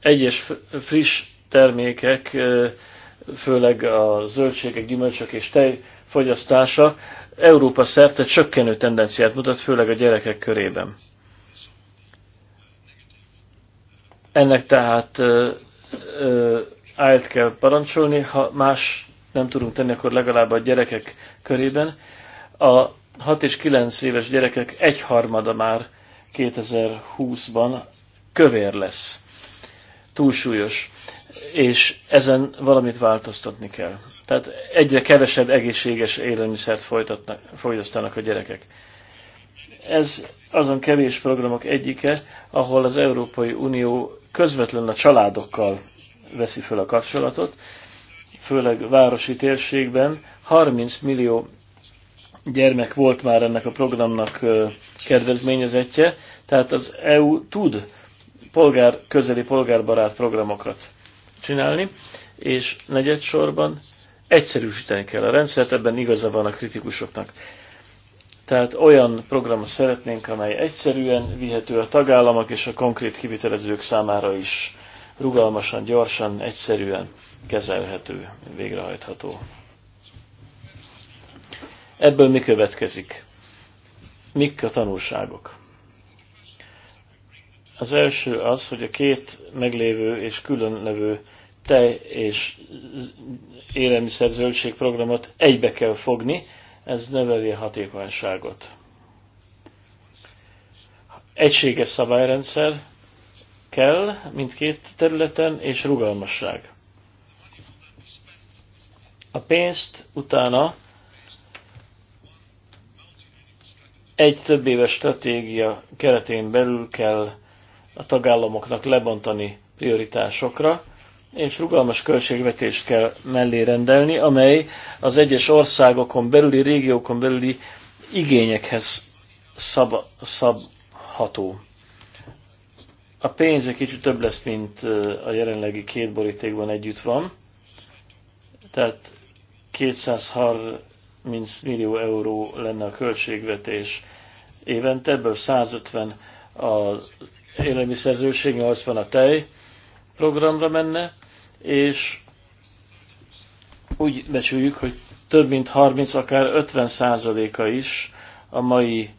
Speaker 1: Egyes friss termékek, főleg a zöldségek, gyümölcsök és tej fogyasztása Európa szerte csökkenő tendenciát mutat, főleg a gyerekek körében. Ennek tehát állt kell parancsolni, ha más nem tudunk tenni, akkor legalább a gyerekek körében. A 6 és 9 éves gyerekek egyharmada már 2020-ban kövér lesz. Túlsúlyos. És ezen valamit változtatni kell. Tehát egyre kevesebb egészséges élelmiszert folytatnak fogyasztanak a gyerekek. Ez azon kevés programok egyike, ahol az Európai Unió közvetlen a családokkal veszi föl a kapcsolatot, főleg városi térségben. 30 millió gyermek volt már ennek a programnak kedvezményezetje, tehát az EU tud polgár, közeli polgárbarát programokat csinálni, és negyedsorban egyszerűsíteni kell a rendszert, ebben igaza van a kritikusoknak. Tehát olyan programot szeretnénk, amely egyszerűen vihető a tagállamok és a konkrét kivitelezők számára is rugalmasan, gyorsan, egyszerűen kezelhető, végrehajtható. Ebből mi következik? Mik a tanulságok? Az első az, hogy a két meglévő és különlevő tej és élelmiszer zöldség programot egybe kell fogni, ez növeli a hatékonyságot. Egységes szabályrendszer kell mindkét területen, és rugalmasság. A pénzt utána egy több éves stratégia keretén belül kell a tagállamoknak lebontani prioritásokra, és rugalmas költségvetést kell mellé rendelni, amely az egyes országokon belüli, régiókon belüli igényekhez szab, szabható. A pénz egy kicsit több lesz, mint a jelenlegi két borítékban együtt van, tehát 230 millió euró lenne a költségvetés évente, ebből 150 az élelmiszerzőség, 80 a tej, programra menne, és úgy becsüljük, hogy több mint 30, akár 50 százaléka is a mai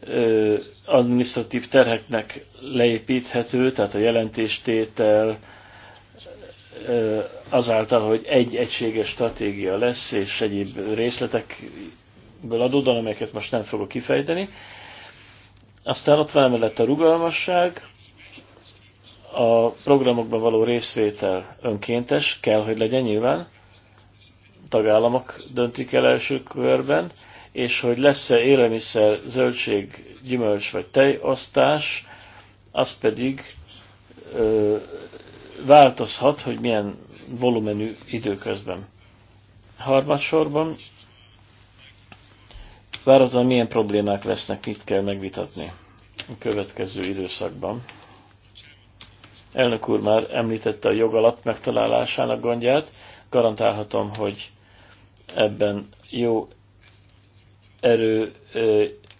Speaker 1: ö, administratív terheknek leépíthető, tehát a jelentéstétel ö, azáltal, hogy egy egységes stratégia lesz, és egyéb részletekből adódóan, amelyeket most nem fogok kifejteni. Aztán ott van emellett a rugalmasság, a programokban való részvétel önkéntes, kell, hogy legyen nyilván, tagállamok döntik el első körben, és hogy lesz-e élelmiszer, zöldség, gyümölcs vagy tejosztás, az pedig ö, változhat, hogy milyen volumenű időközben. Harmadsorban várhatóan milyen problémák lesznek, mit kell megvitatni a következő időszakban. Elnök úr már említette a jogalap megtalálásának gondját. Garantálhatom, hogy ebben jó erő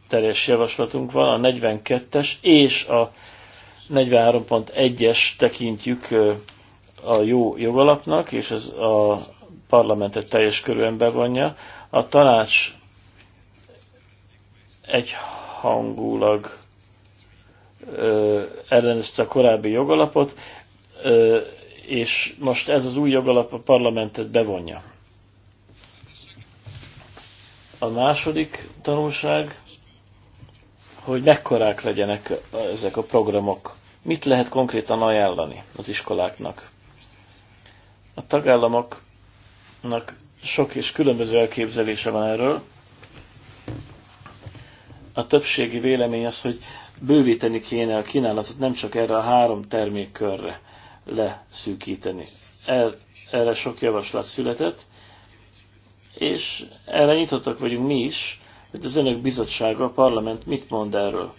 Speaker 1: teljes javaslatunk van. A 42-es és a 43.1-es tekintjük a jó jogalapnak, és ez a parlamentet teljes körűen bevonja. A tanács egyhangulag ellenezte a korábbi jogalapot, és most ez az új jogalap a parlamentet bevonja. A második tanulság, hogy mekkorák legyenek ezek a programok. Mit lehet konkrétan ajánlani az iskoláknak? A tagállamoknak sok és különböző elképzelése van erről. A többségi vélemény az, hogy bővíteni kéne a kínálatot, nem csak erre a három termékkörre leszűkíteni. Er-, erre sok javaslat született, és erre nyitottak vagyunk mi is, hogy az önök bizottsága, a parlament mit mond erről,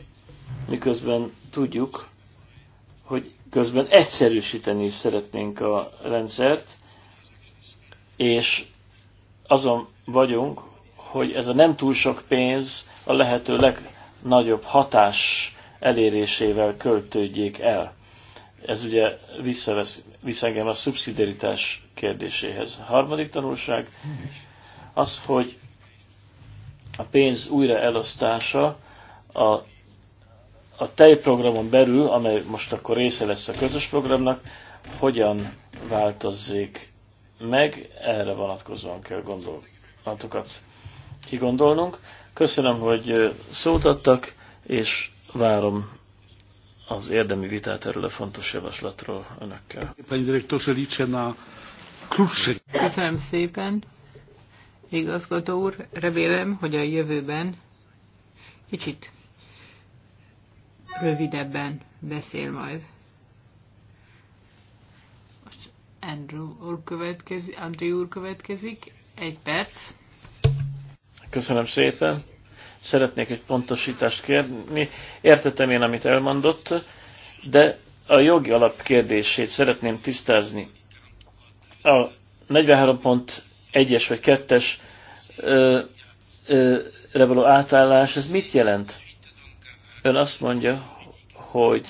Speaker 1: miközben tudjuk, hogy közben egyszerűsíteni is szeretnénk a rendszert, és azon vagyunk, hogy ez a nem túl sok pénz a lehető leg nagyobb hatás elérésével költődjék el. Ez ugye visszavesz, visz engem a szubszidiaritás kérdéséhez. A harmadik tanulság az, hogy a pénz elosztása a, a tejprogramon belül, amely most akkor része lesz a közös programnak, hogyan változzék meg, erre vonatkozóan kell gondolatokat kigondolnunk. Köszönöm, hogy szót adtak, és várom az érdemi vitát erről a fontos javaslatról önökkel.
Speaker 4: Köszönöm szépen, igazgató úr. Remélem, hogy a jövőben kicsit rövidebben beszél majd. Most Andrew úr következik, Andrew úr következik. Egy perc.
Speaker 1: Köszönöm szépen. Szeretnék egy pontosítást kérni. Értettem én, amit elmondott, de a jogi alap kérdését szeretném tisztázni. A 43.1-es vagy 2-es való átállás, ez mit jelent? Ön azt mondja, hogy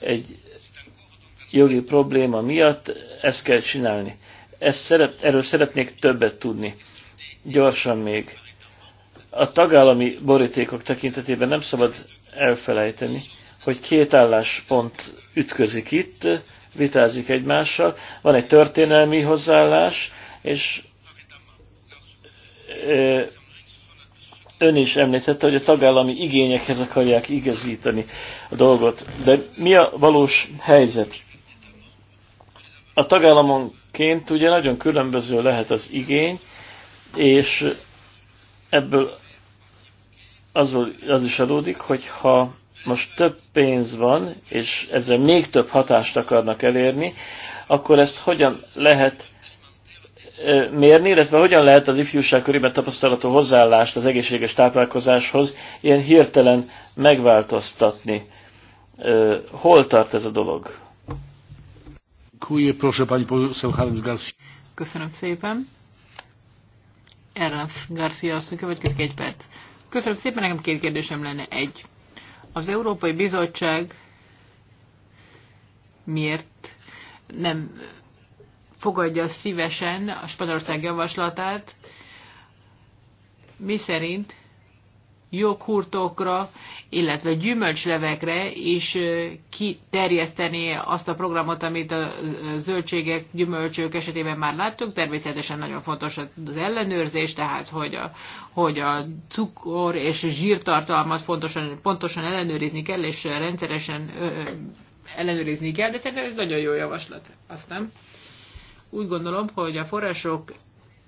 Speaker 1: egy jogi probléma miatt ezt kell csinálni. Ezt szeret, erről szeretnék többet tudni. Gyorsan még. A tagállami borítékok tekintetében nem szabad elfelejteni, hogy két álláspont ütközik itt, vitázik egymással. Van egy történelmi hozzáállás, és ön is említette, hogy a tagállami igényekhez akarják igazítani a dolgot. De mi a valós helyzet? A tagállamonként ugye nagyon különböző lehet az igény, és ebből azul, az is adódik, hogy ha most több pénz van, és ezzel még több hatást akarnak elérni, akkor ezt hogyan lehet mérni, illetve hogyan lehet az ifjúság körében tapasztalatú hozzáállást az egészséges táplálkozáshoz ilyen hirtelen megváltoztatni. Hol tart ez a dolog?
Speaker 2: Köszönöm szépen.
Speaker 4: Erraf Garcia asszony következik egy perc. Köszönöm szépen, nekem két kérdésem lenne. Egy. Az Európai Bizottság miért nem fogadja szívesen a Spanyolország javaslatát, mi szerint joghurtokra illetve gyümölcslevekre is kiterjeszteni azt a programot, amit a zöldségek, gyümölcsök esetében már láttuk. Természetesen nagyon fontos az ellenőrzés, tehát hogy a, hogy a cukor és a zsírtartalmat fontosan, pontosan ellenőrizni kell, és rendszeresen ellenőrizni kell, de szerintem ez nagyon jó javaslat. Azt nem? Úgy gondolom, hogy a források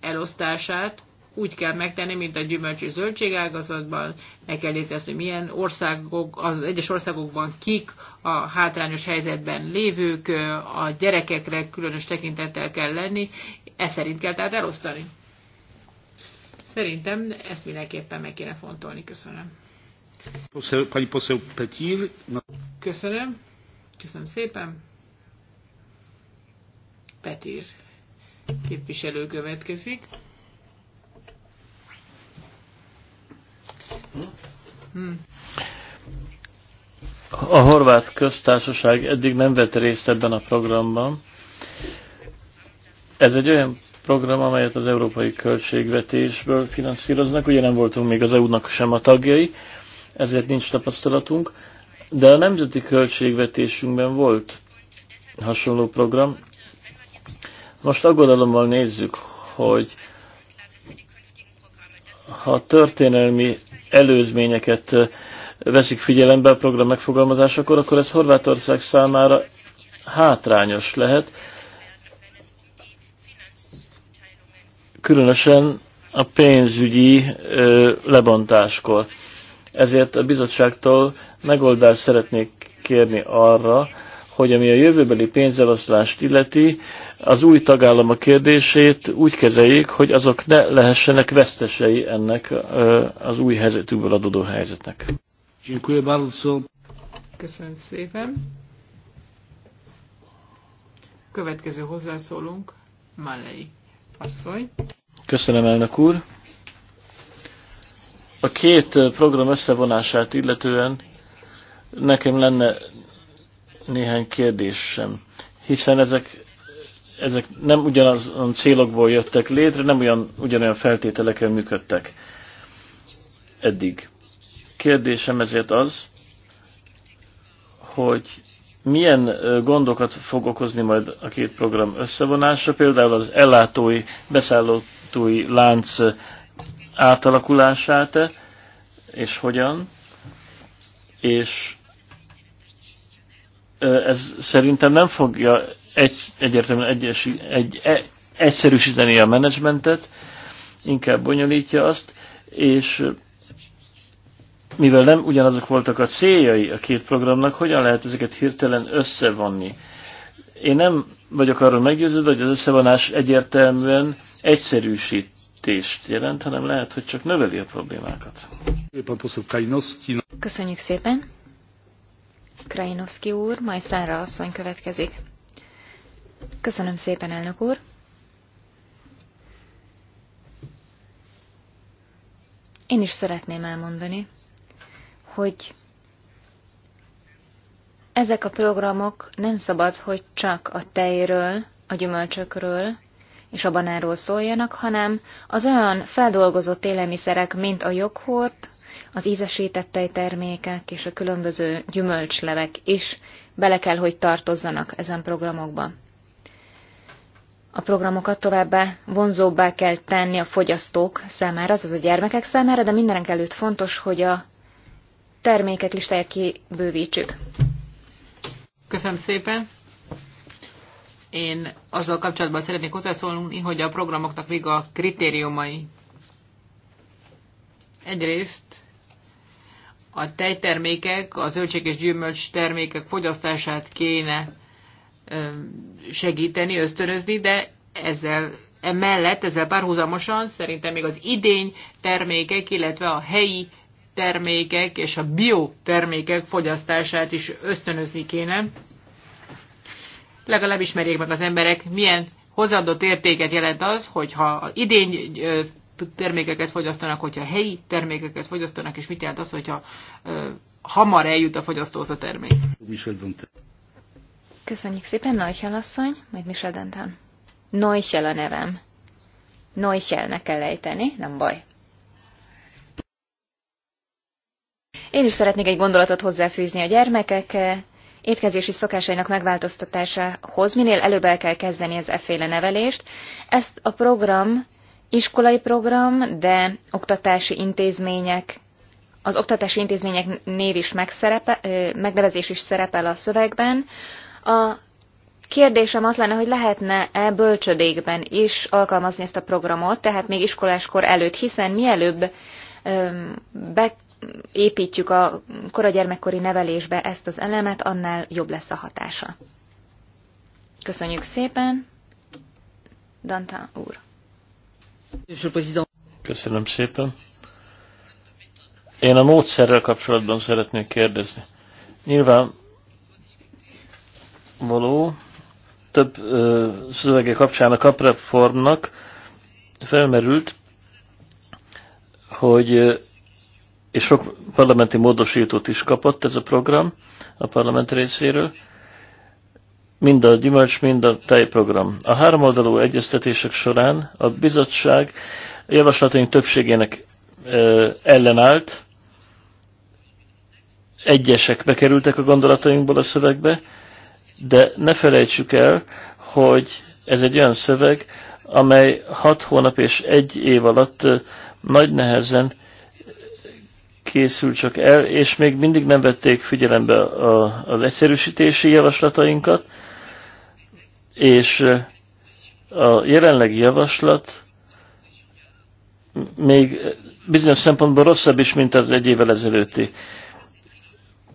Speaker 4: elosztását úgy kell megtenni, mint a gyümölcs és zöldségágazatban, meg kell nézni azt, hogy milyen országok, az egyes országokban kik a hátrányos helyzetben lévők, a gyerekekre különös tekintettel kell lenni, ez szerint kell tehát elosztani. Szerintem ezt mindenképpen meg kéne fontolni. Köszönöm. Köszönöm. Köszönöm szépen. Petír képviselő következik.
Speaker 1: A horvát köztársaság eddig nem vett részt ebben a programban. Ez egy olyan program, amelyet az európai költségvetésből finanszíroznak. Ugye nem voltunk még az EU-nak sem a tagjai, ezért nincs tapasztalatunk, de a nemzeti költségvetésünkben volt hasonló program. Most aggodalommal nézzük, hogy ha történelmi előzményeket veszik figyelembe a program megfogalmazásakor, akkor ez Horvátország számára hátrányos lehet, különösen a pénzügyi ö, lebontáskor. Ezért a bizottságtól megoldást szeretnék kérni arra, hogy ami a jövőbeli pénzeloszlást illeti, az új tagállamok kérdését úgy kezeljék, hogy azok ne lehessenek vesztesei ennek az új helyzetükből adódó helyzetnek.
Speaker 2: Köszönöm szépen.
Speaker 4: Következő hozzászólunk, Mallei asszony.
Speaker 1: Köszönöm, elnök úr. A két program összevonását illetően nekem lenne néhány kérdésem, hiszen ezek ezek nem ugyanazon célokból jöttek létre, nem ugyan, ugyanolyan feltételeken működtek eddig. Kérdésem ezért az, hogy milyen gondokat fog okozni majd a két program összevonása, például az ellátói, beszállótói lánc átalakulását, és hogyan, és ez szerintem nem fogja egy, egyértelműen egy, egy, egyszerűsíteni a menedzsmentet, inkább bonyolítja azt, és mivel nem ugyanazok voltak a céljai a két programnak, hogyan lehet ezeket hirtelen összevonni? Én nem vagyok arról meggyőződve, hogy az összevonás egyértelműen egyszerűsítést jelent, hanem lehet, hogy csak növeli a problémákat.
Speaker 3: Köszönjük szépen! Krajinovszki úr, majd Szára asszony következik. Köszönöm szépen, elnök úr. Én is szeretném elmondani, hogy ezek a programok nem szabad, hogy csak a tejről, a gyümölcsökről és a banáról szóljanak, hanem az olyan feldolgozott élelmiszerek, mint a joghurt, az ízesített tejtermékek és a különböző gyümölcslevek is bele kell, hogy tartozzanak ezen programokba a programokat továbbá vonzóbbá kell tenni a fogyasztók számára, azaz a gyermekek számára, de mindenek előtt fontos, hogy a termékek listáját kibővítsük.
Speaker 4: Köszönöm szépen! Én azzal kapcsolatban szeretnék hozzászólni, hogy a programoknak még a kritériumai. Egyrészt a tejtermékek, a zöldség és gyümölcs termékek fogyasztását kéne segíteni, ösztönözni, de ezzel emellett, ezzel párhuzamosan szerintem még az idény termékek, illetve a helyi termékek és a biotermékek fogyasztását is ösztönözni kéne. Legalább ismerjék meg az emberek, milyen hozadott értéket jelent az, hogyha idény termékeket fogyasztanak, hogyha helyi termékeket fogyasztanak, és mit jelent az, hogyha hamar eljut a fogyasztóhoz a termék.
Speaker 3: Köszönjük szépen, Neuchel asszony, majd Michel Dantan. Neuchel a nevem. Neuchelnek kell ejteni, nem baj. Én is szeretnék egy gondolatot hozzáfűzni a gyermekek étkezési szokásainak megváltoztatásához. Minél előbb el kell kezdeni az efféle nevelést. Ezt a program iskolai program, de oktatási intézmények, az oktatási intézmények név is megszerepe, megnevezés is szerepel a szövegben. A kérdésem az lenne, hogy lehetne-e bölcsödékben is alkalmazni ezt a programot, tehát még iskoláskor előtt, hiszen mielőbb beépítjük a koragyermekkori nevelésbe ezt az elemet, annál jobb lesz a hatása. Köszönjük szépen, Danta úr.
Speaker 1: Köszönöm szépen. Én a módszerrel kapcsolatban szeretnék kérdezni. Nyilván való több ö, szövege kapcsán a kapreformnak felmerült, hogy és sok parlamenti módosítót is kapott ez a program a parlament részéről, mind a gyümölcs, mind a tejprogram. A háromoldalú egyeztetések során a bizottság javaslataink többségének ö, ellenállt, egyesek bekerültek a gondolatainkból a szövegbe, de ne felejtsük el, hogy ez egy olyan szöveg, amely hat hónap és egy év alatt nagy nehezen készül csak el, és még mindig nem vették figyelembe a, az egyszerűsítési javaslatainkat, és a jelenlegi javaslat még bizonyos szempontból rosszabb is, mint az egy évvel ezelőtti.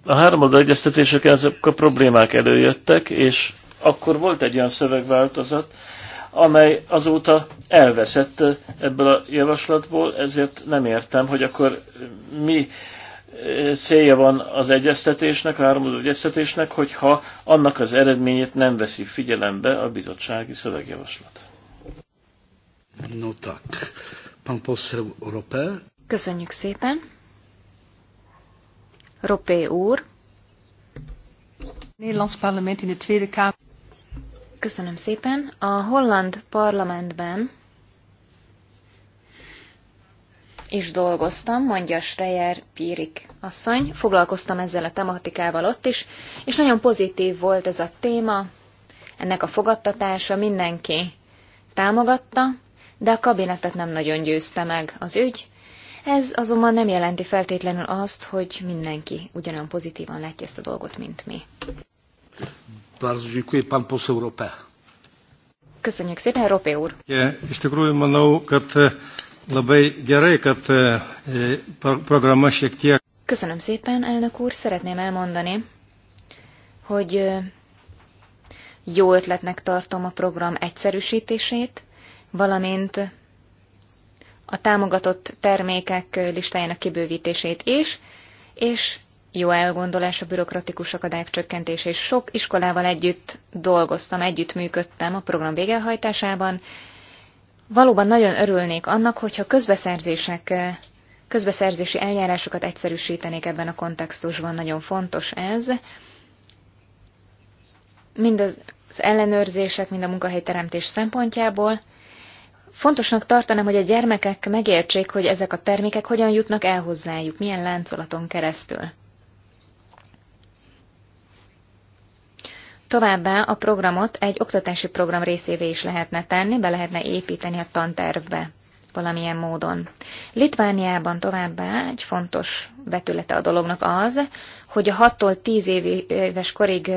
Speaker 1: A háromoldó egyeztetéseken ezek a problémák előjöttek, és akkor volt egy olyan szövegváltozat, amely azóta elveszett ebből a javaslatból, ezért nem értem, hogy akkor mi eh, célja van az egyeztetésnek, a háromadó egyeztetésnek, hogyha annak az eredményét nem veszi figyelembe a bizottsági szövegjavaslat. No tak. Pan
Speaker 3: Köszönjük szépen. Ropé úr. Nederlands parlament in de Tweede Kamer. Köszönöm szépen. A holland parlamentben is dolgoztam, mondja Schreier Pírik asszony. Foglalkoztam ezzel a tematikával ott is, és nagyon pozitív volt ez a téma, ennek a fogadtatása mindenki támogatta, de a kabinetet nem nagyon győzte meg az ügy, ez azonban nem jelenti feltétlenül azt, hogy mindenki ugyanolyan pozitívan látja ezt a dolgot, mint mi. Köszönjük szépen, Ropé úr!
Speaker 2: Eh, eh, Köszönöm
Speaker 3: szépen, elnök úr! Szeretném elmondani, hogy eh, jó ötletnek tartom a program egyszerűsítését, valamint a támogatott termékek listájának kibővítését is, és jó elgondolás a bürokratikus akadályok csökkentés, és sok iskolával együtt dolgoztam, együtt működtem a program végelhajtásában Valóban nagyon örülnék annak, hogyha közbeszerzések, közbeszerzési eljárásokat egyszerűsítenék ebben a kontextusban, nagyon fontos ez. Mind az ellenőrzések, mind a munkahelyteremtés szempontjából, Fontosnak tartanám, hogy a gyermekek megértsék, hogy ezek a termékek hogyan jutnak el hozzájuk, milyen láncolaton keresztül. Továbbá a programot egy oktatási program részévé is lehetne tenni, be lehetne építeni a tantervbe valamilyen módon. Litvániában továbbá egy fontos vetülete a dolognak az, hogy a 6-tól 10 éves korig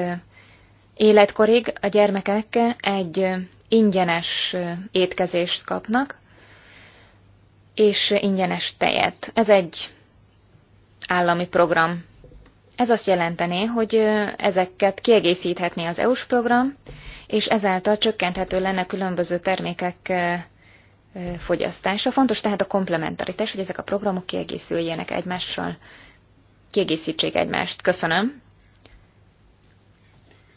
Speaker 3: életkorig a gyermekek egy ingyenes étkezést kapnak, és ingyenes tejet. Ez egy állami program. Ez azt jelentené, hogy ezeket kiegészíthetné az EU-s program, és ezáltal csökkenthető lenne különböző termékek fogyasztása. Fontos tehát a komplementaritás, hogy ezek a programok kiegészüljenek egymással, kiegészítsék egymást. Köszönöm.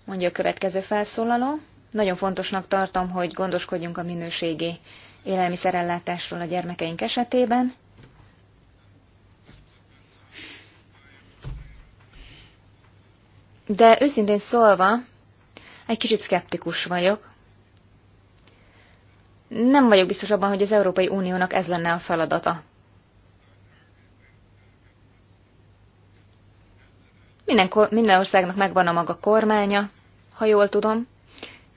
Speaker 3: Mondja a következő felszólaló. Nagyon fontosnak tartom, hogy gondoskodjunk a minőségi élelmiszerellátásról a gyermekeink esetében. De őszintén szólva, egy kicsit szkeptikus vagyok. Nem vagyok biztos abban, hogy az Európai Uniónak ez lenne a feladata. Minden, minden országnak megvan a maga kormánya, ha jól tudom.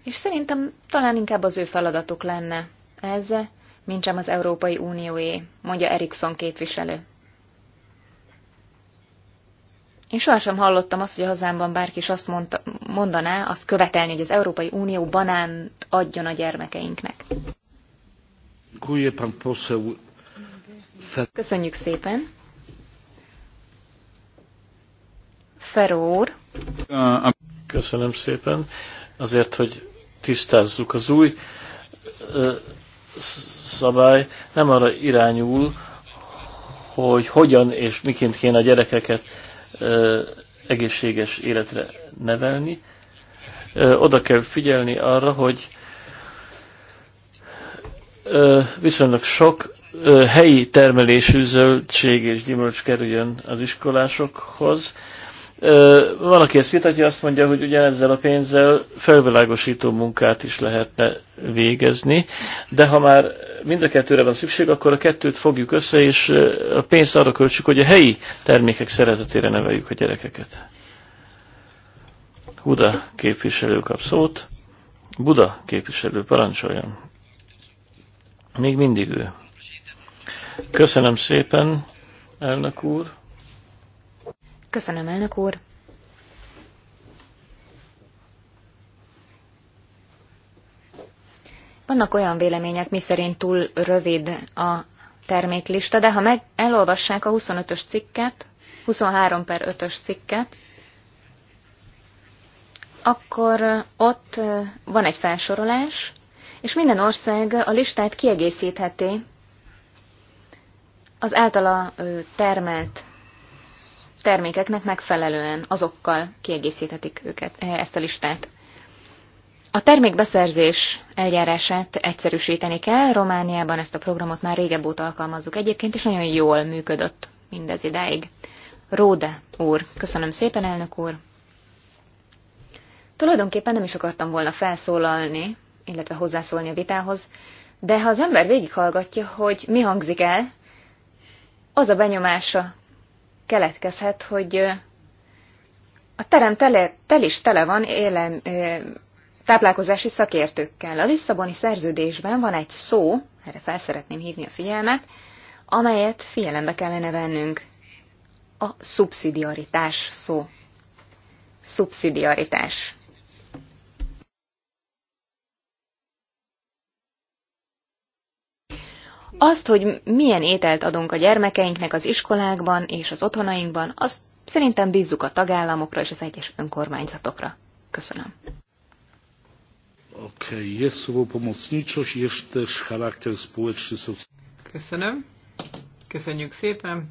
Speaker 3: És szerintem talán inkább az ő feladatuk lenne ez, mint sem az Európai Unióé, mondja Erikson képviselő. Én sohasem hallottam azt, hogy a hazámban bárki is azt mondta, mondaná, azt követelni, hogy az Európai Unió banánt adjon a gyermekeinknek. Köszönjük szépen. Feró úr.
Speaker 1: Köszönöm szépen azért, hogy tisztázzuk. Az új szabály nem arra irányul, hogy hogyan és miként kéne a gyerekeket egészséges életre nevelni. Oda kell figyelni arra, hogy viszonylag sok helyi termelésű zöldség és gyümölcs kerüljön az iskolásokhoz. Valaki ezt vitatja, azt mondja, hogy ugyanezzel a pénzzel felvilágosító munkát is lehetne végezni, de ha már mind a kettőre van szükség, akkor a kettőt fogjuk össze, és a pénzt arra költsük, hogy a helyi termékek szeretetére neveljük a gyerekeket. Buda képviselő kap szót. Buda képviselő, parancsoljon. Még mindig ő. Köszönöm szépen, elnök úr.
Speaker 3: Köszönöm, elnök úr. Vannak olyan vélemények, miszerint túl rövid a terméklista, de ha meg elolvassák a 25-ös cikket, 23 per 5-ös cikket, akkor ott van egy felsorolás, és minden ország a listát kiegészítheti az általa termelt termékeknek megfelelően azokkal kiegészíthetik őket, eh, ezt a listát. A termékbeszerzés eljárását egyszerűsíteni kell. Romániában ezt a programot már régebb óta alkalmazzuk egyébként, és nagyon jól működött mindez idáig. Róde úr, köszönöm szépen, elnök úr. Tulajdonképpen nem is akartam volna felszólalni, illetve hozzászólni a vitához, de ha az ember végighallgatja, hogy mi hangzik el, az a benyomása keletkezhet, hogy a terem tele, tel is tele van élem, táplálkozási szakértőkkel. A Lisszaboni szerződésben van egy szó, erre fel szeretném hívni a figyelmet, amelyet figyelembe kellene vennünk. A szubszidiaritás szó. Szubszidiaritás. Azt, hogy milyen ételt adunk a gyermekeinknek az iskolákban és az otthonainkban, azt szerintem bízzuk a tagállamokra és az egyes önkormányzatokra. Köszönöm.
Speaker 4: Köszönöm. Köszönjük szépen.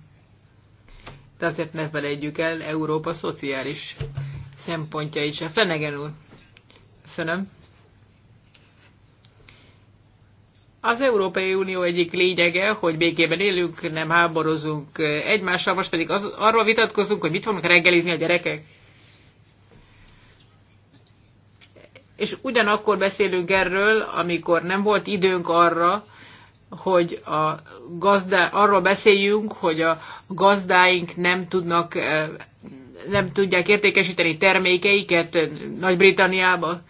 Speaker 4: De azért ne felejtjük el Európa szociális szempontjait se. Fenegen úr. Köszönöm. Az Európai Unió egyik lényege, hogy békében élünk, nem háborozunk egymással, most pedig az, arról vitatkozunk, hogy mit fognak reggelizni a gyerekek. És ugyanakkor beszélünk erről, amikor nem volt időnk arra, hogy a gazdá, arról beszéljünk, hogy a gazdáink nem tudnak, eh, nem tudják értékesíteni termékeiket Nagy-Britanniába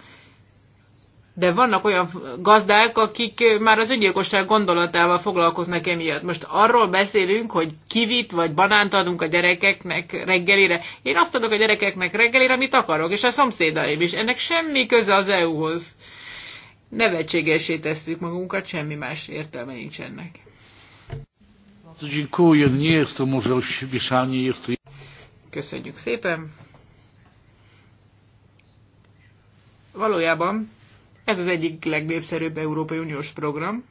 Speaker 4: de vannak olyan gazdák, akik már az öngyilkosság gondolatával foglalkoznak emiatt. Most arról beszélünk, hogy kivit vagy banánt adunk a gyerekeknek reggelire. Én azt adok a gyerekeknek reggelire, amit akarok, és a szomszédaim is. Ennek semmi köze az EU-hoz. Nevetségesé tesszük magunkat, semmi más értelme nincsenek.
Speaker 2: Köszönjük szépen!
Speaker 4: Valójában ez az egyik legnépszerűbb Európai Uniós program,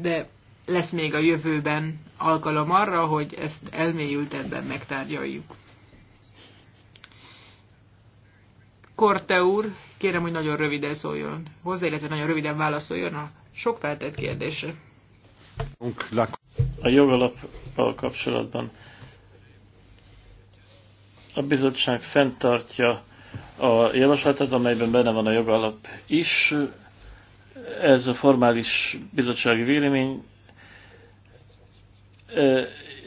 Speaker 4: de lesz még a jövőben alkalom arra, hogy ezt elmélyültebben megtárgyaljuk. Korte úr, kérem, hogy nagyon röviden szóljon hozzá, illetve nagyon röviden válaszoljon a sok feltett kérdésre.
Speaker 1: A jogalappal kapcsolatban a bizottság fenntartja a javaslatot, amelyben benne van a jogalap is. Ez a formális bizottsági vélemény,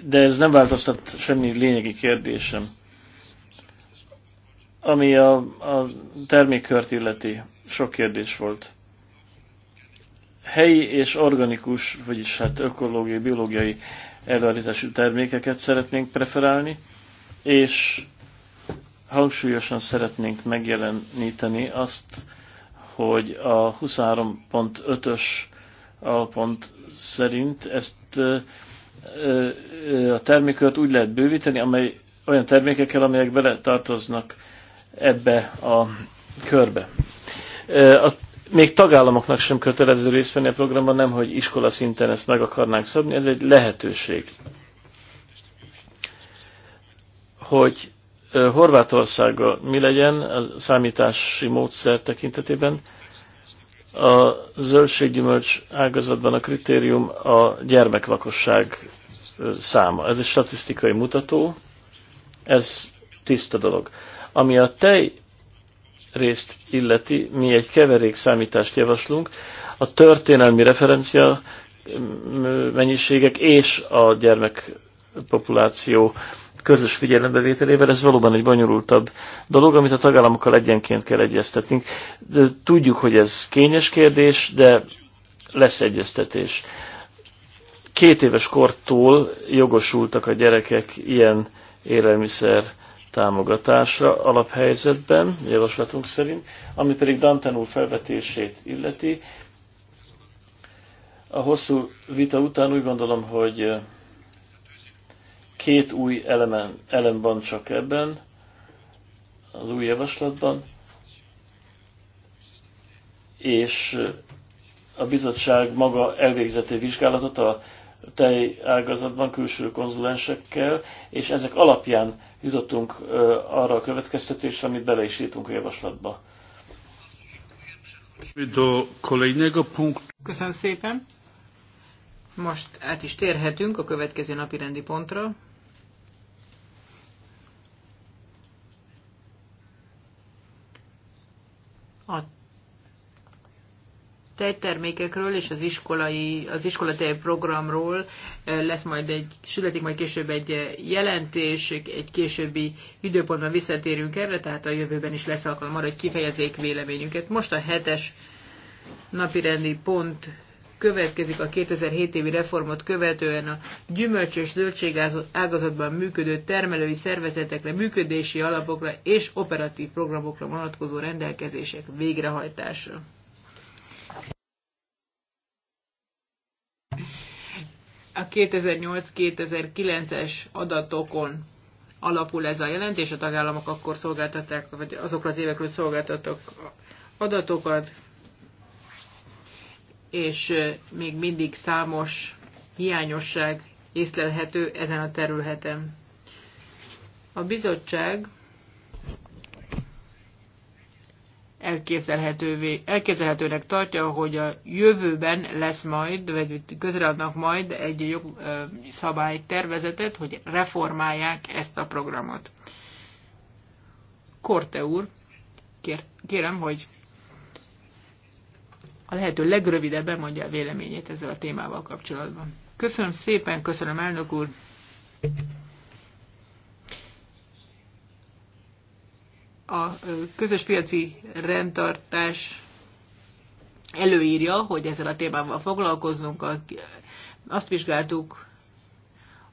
Speaker 1: de ez nem változtat semmi lényegi kérdésem. Ami a, a termékkört illeti, sok kérdés volt. Helyi és organikus, vagyis hát ökológiai, biológiai előállítású termékeket szeretnénk preferálni, és hangsúlyosan szeretnénk megjeleníteni azt, hogy a 23.5-ös alpont szerint ezt a termékört úgy lehet bővíteni, amely olyan termékekkel, amelyek bele tartoznak ebbe a körbe. A, még tagállamoknak sem kötelező részt venni a programban, nem, hogy iskola szinten ezt meg akarnánk szabni, ez egy lehetőség. Hogy Horvátországgal mi legyen a számítási módszer tekintetében? A zöldséggyümölcs ágazatban a kritérium a gyermekvakosság száma. Ez egy statisztikai mutató, ez tiszta dolog. Ami a tej részt illeti, mi egy keverék számítást javaslunk, a történelmi referencia mennyiségek és a gyermekpopuláció közös figyelembevételével, ez valóban egy bonyolultabb dolog, amit a tagállamokkal egyenként kell egyeztetnünk. De tudjuk, hogy ez kényes kérdés, de lesz egyeztetés. Két éves kortól jogosultak a gyerekek ilyen élelmiszer támogatásra alaphelyzetben, javaslatunk szerint, ami pedig Danten úr felvetését illeti. A hosszú vita után úgy gondolom, hogy Két új elemen, elem van csak ebben, az új javaslatban, és a bizottság maga elvégzett egy vizsgálatot a tej ágazatban külső konzulensekkel, és ezek alapján jutottunk arra a következtetésre, amit bele is írtunk a javaslatba.
Speaker 2: Köszönöm
Speaker 4: szépen! Most át is térhetünk a következő napi rendi pontra. a tejtermékekről és az iskolai, az iskolatej programról eh, lesz majd egy, születik majd később egy eh, jelentés, egy későbbi időpontban visszatérünk erre, tehát a jövőben is lesz alkalom arra, hogy kifejezzék véleményünket. Most a hetes napirendi pont következik a 2007 évi reformot követően a gyümölcs és zöldség ágazatban működő termelői szervezetekre, működési alapokra és operatív programokra vonatkozó rendelkezések végrehajtása. A 2008-2009-es adatokon alapul ez a jelentés, a tagállamok akkor szolgáltatták, vagy azokra az évekről szolgáltattak adatokat, és még mindig számos hiányosság észlelhető ezen a területen. A bizottság elképzelhetővé, elképzelhetőnek tartja, hogy a jövőben lesz majd, vagy közreadnak majd egy jobb szabálytervezetet, hogy reformálják ezt a programot. Korte úr, kér, kérem, hogy a lehető legrövidebben mondja a véleményét ezzel a témával kapcsolatban. Köszönöm szépen, köszönöm elnök úr. A közös piaci rendtartás előírja, hogy ezzel a témával foglalkozzunk. Azt vizsgáltuk,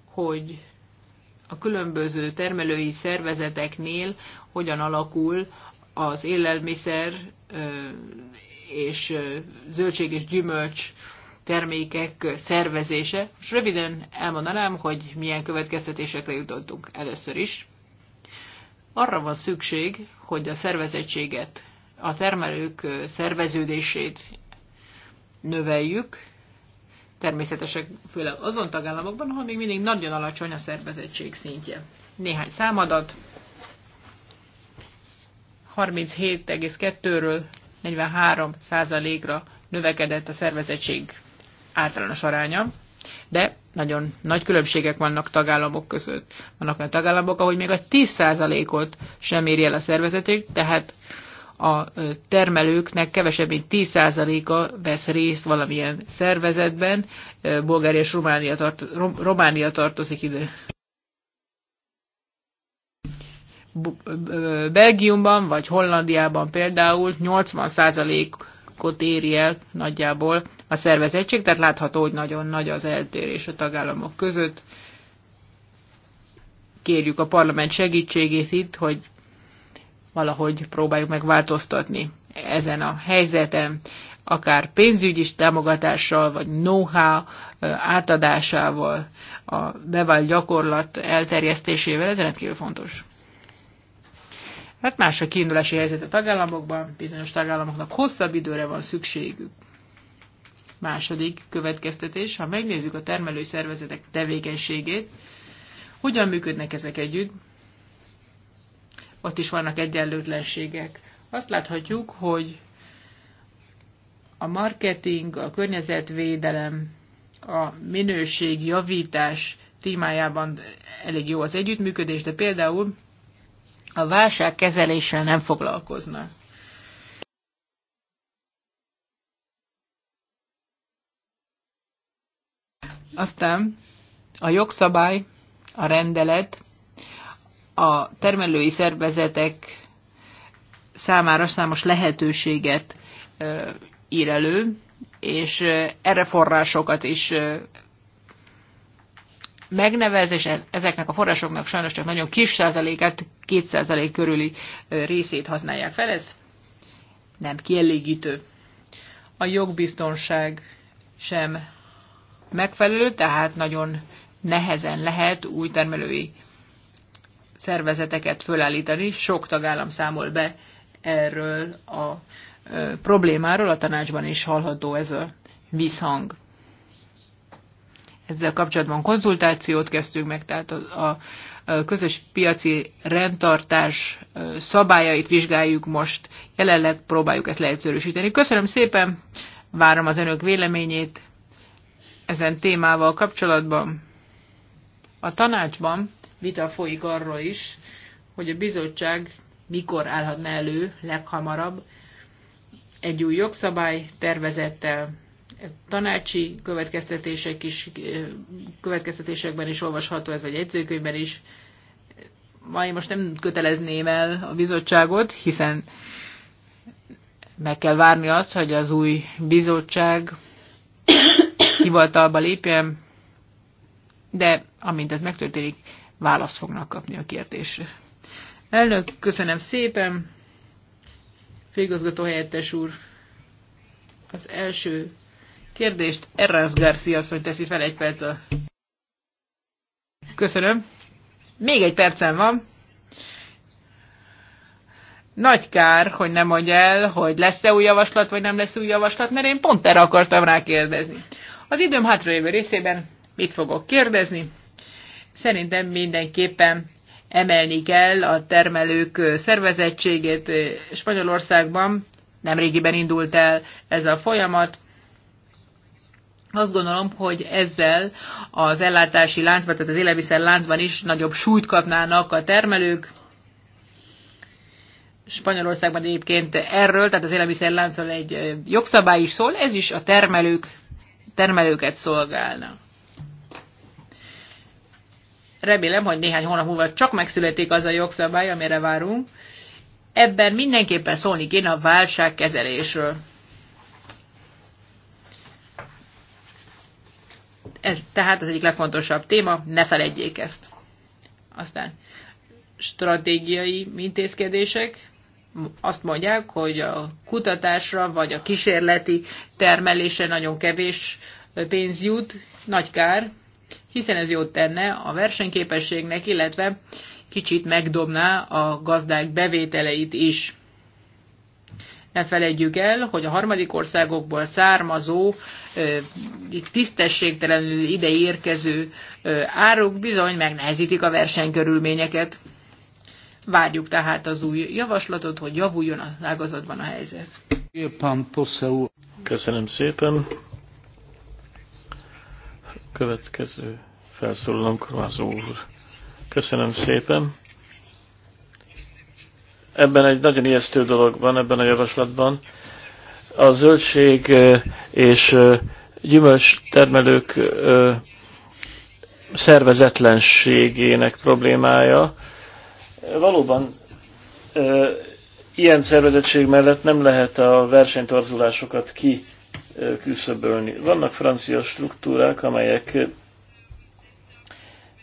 Speaker 4: hogy a különböző termelői szervezeteknél hogyan alakul az élelmiszer és zöldség és gyümölcs termékek szervezése. Most röviden elmondanám, hogy milyen következtetésekre jutottunk először is. Arra van szükség, hogy a szervezettséget, a termelők szerveződését növeljük, természetesen főleg azon tagállamokban, ahol még mindig nagyon alacsony a szervezettség szintje. Néhány számadat. 37,2-ről 43 ra növekedett a szervezettség általános aránya, de nagyon nagy különbségek vannak tagállamok között. Vannak olyan tagállamok, ahogy még a 10%-ot sem éri el a szervezetük, tehát a termelőknek kevesebb, mint 10%-a vesz részt valamilyen szervezetben. Bulgária és Románia, tart, Románia tartozik ide. Belgiumban vagy Hollandiában például 80%-ot éri el nagyjából a szervezettség, tehát látható, hogy nagyon nagy az eltérés a tagállamok között. Kérjük a parlament segítségét itt, hogy valahogy próbáljuk meg változtatni ezen a helyzeten, akár pénzügyi támogatással, vagy know-how átadásával, a bevált gyakorlat elterjesztésével, ez rendkívül fontos mert hát más a kiindulási helyzet a tagállamokban, bizonyos tagállamoknak hosszabb időre van szükségük. Második következtetés, ha megnézzük a termelői szervezetek tevékenységét, hogyan működnek ezek együtt, ott is vannak egyenlőtlenségek. Azt láthatjuk, hogy a marketing, a környezetvédelem, a minőség, javítás témájában elég jó az együttműködés, de például a kezeléssel nem foglalkoznak. Aztán a jogszabály, a rendelet a termelői szervezetek számára számos lehetőséget ír elő, és erre forrásokat is megnevez, és e- ezeknek a forrásoknak sajnos csak nagyon kis százaléket, két százalék körüli részét használják fel. Ez nem kielégítő. A jogbiztonság sem megfelelő, tehát nagyon nehezen lehet új termelői szervezeteket fölállítani. Sok tagállam számol be erről a problémáról, a tanácsban is hallható ez a visszhang ezzel kapcsolatban konzultációt kezdtünk meg, tehát a, a közös piaci rendtartás szabályait vizsgáljuk most, jelenleg próbáljuk ezt leegyszerűsíteni. Köszönöm szépen, várom az önök véleményét ezen témával kapcsolatban. A tanácsban vita folyik arról is, hogy a bizottság mikor állhatna elő leghamarabb egy új jogszabály tervezettel, tanácsi következtetések is, eh, következtetésekben is olvasható, ez vagy egyzőkönyvben is. Ma én most nem kötelezném el a bizottságot, hiszen meg kell várni azt, hogy az új bizottság hivatalba lépjen, de amint ez megtörténik, választ fognak kapni a kérdésre. Elnök, köszönöm szépen. Főigazgató helyettes úr, az első kérdést Errász Garcia asszony teszi fel egy perccel. Köszönöm. Még egy percem van. Nagy kár, hogy nem mondja el, hogy lesz-e új javaslat, vagy nem lesz új javaslat, mert én pont erre akartam rákérdezni. Az időm hátralévő részében mit fogok kérdezni? Szerintem mindenképpen emelni kell a termelők szervezettségét. Spanyolországban nemrégiben indult el ez a folyamat, azt gondolom, hogy ezzel az ellátási láncban, tehát az élelmiszer láncban is nagyobb súlyt kapnának a termelők. Spanyolországban egyébként erről, tehát az élelmiszer láncról egy jogszabály is szól, ez is a termelők, termelőket szolgálna. Remélem, hogy néhány hónap múlva csak megszületik az a jogszabály, amire várunk. Ebben mindenképpen szólni kéne a válságkezelésről. Ez tehát az egyik legfontosabb téma, ne feledjék ezt. Aztán stratégiai intézkedések, azt mondják, hogy a kutatásra vagy a kísérleti termelésre nagyon kevés pénz jut, nagy kár, hiszen ez jót tenne a versenyképességnek, illetve kicsit megdobná a gazdák bevételeit is. Ne felejtjük el, hogy a harmadik országokból származó, tisztességtelenül ide érkező áruk bizony megnehezítik a versenykörülményeket. Várjuk tehát az új javaslatot, hogy javuljon az ágazatban a helyzet.
Speaker 1: Köszönöm szépen. Következő felszólalom, Kromázó úr. Köszönöm szépen ebben egy nagyon ijesztő dolog van ebben a javaslatban. A zöldség és gyümölcs termelők szervezetlenségének problémája. Valóban ilyen szervezettség mellett nem lehet a versenytorzulásokat küszöbölni. Vannak francia struktúrák, amelyek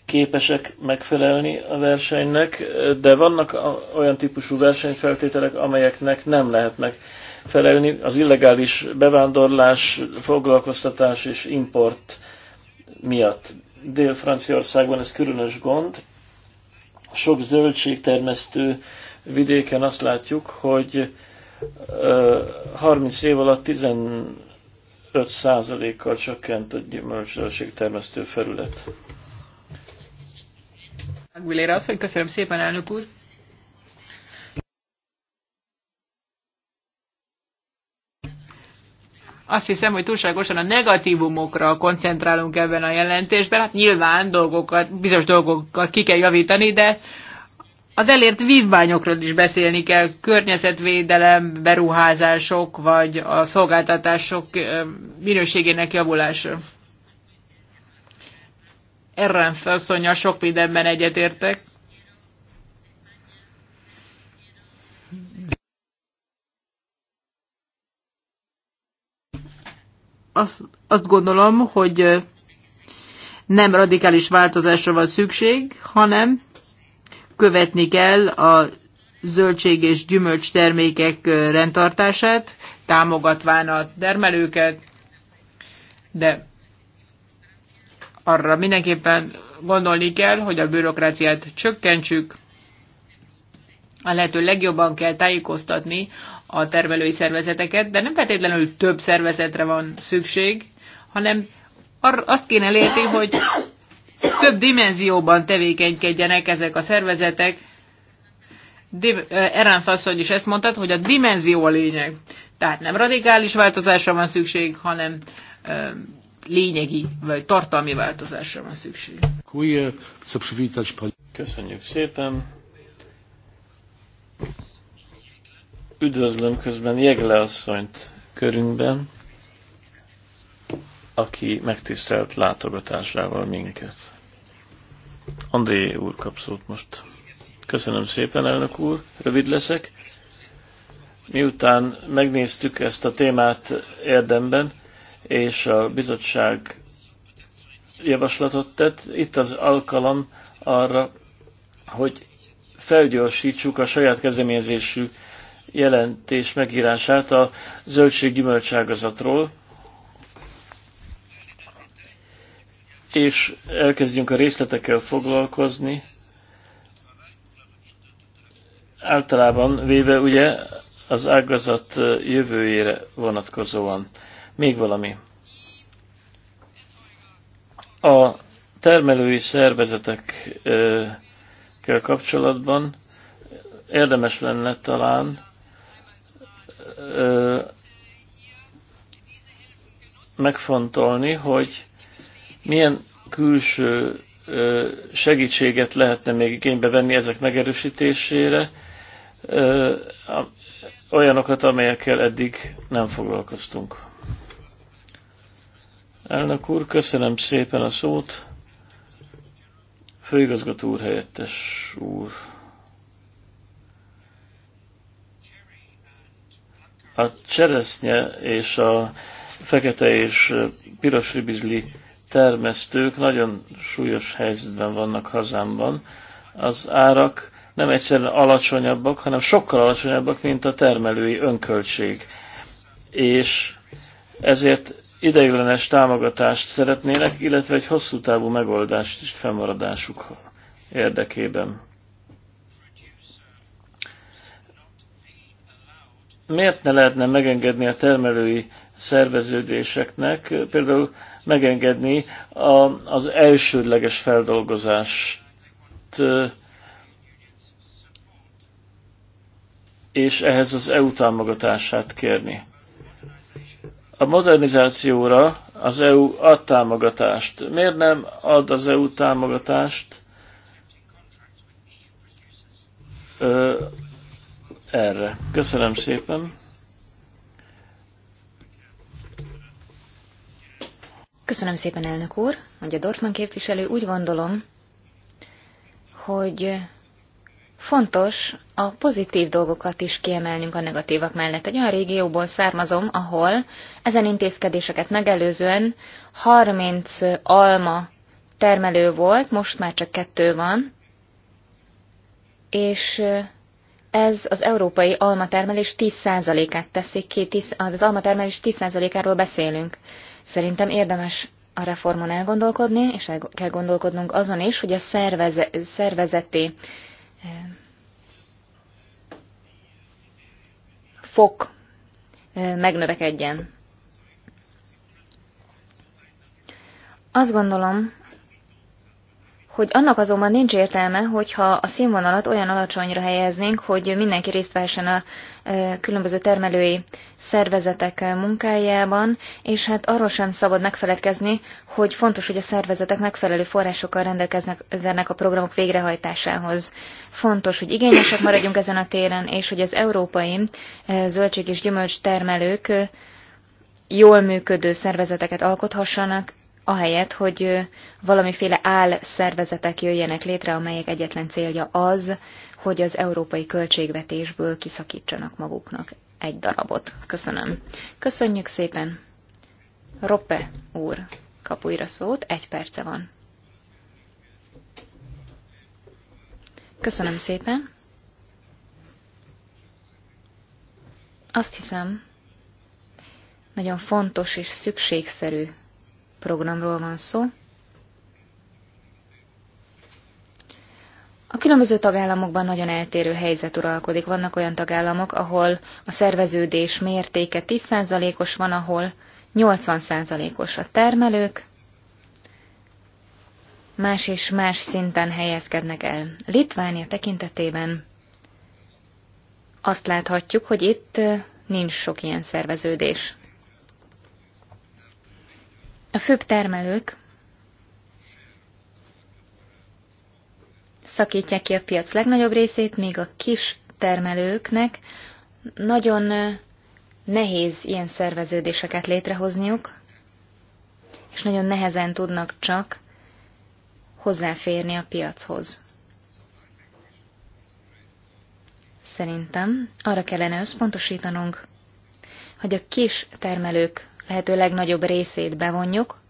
Speaker 1: képesek megfelelni a versenynek, de vannak olyan típusú versenyfeltételek, amelyeknek nem lehet megfelelni. Az illegális bevándorlás, foglalkoztatás és import miatt. Dél-Franciaországban ez különös gond. Sok zöldségtermesztő vidéken azt látjuk, hogy 30 év alatt 15%-kal csökkent a gyümölcslőség termesztő felület.
Speaker 4: Aguilera asszony, köszönöm szépen, elnök úr. Azt hiszem, hogy túlságosan a negatívumokra koncentrálunk ebben a jelentésben. Hát nyilván dolgokat, bizonyos dolgokat ki kell javítani, de az elért vívmányokról is beszélni kell, környezetvédelem, beruházások, vagy a szolgáltatások minőségének javulása. Errenz asszonya sok mindenben egyetértek. Azt, azt gondolom, hogy nem radikális változásra van szükség, hanem követni kell a zöldség és gyümölcs termékek rendtartását, támogatván a termelőket, de arra mindenképpen gondolni kell, hogy a bürokráciát csökkentsük, a lehető legjobban kell tájékoztatni a termelői szervezeteket, de nem feltétlenül több szervezetre van szükség, hanem azt kéne elérni, hogy több dimenzióban tevékenykedjenek ezek a szervezetek. Erán asszony is ezt mondtad, hogy a dimenzió a lényeg. Tehát nem radikális változásra van szükség, hanem lényegi vagy tartalmi változásra van szükség.
Speaker 1: Köszönjük szépen! Üdvözlöm közben Jegle asszonyt körünkben, aki megtisztelt látogatásával minket. André úr kap szót most. Köszönöm szépen, elnök úr, rövid leszek. Miután megnéztük ezt a témát érdemben, és a bizottság javaslatot tett. Itt az alkalom arra, hogy felgyorsítsuk a saját kezeményezésű jelentés megírását a zöldséggyümölcságazatról, és elkezdjünk a részletekkel foglalkozni. Általában véve ugye az ágazat jövőjére vonatkozóan. Még valami. A termelői szervezetekkel kapcsolatban érdemes lenne talán megfontolni, hogy milyen külső segítséget lehetne még igénybe venni ezek megerősítésére, olyanokat, amelyekkel eddig nem foglalkoztunk. Elnök úr, köszönöm szépen a szót. Főigazgató úr, helyettes úr. A cseresznye és a fekete és piros ribizli termesztők nagyon súlyos helyzetben vannak hazámban. Az árak nem egyszerűen alacsonyabbak, hanem sokkal alacsonyabbak, mint a termelői önköltség. És ezért ideiglenes támogatást szeretnének, illetve egy hosszú távú megoldást is fennmaradásuk érdekében. Miért ne lehetne megengedni a termelői szerveződéseknek, például megengedni a, az elsődleges feldolgozást, és ehhez az EU támogatását kérni? a modernizációra az EU ad támogatást. Miért nem ad az EU támogatást ö, erre? Köszönöm szépen.
Speaker 3: Köszönöm szépen, elnök úr, a Dortmund képviselő. Úgy gondolom, hogy Fontos a pozitív dolgokat is kiemelnünk a negatívak mellett. Egy olyan régióból származom, ahol ezen intézkedéseket megelőzően 30 alma termelő volt, most már csak kettő van, és ez az európai almatermelés 10%-át teszik ki, az almatermelés 10%-áról beszélünk. Szerintem érdemes a reformon elgondolkodni, és el kell gondolkodnunk azon is, hogy a szerveze, szervezeti fok megnövekedjen. Azt gondolom, hogy annak azonban nincs értelme, hogyha a színvonalat olyan alacsonyra helyeznénk, hogy mindenki részt vehessen a különböző termelői szervezetek munkájában, és hát arról sem szabad megfeledkezni, hogy fontos, hogy a szervezetek megfelelő forrásokkal rendelkeznek ennek a programok végrehajtásához. Fontos, hogy igényesek maradjunk ezen a téren, és hogy az európai zöldség és gyümölcs termelők jól működő szervezeteket alkothassanak, ahelyett, hogy valamiféle álszervezetek jöjjenek létre, amelyek egyetlen célja az, hogy az európai költségvetésből kiszakítsanak maguknak egy darabot. Köszönöm. Köszönjük szépen. Roppe úr kap újra szót, egy perce van. Köszönöm szépen. Azt hiszem, nagyon fontos és szükségszerű programról van szó. A különböző tagállamokban nagyon eltérő helyzet uralkodik. Vannak olyan tagállamok, ahol a szerveződés mértéke 10%-os van, ahol 80%-os a termelők, más és más szinten helyezkednek el. Litvánia tekintetében azt láthatjuk, hogy itt nincs sok ilyen szerveződés. A főbb termelők szakítják ki a piac legnagyobb részét, még a kis termelőknek nagyon nehéz ilyen szerveződéseket létrehozniuk, és nagyon nehezen tudnak csak hozzáférni a piachoz. Szerintem arra kellene összpontosítanunk, hogy a kis termelők lehető legnagyobb részét bevonjuk,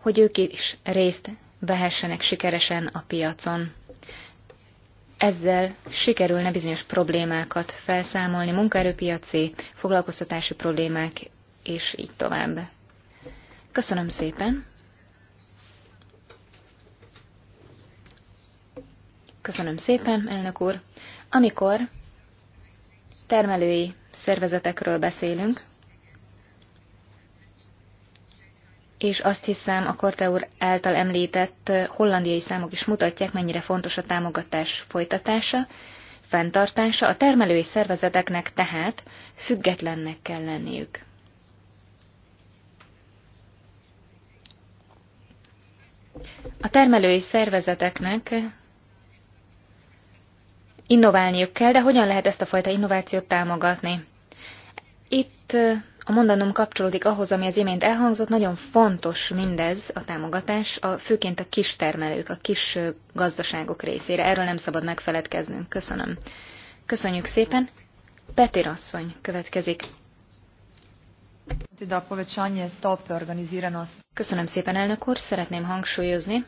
Speaker 3: hogy ők is részt vehessenek sikeresen a piacon. Ezzel sikerülne bizonyos problémákat felszámolni, munkaerőpiaci, foglalkoztatási problémák, és így tovább. Köszönöm szépen! Köszönöm szépen, elnök úr! Amikor termelői szervezetekről beszélünk, és azt hiszem a Korte úr által említett hollandiai számok is mutatják, mennyire fontos a támogatás folytatása, fenntartása, a termelői szervezeteknek tehát függetlennek kell lenniük. A termelői szervezeteknek innoválniuk kell, de hogyan lehet ezt a fajta innovációt támogatni? Itt a mondanom kapcsolódik ahhoz, ami az imént elhangzott, nagyon fontos mindez a támogatás, a, főként a kis termelők, a kis gazdaságok részére. Erről nem szabad megfeledkeznünk. Köszönöm. Köszönjük szépen. Petir asszony következik. Köszönöm szépen, elnök úr. Szeretném hangsúlyozni,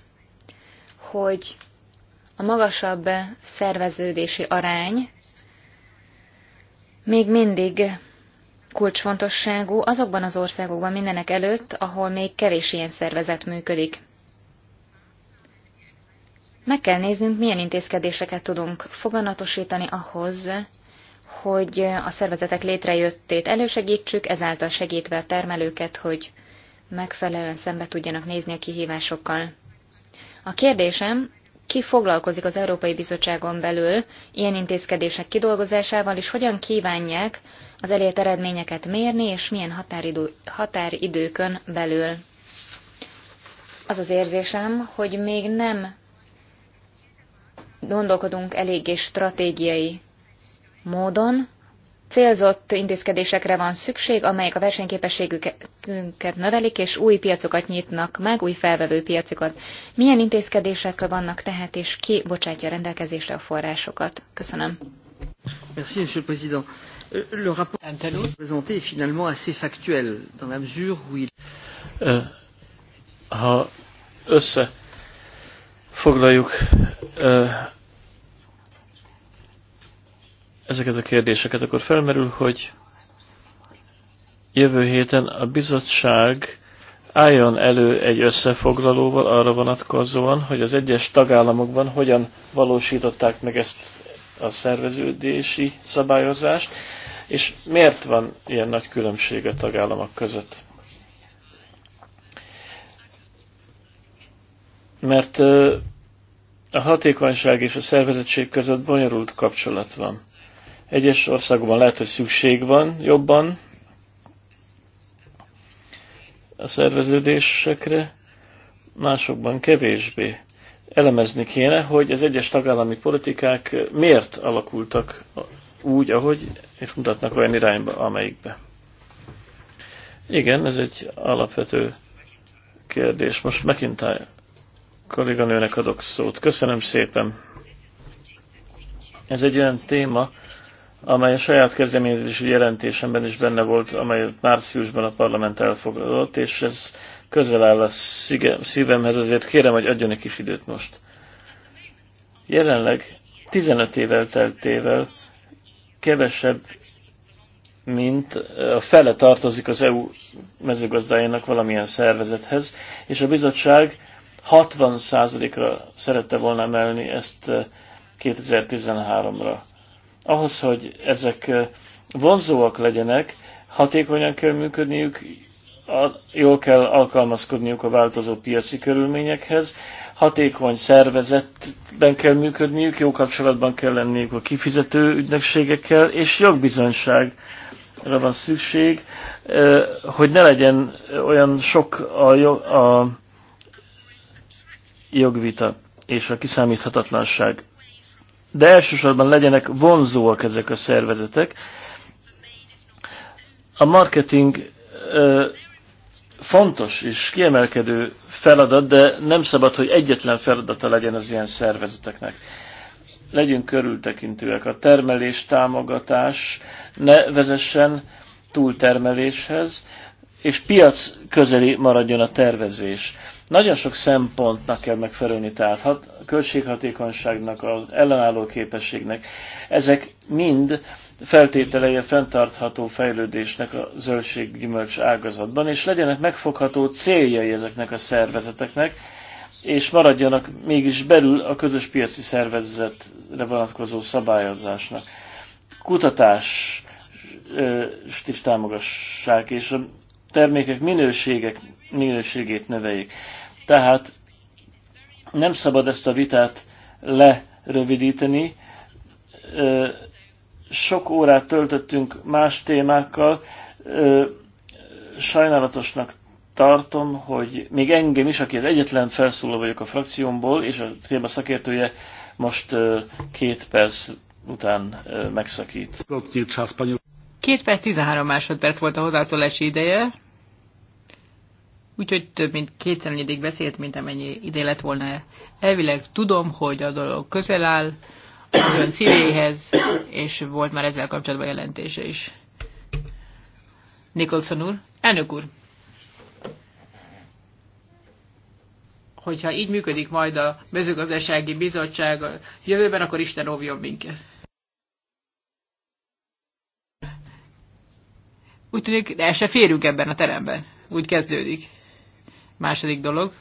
Speaker 3: hogy a magasabb szerveződési arány még mindig kulcsfontosságú azokban az országokban mindenek előtt, ahol még kevés ilyen szervezet működik. Meg kell néznünk, milyen intézkedéseket tudunk foganatosítani ahhoz, hogy a szervezetek létrejöttét elősegítsük, ezáltal segítve a termelőket, hogy megfelelően szembe tudjanak nézni a kihívásokkal. A kérdésem ki foglalkozik az Európai Bizottságon belül ilyen intézkedések kidolgozásával, és hogyan kívánják az elért eredményeket mérni, és milyen határidő, határidőkön belül. Az az érzésem, hogy még nem gondolkodunk eléggé stratégiai módon, Célzott intézkedésekre van szükség, amelyek a versenyképességünket növelik, és új piacokat nyitnak meg, új felvevő piacokat. Milyen intézkedésekre vannak tehát, és ki bocsátja rendelkezésre a forrásokat? Köszönöm.
Speaker 2: Merci, Monsieur le Président.
Speaker 4: Euh, le rapport que vous présenté est finalement assez factuel, dans la mesure où il...
Speaker 1: Euh, ha összefoglaljuk euh, ezeket a kérdéseket, akkor felmerül, hogy jövő héten a bizottság álljon elő egy összefoglalóval arra vonatkozóan, hogy az egyes tagállamokban hogyan valósították meg ezt a szerveződési szabályozást, és miért van ilyen nagy különbség a tagállamok között. Mert a hatékonyság és a szervezettség között bonyolult kapcsolat van. Egyes országokban lehet, hogy szükség van jobban a szerveződésekre, másokban kevésbé. Elemezni kéne, hogy az egyes tagállami politikák miért alakultak úgy, ahogy, és mutatnak olyan irányba, amelyikbe. Igen, ez egy alapvető kérdés. Most McIntyre kolléganőnek adok szót. Köszönöm szépen. Ez egy olyan téma, amely a saját kezdeményezési jelentésemben is benne volt, amely márciusban a parlament elfogadott, és ez közel áll a szívemhez, azért kérem, hogy adjon egy kis időt most. Jelenleg 15 évvel teltével kevesebb, mint a fele tartozik az EU mezőgazdájának valamilyen szervezethez, és a bizottság 60%-ra szerette volna emelni ezt 2013-ra. Eh, ahhoz, hogy ezek vonzóak legyenek, hatékonyan kell működniük, jól kell alkalmazkodniuk a változó piaci körülményekhez, hatékony szervezetben kell működniük, jó kapcsolatban kell lenniük a kifizető ügynökségekkel, és jogbizonyságra van szükség, hogy ne legyen olyan sok a, jog, a jogvita és a kiszámíthatatlanság de elsősorban legyenek vonzóak ezek a szervezetek. A marketing fontos és kiemelkedő feladat, de nem szabad, hogy egyetlen feladata legyen az ilyen szervezeteknek. Legyünk körültekintőek. A termelés támogatás ne vezessen túltermeléshez, és piac közeli maradjon a tervezés. Nagyon sok szempontnak kell megfelelni, tehát hat, a költséghatékonyságnak, az ellenálló képességnek. Ezek mind feltételei a fenntartható fejlődésnek a zöldséggyümölcs ágazatban, és legyenek megfogható céljai ezeknek a szervezeteknek, és maradjanak mégis belül a közös piaci szervezetre vonatkozó szabályozásnak. Kutatás is támogassák, és a termékek minőségek, minőségét növeljék. Tehát nem szabad ezt a vitát lerövidíteni. Sok órát töltöttünk más témákkal. Sajnálatosnak tartom, hogy még engem is, aki az egyetlen felszóló vagyok a frakciómból, és a téma szakértője most két perc után megszakít.
Speaker 4: 2 perc 13 másodperc volt a hozzászólási ideje, úgyhogy több mint kétszer annyidig beszélt, mint amennyi ide lett volna. Elvileg tudom, hogy a dolog közel áll az ön szívéhez, és volt már ezzel kapcsolatban jelentése is. Nicholson úr, elnök úr, hogyha így működik majd a mezőgazdasági bizottság a jövőben, akkor Isten óvjon minket. Úgy tűnik, de el se férünk ebben a teremben. Úgy kezdődik. Második dolog.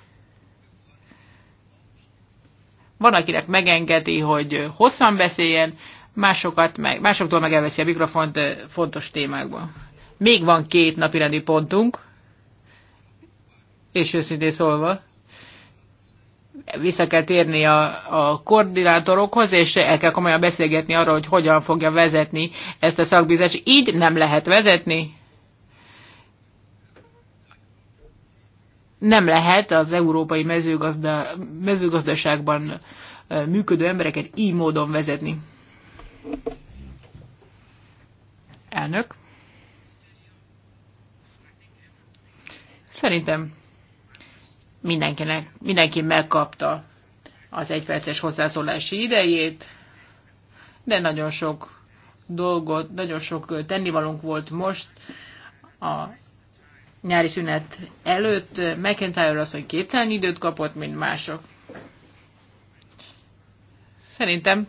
Speaker 4: Van, akinek megengedi, hogy hosszan beszéljen, másokat meg, másoktól meg elveszi a mikrofont eh, fontos témákban. Még van két napirendi pontunk, és őszintén szólva, vissza kell térni a, a koordinátorokhoz, és el kell komolyan beszélgetni arról, hogy hogyan fogja vezetni ezt a szakbizást. Így nem lehet vezetni. Nem lehet az európai mezőgazda, mezőgazdaságban működő embereket így módon vezetni. Elnök. Szerintem Mindenkinek, mindenki megkapta az egyperces hozzászólási idejét, de nagyon sok dolgot, nagyon sok tennivalónk volt most a nyári szünet előtt. McIntyre az, hogy kétszer időt kapott, mint mások. Szerintem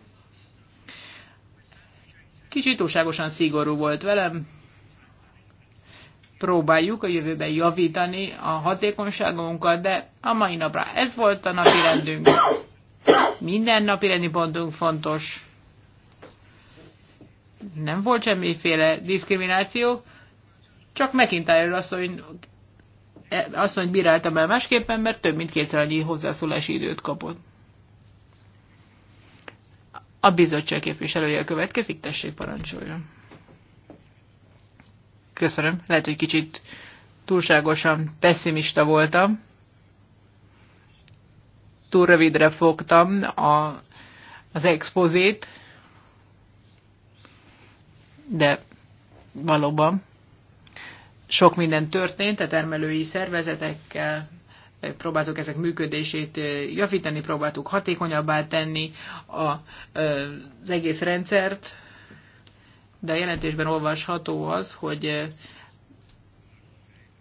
Speaker 4: kicsit túlságosan szigorú volt velem, próbáljuk a jövőben javítani a hatékonyságunkat, de a mai napra ez volt a napi rendünk. Minden napi rendi pontunk fontos. Nem volt semmiféle diszkrimináció, csak McIntyre asszony, asszonyt bíráltam el másképpen, mert több mint kétszer annyi hozzászólási időt kapott. A bizottság képviselője következik, tessék parancsoljon. Köszönöm. Lehet, hogy kicsit túlságosan pessimista voltam. Túl rövidre fogtam a, az expozét, de valóban sok minden történt, a termelői szervezetekkel próbáltuk ezek működését javítani, próbáltuk hatékonyabbá tenni a az egész rendszert, de a jelentésben olvasható az, hogy eh,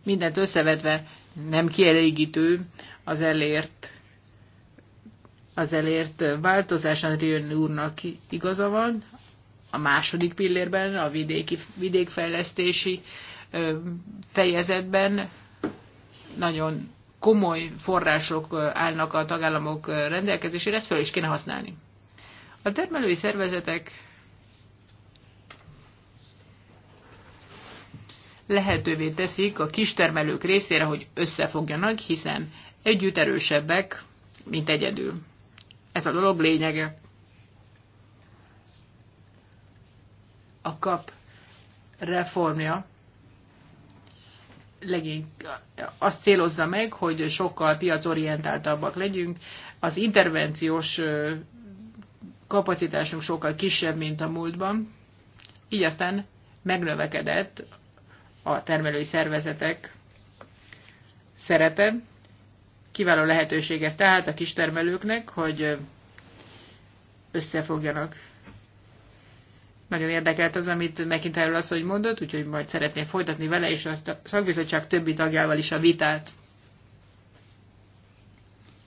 Speaker 4: mindent összevetve nem kielégítő az elért az elért változás Adrian úrnak igaza van, a második pillérben, a vidéki, vidékfejlesztési fejezetben nagyon komoly források állnak a tagállamok rendelkezésére, ezt fel is kéne használni. A termelői szervezetek lehetővé teszik a kistermelők részére, hogy összefogjanak, hiszen együtt erősebbek, mint egyedül. Ez a dolog lényege. A kap reformja legény, azt célozza meg, hogy sokkal piacorientáltabbak legyünk. Az intervenciós kapacitásunk sokkal kisebb, mint a múltban, így aztán megnövekedett a termelői szervezetek szerepe. Kiváló lehetőség ez tehát a kistermelőknek, hogy összefogjanak. Nagyon érdekelt az, amit az, hogy mondott, úgyhogy majd szeretném folytatni vele és a szakbizottság többi tagjával is a vitát.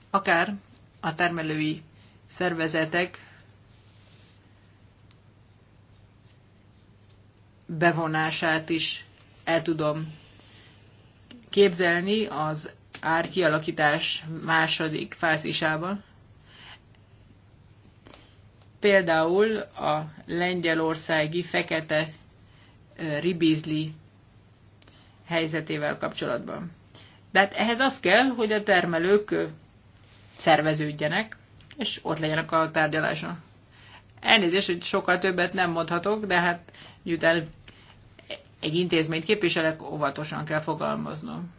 Speaker 4: Akár a termelői szervezetek bevonását is el tudom képzelni az árkialakítás második fázisában. Például a lengyelországi fekete ribízli helyzetével kapcsolatban. De hát ehhez az kell, hogy a termelők szerveződjenek, és ott legyenek a tárgyaláson. Elnézést, hogy sokkal többet nem mondhatok, de hát miután egy intézményt képviselek, óvatosan kell fogalmaznom.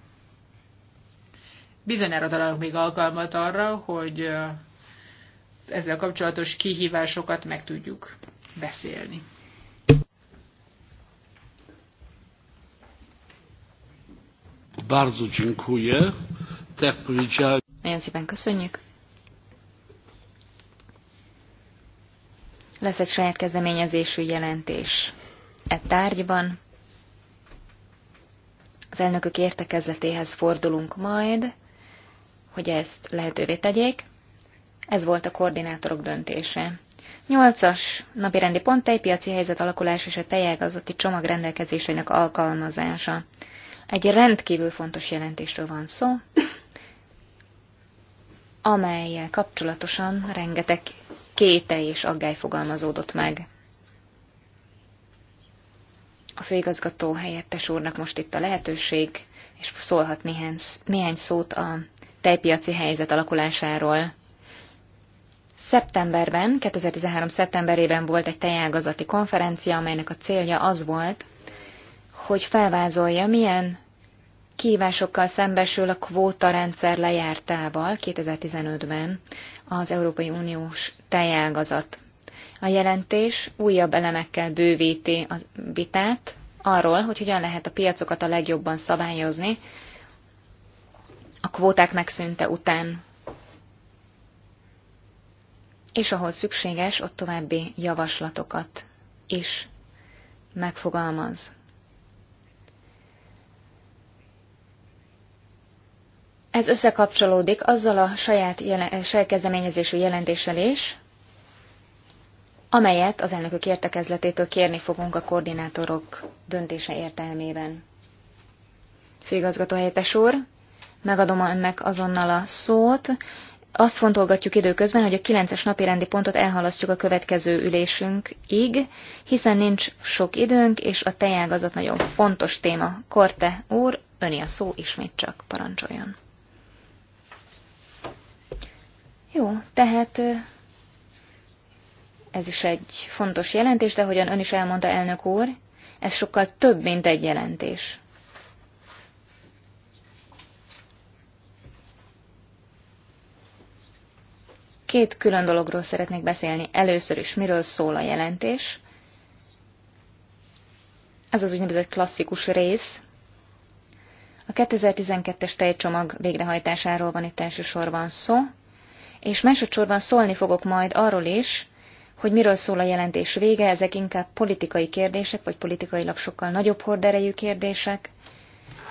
Speaker 4: Bizonyára találok még alkalmat arra, hogy ezzel kapcsolatos kihívásokat meg tudjuk beszélni.
Speaker 2: Bardzo dziękuję. Tak powiedziałem.
Speaker 3: Nagyon szépen köszönjük. Lesz egy saját kezdeményezésű jelentés e tárgyban az elnökök értekezletéhez fordulunk majd, hogy ezt lehetővé tegyék. Ez volt a koordinátorok döntése. Nyolcas napi rendi pont tejpiaci helyzet alakulás és a tejágazati csomag rendelkezésének alkalmazása. Egy rendkívül fontos jelentésről van szó, amelyel kapcsolatosan rengeteg kéte és aggály fogalmazódott meg a főigazgató helyettes úrnak most itt a lehetőség, és szólhat néhány, néhány szót a tejpiaci helyzet alakulásáról. Szeptemberben, 2013. szeptemberében volt egy tejágazati konferencia, amelynek a célja az volt, hogy felvázolja, milyen kívásokkal szembesül a kvóta rendszer lejártával 2015-ben az Európai Uniós tejágazat. A jelentés újabb elemekkel bővíti a vitát arról, hogy hogyan lehet a piacokat a legjobban szabályozni a kvóták megszűnte után. És ahol szükséges, ott további javaslatokat is megfogalmaz. Ez összekapcsolódik azzal a saját, jelen, kezdeményezésű jelentéssel is, amelyet az elnökök értekezletétől kérni fogunk a koordinátorok döntése értelmében. Főigazgató helyettes úr, megadom önnek azonnal a szót. Azt fontolgatjuk időközben, hogy a 9-es napi rendi pontot elhalasztjuk a következő ülésünkig, hiszen nincs sok időnk, és a tejágazat nagyon fontos téma. Korte úr, öni a szó ismét csak, parancsoljon. Jó, tehát ez is egy fontos jelentés, de hogyan ön is elmondta, elnök úr, ez sokkal több, mint egy jelentés. Két külön dologról szeretnék beszélni. Először is, miről szól a jelentés. Ez az úgynevezett klasszikus rész. A 2012-es tejcsomag végrehajtásáról van itt elsősorban szó, és másodszorban szólni fogok majd arról is, hogy miről szól a jelentés vége, ezek inkább politikai kérdések, vagy politikailag sokkal nagyobb horderejű kérdések,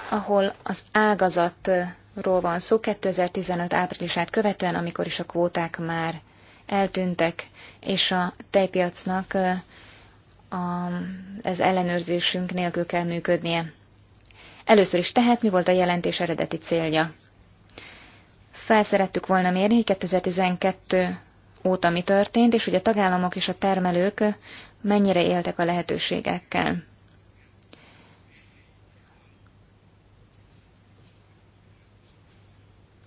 Speaker 3: ahol az ágazatról van szó 2015 áprilisát követően, amikor is a kvóták már eltűntek, és a tejpiacnak a, ez ellenőrzésünk nélkül kell működnie. Először is tehát mi volt a jelentés eredeti célja? Felszerettük volna mérni, hogy 2012 óta mi történt, és hogy a tagállamok és a termelők mennyire éltek a lehetőségekkel.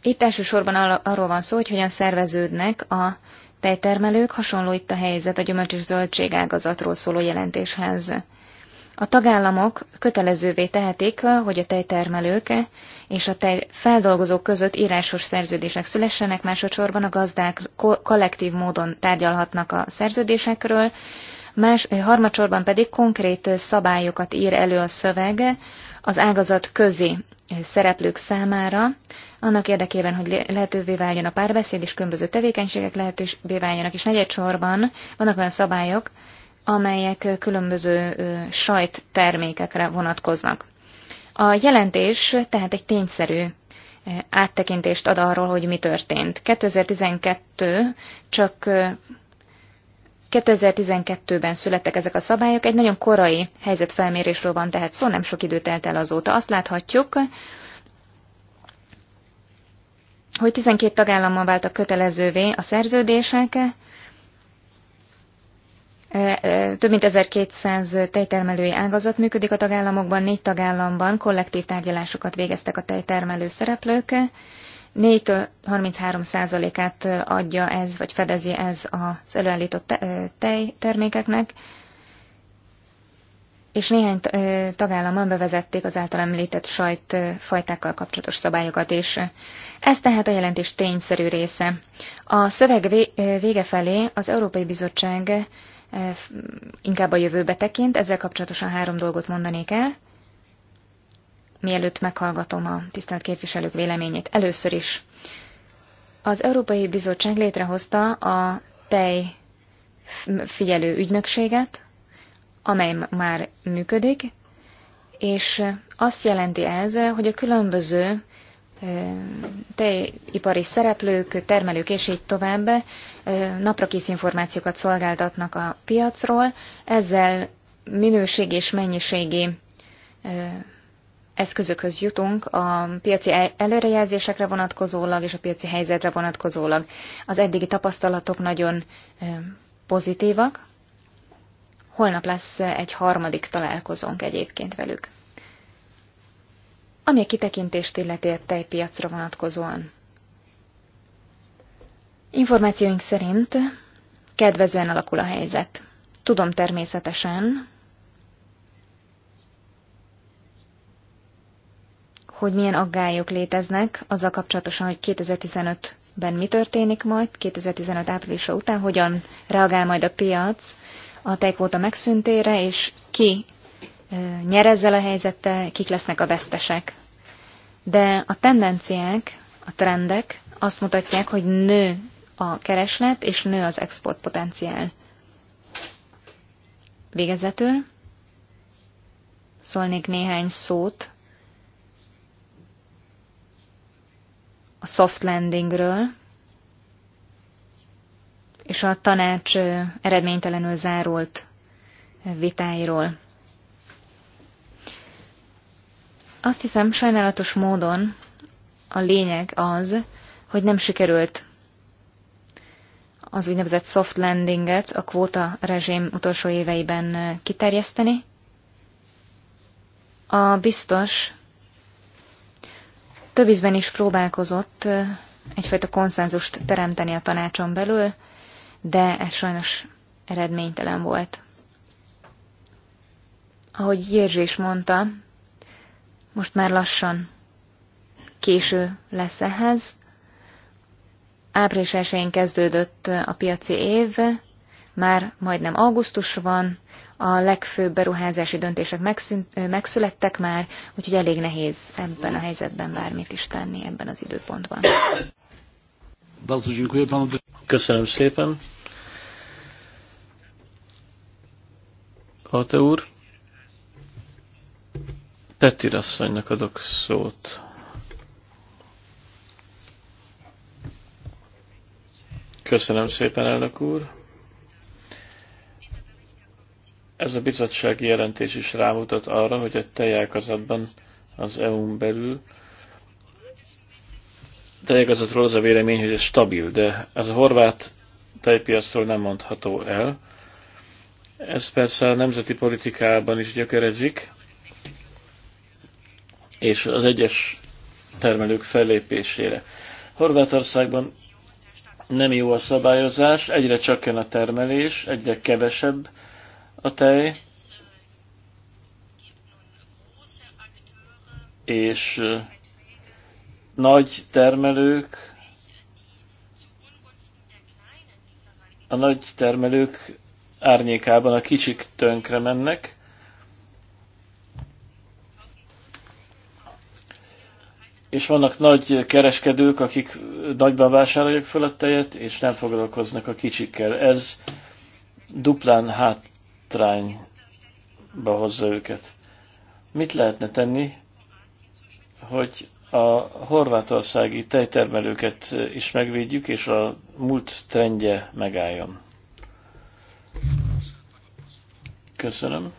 Speaker 3: Itt elsősorban arról van szó, hogy hogyan szerveződnek a tejtermelők, hasonló itt a helyzet a gyümölcs és zöldségágazatról szóló jelentéshez. A tagállamok kötelezővé tehetik, hogy a tejtermelők és a tejfeldolgozók között írásos szerződések szülessenek, másodszorban a gazdák kollektív módon tárgyalhatnak a szerződésekről, más, harmadsorban pedig konkrét szabályokat ír elő a szöveg az ágazat közi szereplők számára, annak érdekében, hogy lehetővé váljon a párbeszéd, és különböző tevékenységek lehetővé váljanak, és negyedsorban vannak olyan szabályok, amelyek különböző termékekre vonatkoznak. A jelentés tehát egy tényszerű áttekintést ad arról, hogy mi történt. 2012 csak 2012-ben születtek ezek a szabályok, egy nagyon korai helyzetfelmérésről van tehát szó, nem sok idő telt el azóta. Azt láthatjuk, hogy 12 tagállammal váltak kötelezővé a szerződések, több mint 1200 tejtermelői ágazat működik a tagállamokban, négy tagállamban kollektív tárgyalásokat végeztek a tejtermelő szereplők. 4-33 százalékát adja ez, vagy fedezi ez az előállított tejtermékeknek, és néhány tagállamban bevezették az által említett sajtfajtákkal kapcsolatos szabályokat is. Ez tehát a jelentés tényszerű része. A szöveg vége felé az Európai Bizottság inkább a jövőbe tekint. Ezzel kapcsolatosan három dolgot mondanék el, mielőtt meghallgatom a tisztelt képviselők véleményét. Először is az Európai Bizottság létrehozta a tej figyelő ügynökséget, amely már működik, és azt jelenti ez, hogy a különböző tejipari szereplők, termelők és így tovább naprakész információkat szolgáltatnak a piacról, ezzel minőség és mennyiségi eszközökhöz jutunk a piaci előrejelzésekre vonatkozólag és a piaci helyzetre vonatkozólag. Az eddigi tapasztalatok nagyon pozitívak. Holnap lesz egy harmadik találkozónk egyébként velük ami a kitekintést illeti a tejpiacra vonatkozóan. Információink szerint kedvezően alakul a helyzet. Tudom természetesen, hogy milyen aggályok léteznek azzal kapcsolatosan, hogy 2015-ben mi történik majd, 2015 áprilisa után, hogyan reagál majd a piac a tejkvóta megszüntére, és ki nyer ezzel a helyzettel, kik lesznek a vesztesek. De a tendenciák, a trendek azt mutatják, hogy nő a kereslet és nő az export potenciál. Végezetül szólnék néhány szót a soft landingről, és a tanács eredménytelenül zárult vitáiról. Azt hiszem, sajnálatos módon a lényeg az, hogy nem sikerült az úgynevezett soft landinget a kvóta rezsim utolsó éveiben kiterjeszteni. A biztos több ízben is próbálkozott egyfajta konszenzust teremteni a tanácson belül, de ez sajnos eredménytelen volt. Ahogy Jézs is mondta, most már lassan késő lesz ehhez. Április 1 kezdődött a piaci év, már majdnem augusztus van, a legfőbb beruházási döntések megszünt, megszülettek már, úgyhogy elég nehéz ebben a helyzetben bármit is tenni ebben az időpontban.
Speaker 1: Köszönöm szépen. Hát úr. Petir asszonynak adok szót. Köszönöm szépen, elnök úr. Ez a bizottsági jelentés is rámutat arra, hogy a tejágazatban az EU-n belül tejágazatról az a vélemény, hogy ez stabil, de ez a horvát tejpiacról nem mondható el. Ez persze a nemzeti politikában is gyökerezik, és az egyes termelők fellépésére. Horvátországban nem jó a szabályozás, egyre csökken a termelés, egyre kevesebb a tej, és nagy termelők, a nagy termelők árnyékában a kicsik tönkre mennek, és vannak nagy kereskedők, akik nagyban vásárolják föl a tejet, és nem foglalkoznak a kicsikkel. Ez duplán hátrányba hozza őket. Mit lehetne tenni, hogy a horvátországi tejtermelőket is megvédjük, és a múlt trendje megálljon? Köszönöm.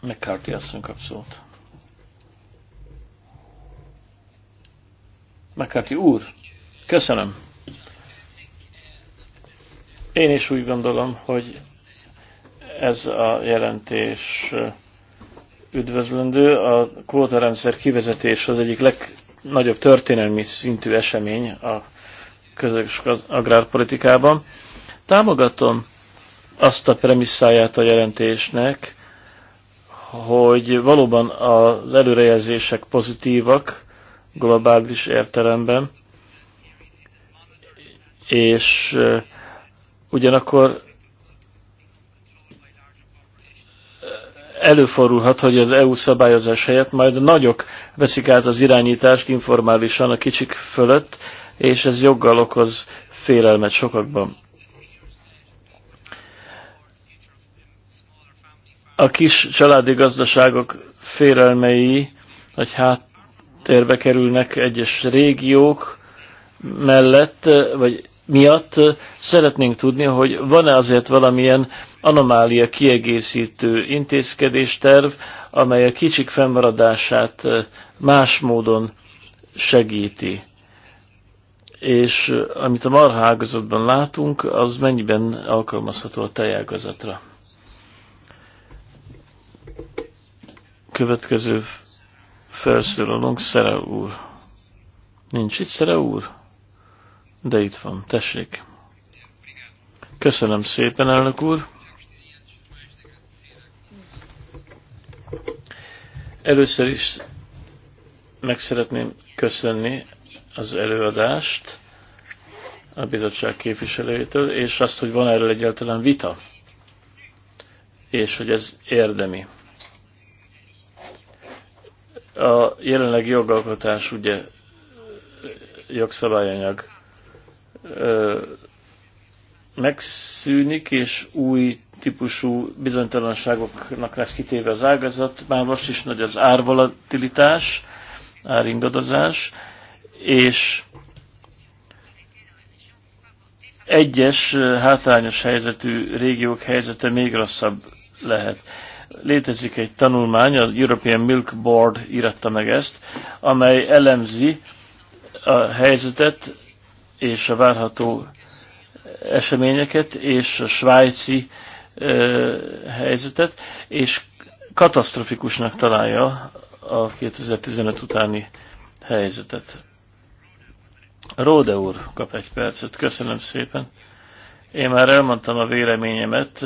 Speaker 1: McCarthy asszony kap szót. Mekáki úr, köszönöm. Én is úgy gondolom, hogy ez a jelentés üdvözlendő. A kvótarendszer kivezetés az egyik legnagyobb történelmi szintű esemény a közös agrárpolitikában. Támogatom azt a premisszáját a jelentésnek, hogy valóban az előrejelzések pozitívak, globális értelemben, és ugyanakkor előfordulhat, hogy az EU szabályozás helyett majd a nagyok veszik át az irányítást informálisan a kicsik fölött, és ez joggal okoz félelmet sokakban. A kis családi gazdaságok félelmei, hogy hát előtérbe kerülnek egyes régiók mellett, vagy miatt szeretnénk tudni, hogy van-e azért valamilyen anomália kiegészítő intézkedésterv, amely a kicsik fennmaradását más módon segíti. És amit a marhágazatban látunk, az mennyiben alkalmazható a tejágazatra. Következő felszólalunk, Szere úr. Nincs itt Szere úr? De itt van, tessék. Köszönöm szépen, elnök úr. Először is meg szeretném köszönni az előadást a bizottság képviselőjétől, és azt, hogy van erről egyáltalán vita, és hogy ez érdemi a jelenleg jogalkotás, ugye jogszabályanyag megszűnik, és új típusú bizonytalanságoknak lesz kitéve az ágazat. Már most is nagy az árvolatilitás, áringadozás, és egyes hátrányos helyzetű régiók helyzete még rosszabb lehet. Létezik egy tanulmány, az European Milk Board íratta meg ezt, amely elemzi a helyzetet és a várható eseményeket és a svájci ö, helyzetet, és katasztrofikusnak találja a 2015 utáni helyzetet. Róde úr kap egy percet, köszönöm szépen. Én már elmondtam a véleményemet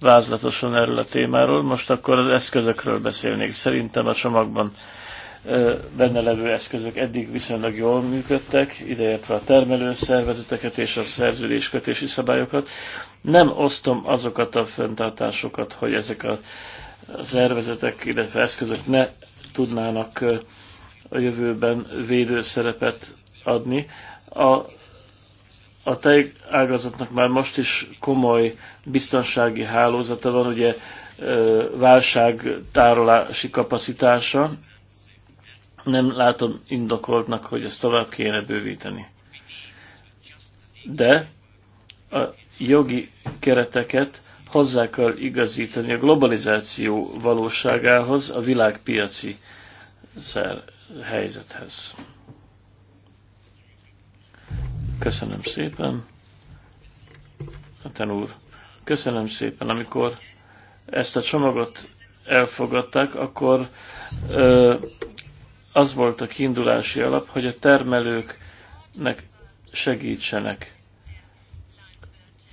Speaker 1: vázlatosan erről a témáról. Most akkor az eszközökről beszélnék. Szerintem a csomagban benne levő eszközök eddig viszonylag jól működtek, ideértve a szervezeteket és a szerződéskötési szabályokat. Nem osztom azokat a fenntartásokat, hogy ezek a szervezetek, illetve eszközök ne tudnának a jövőben védőszerepet adni. A a tej ágazatnak már most is komoly biztonsági hálózata van, ugye válságtárolási kapacitása. Nem látom indokoltnak, hogy ezt tovább kéne bővíteni. De a jogi kereteket hozzá kell igazítani a globalizáció valóságához, a világpiaci szer helyzethez. Köszönöm szépen. hát úr, köszönöm szépen, amikor ezt a csomagot elfogadták, akkor ö, az volt a kiindulási alap, hogy a termelőknek segítsenek.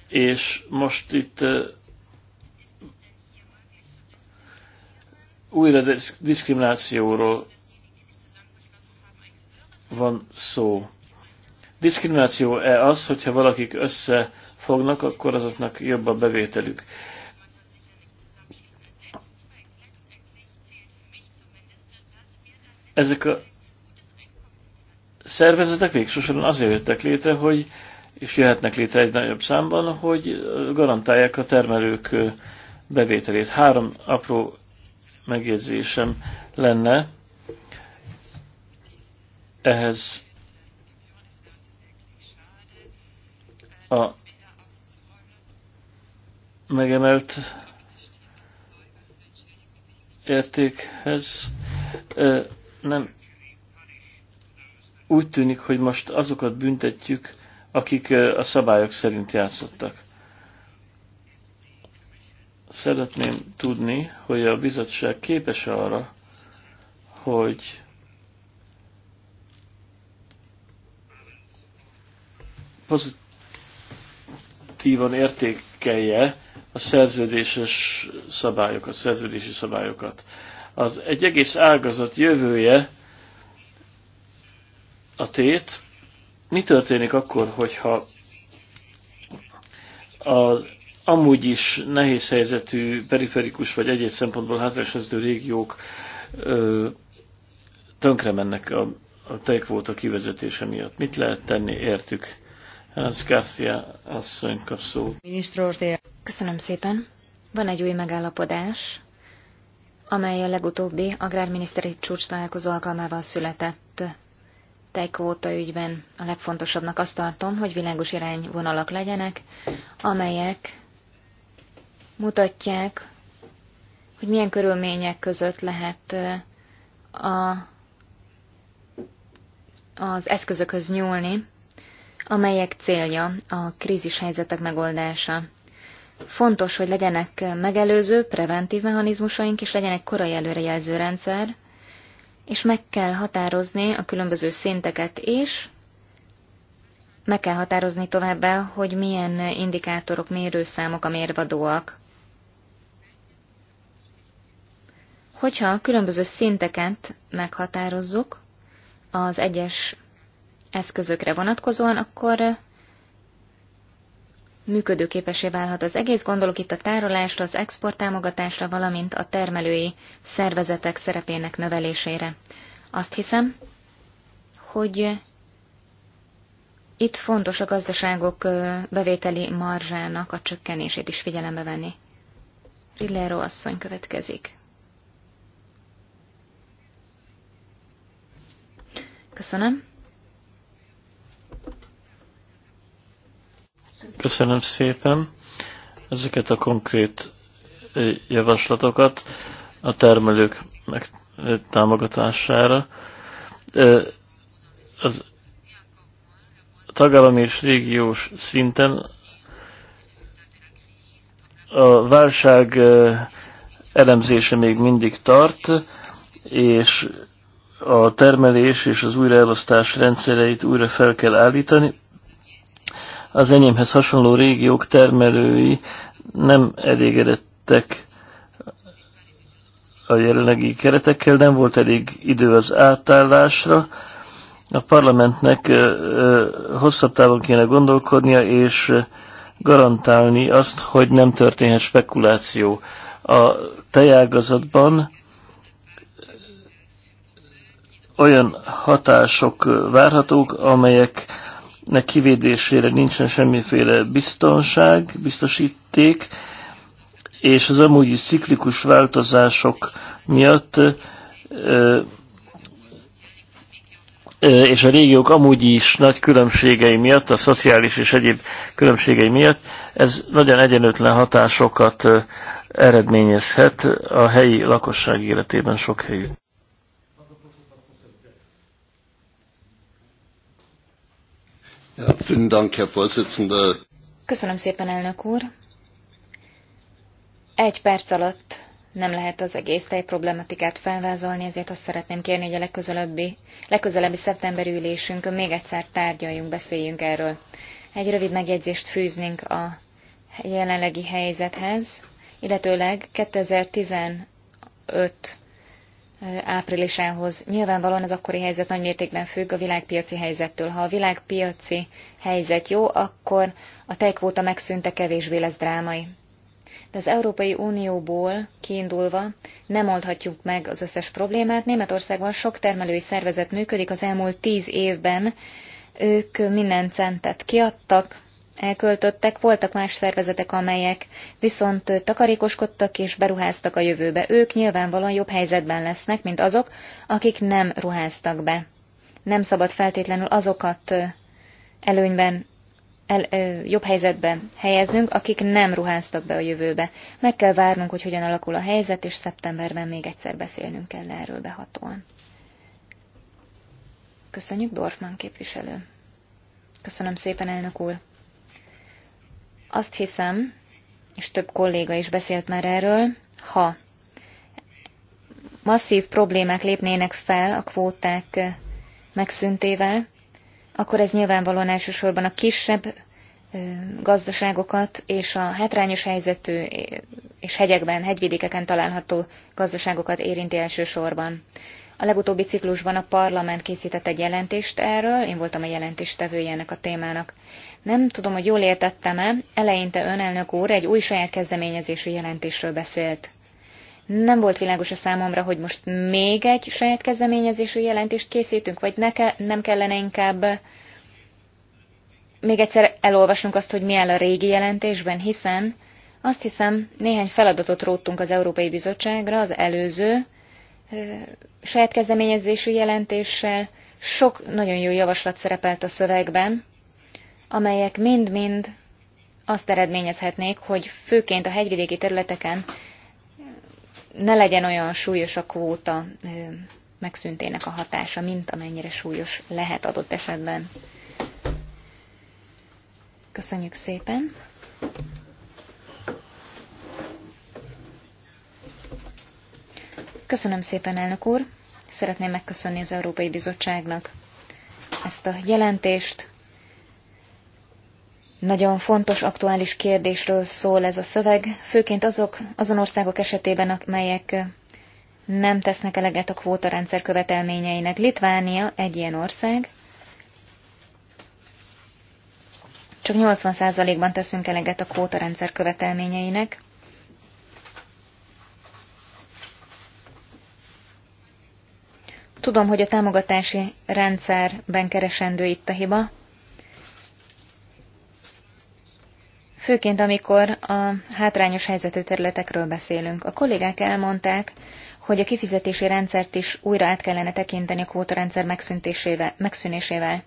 Speaker 1: És most itt ö, újra diszkriminációról van szó. Diszkrimináció-e az, hogyha valakik összefognak, akkor azoknak jobb a bevételük? Ezek a szervezetek végsősorban azért jöttek létre, hogy és jöhetnek létre egy nagyobb számban, hogy garantálják a termelők bevételét. Három apró megjegyzésem lenne ehhez a megemelt értékhez. Nem úgy tűnik, hogy most azokat büntetjük, akik a szabályok szerint játszottak. Szeretném tudni, hogy a bizottság képes arra, hogy pozit- objektívan értékelje a szerződéses szabályokat, szerződési szabályokat. Az egy egész ágazat jövője a tét. Mi történik akkor, hogyha az amúgy is nehéz helyzetű, periferikus vagy egyéb szempontból hátráshezdő régiók ö, tönkre mennek a, a tejkvóta kivezetése miatt. Mit lehet tenni értük? Hans Garcia asszony kap szót.
Speaker 3: Köszönöm szépen. Van egy új megállapodás, amely a legutóbbi agrárminiszteri csúcs találkozó alkalmával született tejkvóta ügyben. A legfontosabbnak azt tartom, hogy világos irányvonalak legyenek, amelyek mutatják, hogy milyen körülmények között lehet a, az eszközökhöz nyúlni, amelyek célja a krízis helyzetek megoldása. Fontos, hogy legyenek megelőző, preventív mechanizmusaink, és legyen egy korai előrejelző rendszer, és meg kell határozni a különböző szinteket is, meg kell határozni továbbá, hogy milyen indikátorok, mérőszámok a mérvadóak. Hogyha a különböző szinteket meghatározzuk, az egyes eszközökre vonatkozóan, akkor működőképesé válhat az egész. Gondolok itt a tárolásra, az export támogatásra, valamint a termelői szervezetek szerepének növelésére. Azt hiszem, hogy itt fontos a gazdaságok bevételi marzsának a csökkenését is figyelembe venni. Rillero asszony következik. Köszönöm.
Speaker 1: Köszönöm szépen ezeket a konkrét javaslatokat a termelők támogatására. Az tagállami és régiós szinten a válság elemzése még mindig tart, és a termelés és az újraelosztás rendszereit újra fel kell állítani az enyémhez hasonló régiók termelői nem elégedettek a jelenlegi keretekkel, nem volt elég idő az átállásra. A parlamentnek hosszabb távon kéne gondolkodnia, és garantálni azt, hogy nem történhet spekuláció. A tejágazatban olyan hatások várhatók, amelyek nek kivédésére nincsen semmiféle biztonság, biztosíték, és az amúgy is sziklikus változások miatt és a régiók amúgy is nagy különbségei miatt, a szociális és egyéb különbségei miatt, ez nagyon egyenlőtlen hatásokat eredményezhet a helyi lakosság életében sok helyütt.
Speaker 2: Ja, vielen Dank, Herr Vorsitzender.
Speaker 3: Köszönöm szépen, elnök úr. Egy perc alatt nem lehet az egész tej problematikát felvázolni, ezért azt szeretném kérni, hogy a legközelebbi, legközelebbi szeptember ülésünkön még egyszer tárgyaljunk, beszéljünk erről. Egy rövid megjegyzést fűznénk a jelenlegi helyzethez, illetőleg 2015 áprilisához. Nyilvánvalóan az akkori helyzet nagy mértékben függ a világpiaci helyzettől. Ha a világpiaci helyzet jó, akkor a tejkvóta megszűnte kevésbé lesz drámai. De az Európai Unióból kiindulva nem oldhatjuk meg az összes problémát. Németországban sok termelői szervezet működik, az elmúlt tíz évben ők minden centet kiadtak, elköltöttek, voltak más szervezetek, amelyek viszont takarékoskodtak és beruháztak a jövőbe. Ők nyilvánvalóan jobb helyzetben lesznek, mint azok, akik nem ruháztak be. Nem szabad feltétlenül azokat előnyben, el, ö, jobb helyzetbe helyeznünk, akik nem ruháztak be a jövőbe. Meg kell várnunk, hogy hogyan alakul a helyzet, és szeptemberben még egyszer beszélnünk kell erről behatóan. Köszönjük, Dorfman képviselő. Köszönöm szépen, elnök úr. Azt hiszem, és több kolléga is beszélt már erről, ha masszív problémák lépnének fel a kvóták megszüntével, akkor ez nyilvánvalóan elsősorban a kisebb gazdaságokat és a hátrányos helyzetű és hegyekben, hegyvidékeken található gazdaságokat érinti elsősorban. A legutóbbi ciklusban a parlament készített egy jelentést erről, én voltam a jelentéstevője ennek a témának. Nem tudom, hogy jól értettem-e, eleinte ön elnök úr egy új saját kezdeményezésű jelentésről beszélt. Nem volt világos a számomra, hogy most még egy saját kezdeményezésű jelentést készítünk, vagy neke, nem kellene inkább eh, még egyszer elolvasnunk azt, hogy mi áll a régi jelentésben, hiszen azt hiszem, néhány feladatot róttunk az Európai Bizottságra az előző eh, saját kezdeményezésű jelentéssel. Sok nagyon jó javaslat szerepelt a szövegben, amelyek mind-mind azt eredményezhetnék, hogy főként a hegyvidéki területeken ne legyen olyan súlyos a kvóta megszüntének a hatása, mint amennyire súlyos lehet adott esetben. Köszönjük szépen! Köszönöm szépen, elnök úr! Szeretném megköszönni az Európai Bizottságnak ezt a jelentést, nagyon fontos, aktuális kérdésről szól ez a szöveg, főként azok, azon országok esetében, amelyek nem tesznek eleget a kvótarendszer követelményeinek. Litvánia egy ilyen ország, csak 80%-ban teszünk eleget a kvótarendszer követelményeinek. Tudom, hogy a támogatási rendszerben keresendő itt a hiba, főként amikor a hátrányos helyzetű területekről beszélünk. A kollégák elmondták, hogy a kifizetési rendszert is újra át kellene tekinteni a kvótarendszer megszűnésével.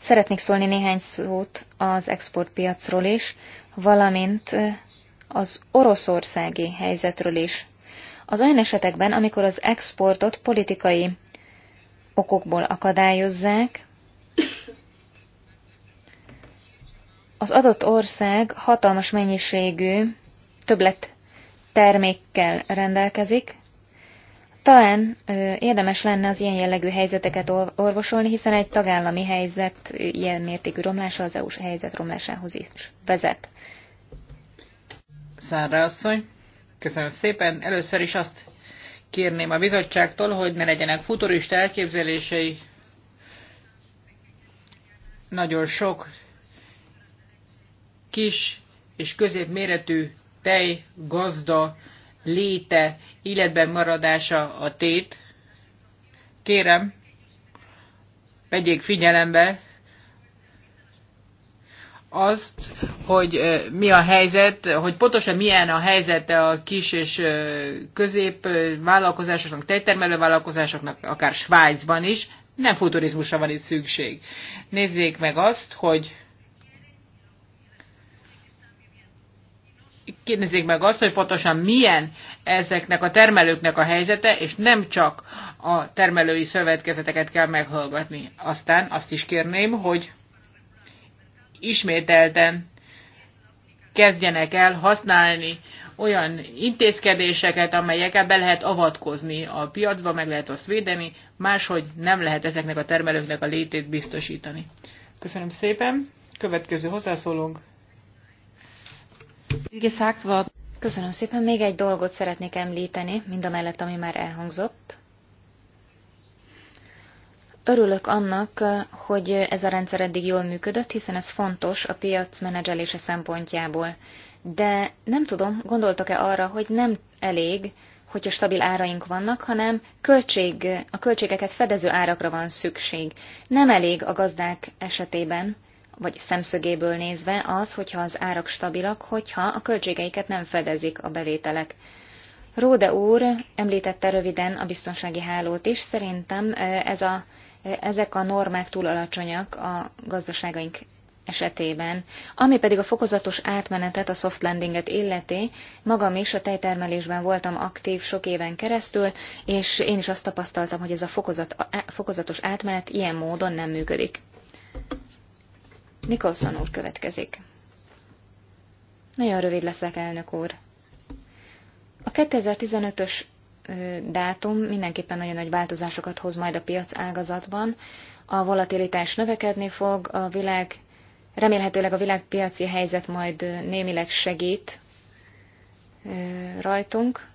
Speaker 3: Szeretnék szólni néhány szót az exportpiacról is, valamint eh, az oroszországi helyzetről is. Az olyan esetekben, amikor az exportot politikai okokból akadályozzák, az adott ország hatalmas mennyiségű többlet termékkel rendelkezik, talán ö, érdemes lenne az ilyen jellegű helyzeteket orvosolni, hiszen egy tagállami helyzet ilyen mértékű romlása az EU-s helyzet romlásához is vezet.
Speaker 4: Szárra asszony, köszönöm szépen. Először is azt kérném a bizottságtól, hogy ne legyenek futurista elképzelései. Nagyon sok kis és középméretű tej gazda léte, életben maradása a tét. Kérem, vegyék figyelembe azt, hogy mi a helyzet, hogy pontosan milyen a helyzete a kis és közép vállalkozásoknak, tejtermelő vállalkozásoknak, akár Svájcban is, nem futurizmusra van itt szükség. Nézzék meg azt, hogy kérdezzék meg azt, hogy pontosan milyen ezeknek a termelőknek a helyzete, és nem csak a termelői szövetkezeteket kell meghallgatni. Aztán azt is kérném, hogy ismételten kezdjenek el használni olyan intézkedéseket, amelyekkel be lehet avatkozni a piacba, meg lehet azt védeni, máshogy nem lehet ezeknek a termelőknek a létét biztosítani. Köszönöm szépen. Következő hozzászólunk
Speaker 3: Köszönöm szépen. Még egy dolgot szeretnék említeni, mind a mellett, ami már elhangzott. Örülök annak, hogy ez a rendszer eddig jól működött, hiszen ez fontos a piac menedzselése szempontjából. De nem tudom, gondoltak-e arra, hogy nem elég, hogyha stabil áraink vannak, hanem költség, a költségeket fedező árakra van szükség. Nem elég a gazdák esetében, vagy szemszögéből nézve az, hogyha az árak stabilak, hogyha a költségeiket nem fedezik a bevételek. Róde úr említette röviden a biztonsági hálót is, szerintem ez a, ezek a normák túl alacsonyak a gazdaságaink esetében. Ami pedig a fokozatos átmenetet, a soft landinget illeti, magam is a tejtermelésben voltam aktív sok éven keresztül, és én is azt tapasztaltam, hogy ez a fokozat, fokozatos átmenet ilyen módon nem működik. Nikolson úr következik. Nagyon rövid leszek, elnök úr. A 2015-ös dátum mindenképpen nagyon nagy változásokat hoz majd a piac ágazatban. A volatilitás növekedni fog, a világ, remélhetőleg a világpiaci helyzet majd némileg segít rajtunk.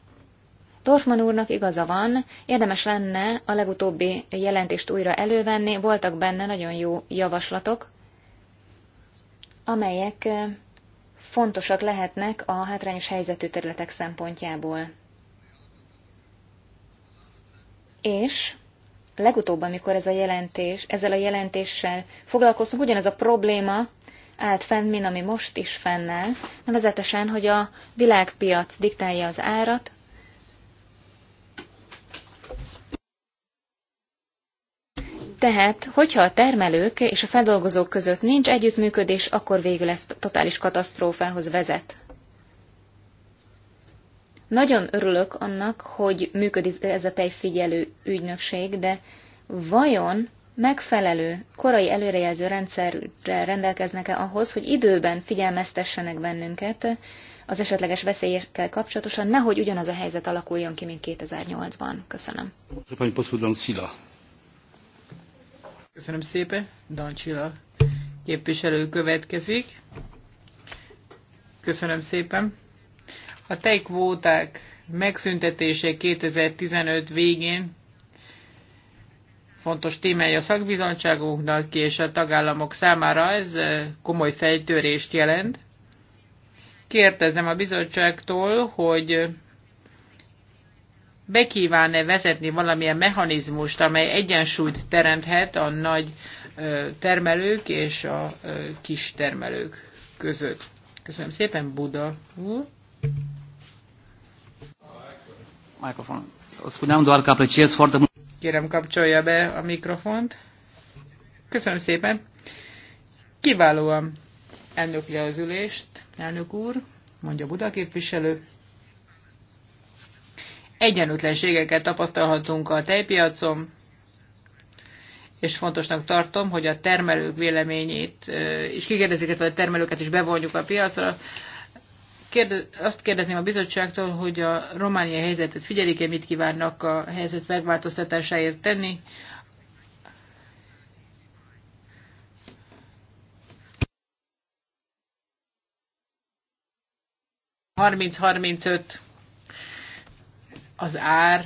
Speaker 3: Dorfman úrnak igaza van, érdemes lenne a legutóbbi jelentést újra elővenni, voltak benne nagyon jó javaslatok, amelyek fontosak lehetnek a hátrányos helyzetű területek szempontjából. És legutóbb, amikor ez a jelentés, ezzel a jelentéssel foglalkoztunk, ugyanez a probléma állt fenn, mint ami most is fennáll, nevezetesen, hogy a világpiac diktálja az árat, Tehát, hogyha a termelők és a feldolgozók között nincs együttműködés, akkor végül ez totális katasztrófához vezet. Nagyon örülök annak, hogy működik ez a tejfigyelő ügynökség, de vajon megfelelő korai előrejelző rendszerre rendelkeznek-e ahhoz, hogy időben figyelmeztessenek bennünket az esetleges veszélyekkel kapcsolatosan, nehogy ugyanaz a helyzet alakuljon ki, mint 2008-ban. Köszönöm.
Speaker 4: Köszönöm szépen. Dancsila képviselő következik. Köszönöm szépen. A tejkvóták megszüntetése 2015 végén fontos témája a szakbizottságunknak és a tagállamok számára ez eh, komoly fejtörést jelent. Kérdezem a bizottságtól, hogy bekíván-e vezetni valamilyen mechanizmust, amely egyensúlyt teremthet a nagy termelők és a kis termelők között. Köszönöm szépen, Buda
Speaker 2: úr.
Speaker 1: Spuneam doar că apreciez foarte mult.
Speaker 4: Kérem, kapcsolja be a mikrofont. Köszönöm szépen. Kiválóan elnökli az ülést, elnök úr, mondja Buda képviselő egyenlőtlenségeket tapasztalhatunk a tejpiacon, és fontosnak tartom, hogy a termelők véleményét és kikérdezik, hogy a termelőket is bevonjuk a piacra. azt kérdezném a bizottságtól, hogy a romániai helyzetet figyelik-e, mit kívánnak a helyzet megváltoztatásáért tenni. Harminc-harmincöt az ár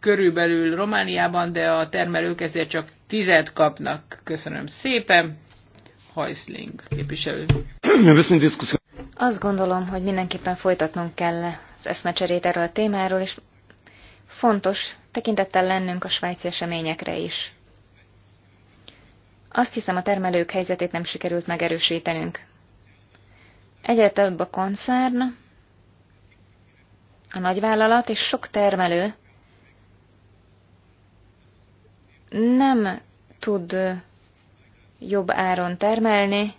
Speaker 4: körülbelül Romániában, de a termelők ezért csak tizet kapnak. Köszönöm szépen. Hajszling képviselő.
Speaker 3: Azt gondolom, hogy mindenképpen folytatnunk kell az eszmecserét erről a témáról, és fontos tekintettel lennünk a svájci eseményekre is. Azt hiszem, a termelők helyzetét nem sikerült megerősítenünk. Egyre több a koncern, a nagyvállalat és sok termelő nem tud jobb áron termelni,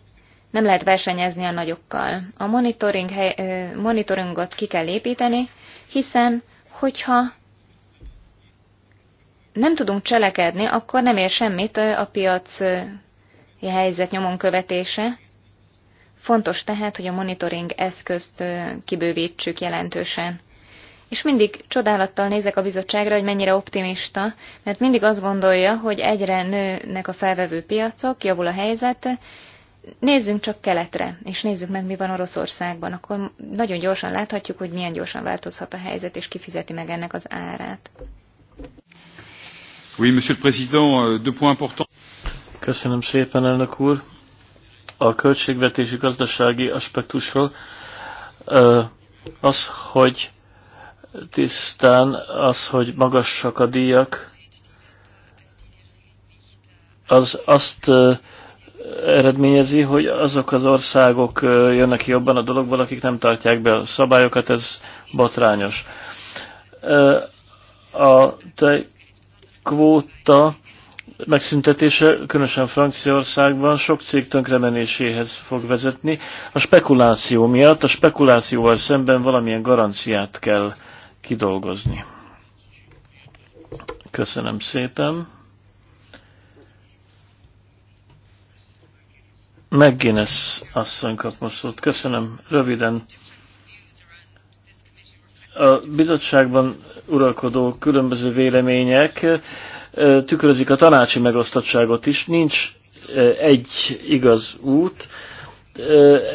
Speaker 3: nem lehet versenyezni a nagyokkal. A monitoring hely, monitoringot ki kell építeni, hiszen hogyha nem tudunk cselekedni, akkor nem ér semmit a piac helyzet nyomon követése. Fontos tehát, hogy a monitoring eszközt kibővítsük jelentősen és mindig csodálattal nézek a bizottságra, hogy mennyire optimista, mert mindig azt gondolja, hogy egyre nőnek a felvevő piacok, javul a helyzet, nézzünk csak keletre, és nézzük meg, mi van Oroszországban, akkor nagyon gyorsan láthatjuk, hogy milyen gyorsan változhat a helyzet, és kifizeti meg ennek az árát.
Speaker 1: Oui, monsieur le président, euh, deux points importants. Köszönöm szépen, elnök úr. A költségvetési gazdasági aspektusról az, hogy tisztán az, hogy magasak a díjak, az azt eredményezi, hogy azok az országok jönnek ki jobban a dologból, akik nem tartják be a szabályokat, ez botrányos. A kvóta megszüntetése, különösen Franciaországban sok cég tönkremenéséhez fog vezetni. A spekuláció miatt, a spekulációval szemben valamilyen garanciát kell kidolgozni. Köszönöm szépen. McGuinness asszony kap Köszönöm. Röviden. A bizottságban uralkodó különböző vélemények tükrözik a tanácsi megosztottságot is. Nincs egy igaz út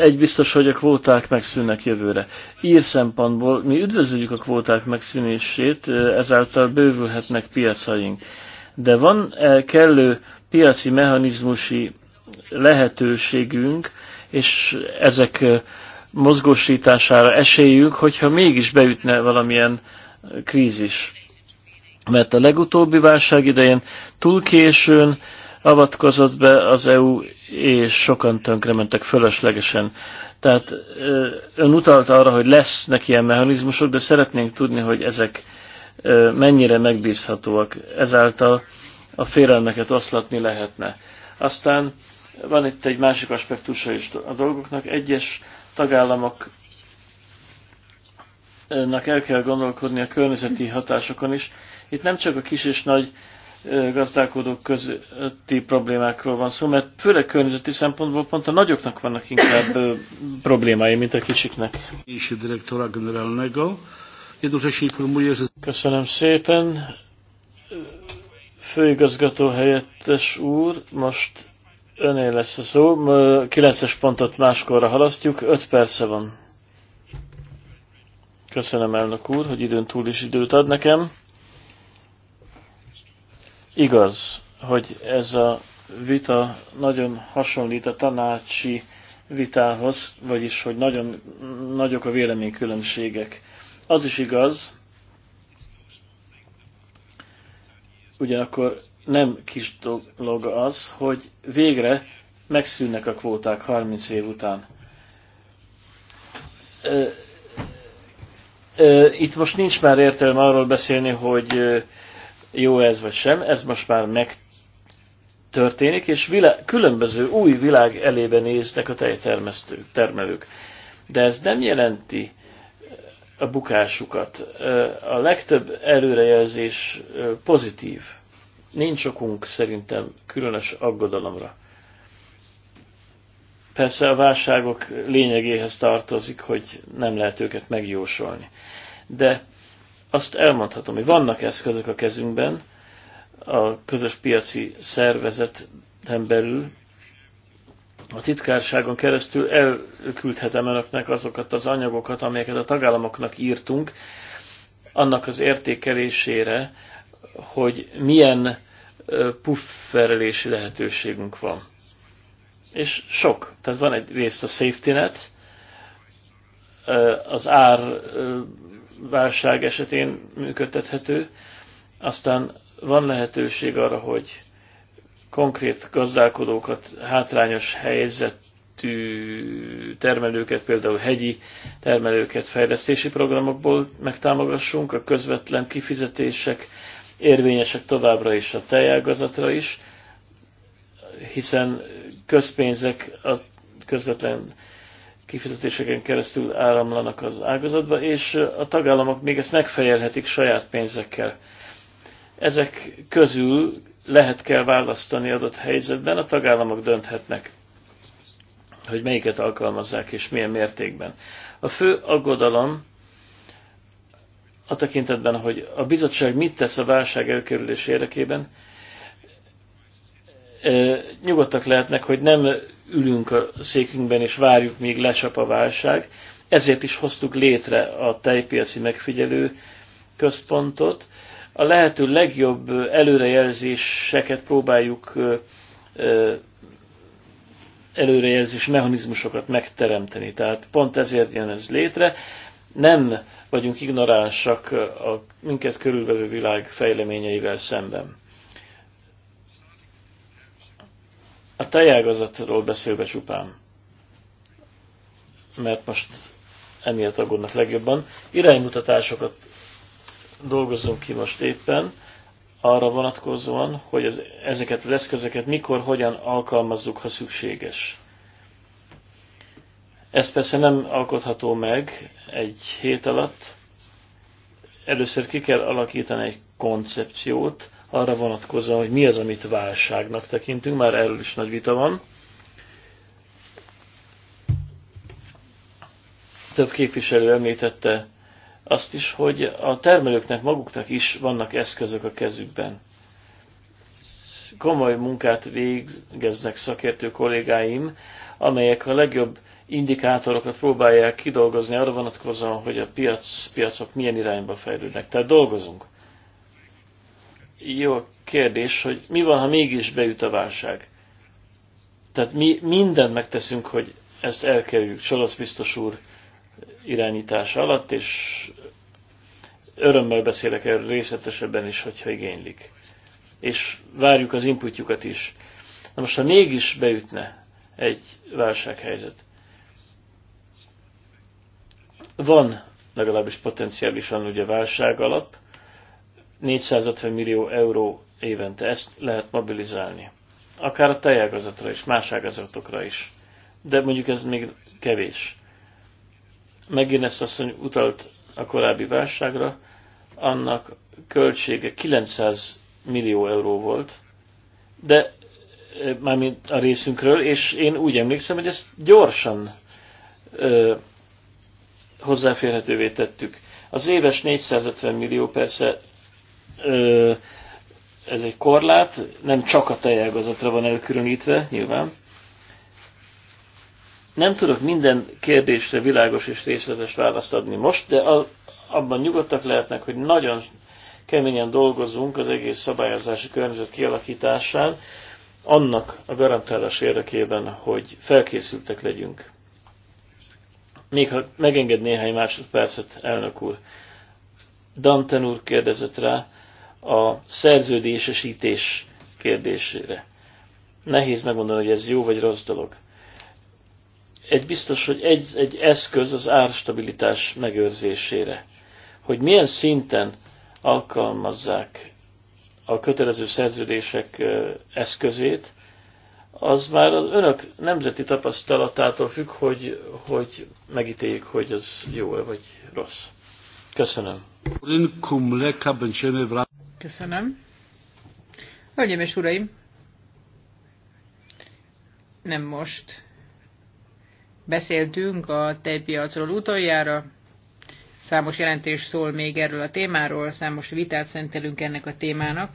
Speaker 1: egy biztos, hogy a kvóták megszűnnek jövőre. Ír szempontból mi üdvözöljük a kvóták megszűnését, ezáltal bővülhetnek piacaink. De van -e kellő piaci mechanizmusi lehetőségünk, és ezek mozgósítására esélyünk, hogyha mégis beütne valamilyen krízis. Mert a legutóbbi válság idején túl későn avatkozott be az EU, és sokan tönkrementek fölöslegesen. Tehát ön utalta arra, hogy lesznek ilyen mechanizmusok, de szeretnénk tudni, hogy ezek mennyire megbízhatóak. Ezáltal a félelmeket oszlatni lehetne. Aztán van itt egy másik aspektusa is a dolgoknak. Egyes tagállamoknak el kell gondolkodni a környezeti hatásokon is. Itt nem csak a kis és nagy gazdálkodók közötti problémákról van szó, mert főleg környezeti szempontból pont a nagyoknak vannak inkább problémái, mint a kicsiknek. Köszönöm szépen. Főigazgató helyettes úr, most öné lesz a szó. 9-es pontot máskorra halasztjuk, 5 perce van. Köszönöm elnök úr, hogy időn túl is időt ad nekem. Igaz, hogy ez a vita nagyon hasonlít a tanácsi vitához, vagyis hogy nagyon nagyok a véleménykülönbségek. Az is igaz, ugyanakkor nem kis dolog az, hogy végre megszűnnek a kvóták 30 év után. Itt most nincs már értelme arról beszélni, hogy jó ez vagy sem, ez most már megtörténik, és vilá- különböző új világ elébe néznek a tejtermesztők, termelők. De ez nem jelenti eh, a bukásukat. Eh, a legtöbb előrejelzés eh, pozitív. Nincs okunk szerintem különös aggodalomra. Persze a válságok lényegéhez tartozik, hogy nem lehet őket megjósolni. De azt elmondhatom, hogy vannak eszközök a kezünkben, a közös piaci szervezeten belül, a titkárságon keresztül elküldhetem önöknek azokat az anyagokat, amelyeket a tagállamoknak írtunk, annak az értékelésére, hogy milyen pufferelési lehetőségünk van. És sok. Tehát van egy rész a safety net, az ár válság esetén működtethető. Aztán van lehetőség arra, hogy konkrét gazdálkodókat, hátrányos helyzetű termelőket, például hegyi termelőket fejlesztési programokból megtámogassunk, a közvetlen kifizetések érvényesek továbbra is a tejágazatra is, hiszen közpénzek a közvetlen kifizetéseken keresztül áramlanak az ágazatba, és a tagállamok még ezt megfejelhetik saját pénzekkel. Ezek közül lehet kell választani adott helyzetben, a tagállamok dönthetnek, hogy melyiket alkalmazzák és milyen mértékben. A fő aggodalom a tekintetben, hogy a bizottság mit tesz a válság elkerülés érdekében, nyugodtak lehetnek, hogy nem ülünk a székünkben és várjuk, még lecsap a válság. Ezért is hoztuk létre a tejpiaci megfigyelő központot. A lehető legjobb előrejelzéseket próbáljuk előrejelzés mechanizmusokat megteremteni. Tehát pont ezért jön ez létre. Nem vagyunk ignoránsak a minket körülvevő világ fejleményeivel szemben. a tejágazatról beszélve csupán, mert most emiatt aggódnak legjobban. Iránymutatásokat dolgozunk ki most éppen, arra vonatkozóan, hogy az, ezeket az eszközöket mikor, hogyan alkalmazzuk, ha szükséges. Ez persze nem alkotható meg egy hét alatt. Először ki kell alakítani egy koncepciót, arra vonatkozóan, hogy mi az, amit válságnak tekintünk, már erről is nagy vita van. Több képviselő említette azt is, hogy a termelőknek maguknak is vannak eszközök a kezükben. Komoly munkát végeznek szakértő kollégáim, amelyek a legjobb indikátorokat próbálják kidolgozni arra vonatkozóan, hogy a piac, piacok milyen irányba fejlődnek. Tehát dolgozunk jó a kérdés, hogy mi van, ha mégis beüt a válság. Tehát mi mindent megteszünk, hogy ezt elkerüljük Csalasz biztos úr irányítása alatt, és örömmel beszélek erről részletesebben is, hogyha igénylik. És várjuk az inputjukat is. Na most, ha mégis beütne egy válsághelyzet, van legalábbis potenciálisan ugye válság alap, 450 millió euró évente. Ezt lehet mobilizálni. Akár a tejágazatra is, más ágazatokra is. De mondjuk ez még kevés. Megint ezt asszony utalt a korábbi válságra, annak költsége 900 millió euró volt, de mármint a részünkről, és én úgy emlékszem, hogy ezt gyorsan ö, hozzáférhetővé tettük. Az éves 450 millió persze ez egy korlát, nem csak a tejágazatra van elkülönítve, nyilván. Nem tudok minden kérdésre világos és részletes választ adni most, de a, abban nyugodtak lehetnek, hogy nagyon keményen dolgozunk az egész szabályozási környezet kialakításán, annak a garantálás érdekében, hogy felkészültek legyünk. Még ha megenged néhány másodpercet, elnök úr. Danten úr kérdezett rá, a szerződésesítés kérdésére. Nehéz megmondani, hogy ez jó vagy rossz dolog. Egy biztos, hogy egy, egy eszköz az árstabilitás megőrzésére. Hogy milyen szinten alkalmazzák a kötelező szerződések eszközét, az már az önök nemzeti tapasztalatától függ, hogy, hogy megítéljük, hogy az jó -e vagy rossz. Köszönöm.
Speaker 2: Köszönöm.
Speaker 4: Hölgyeim és uraim, nem most beszéltünk a tejpiacról utoljára. Számos jelentés szól még erről a témáról, számos vitát szentelünk ennek a témának.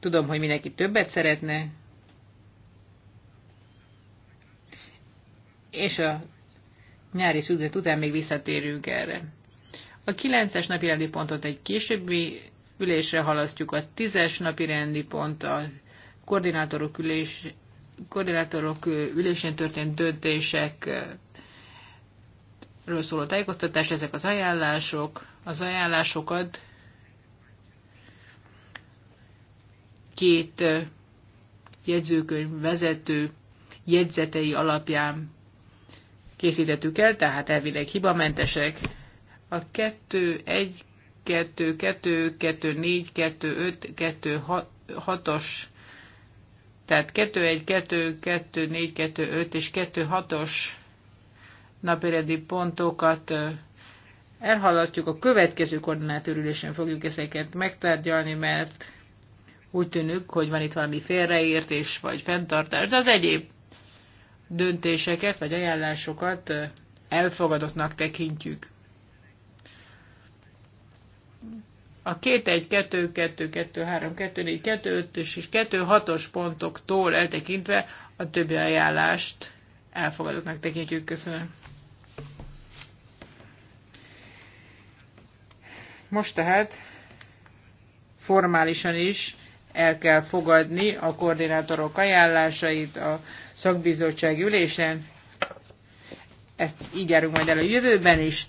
Speaker 4: Tudom, hogy mindenki többet szeretne, és a nyári szünet után még visszatérünk erre. A 9-es napi rendi pontot egy későbbi ülésre halasztjuk, a 10-es napi rendi pont a koordinátorok, ülés, koordinátorok ülésén történt döntések ről szóló tájékoztatás, ezek az ajánlások, az ajánlásokat két jegyzőkönyv vezető jegyzetei alapján készítettük el, tehát elvileg hibamentesek a 2-1, 2, 2, 2, 4, 2, 5, 2, 6-os, 6 tehát 2, 1, 2, 2, 4, 2, 5 és 2, 6-os napéredi pontokat elhalasztjuk. A következő koordinátorülésen fogjuk ezeket megtárgyalni, mert úgy tűnik, hogy van itt valami félreértés vagy fenntartás, de az egyéb döntéseket vagy ajánlásokat elfogadottnak tekintjük. a 2 1 2 2 2 3 2 4 2 5 és 2-6-os pontoktól eltekintve a többi ajánlást elfogadottnak tekintjük. Köszönöm. Most tehát formálisan is el kell fogadni a koordinátorok ajánlásait a szakbizottság ülésen. Ezt így járunk majd el a jövőben is.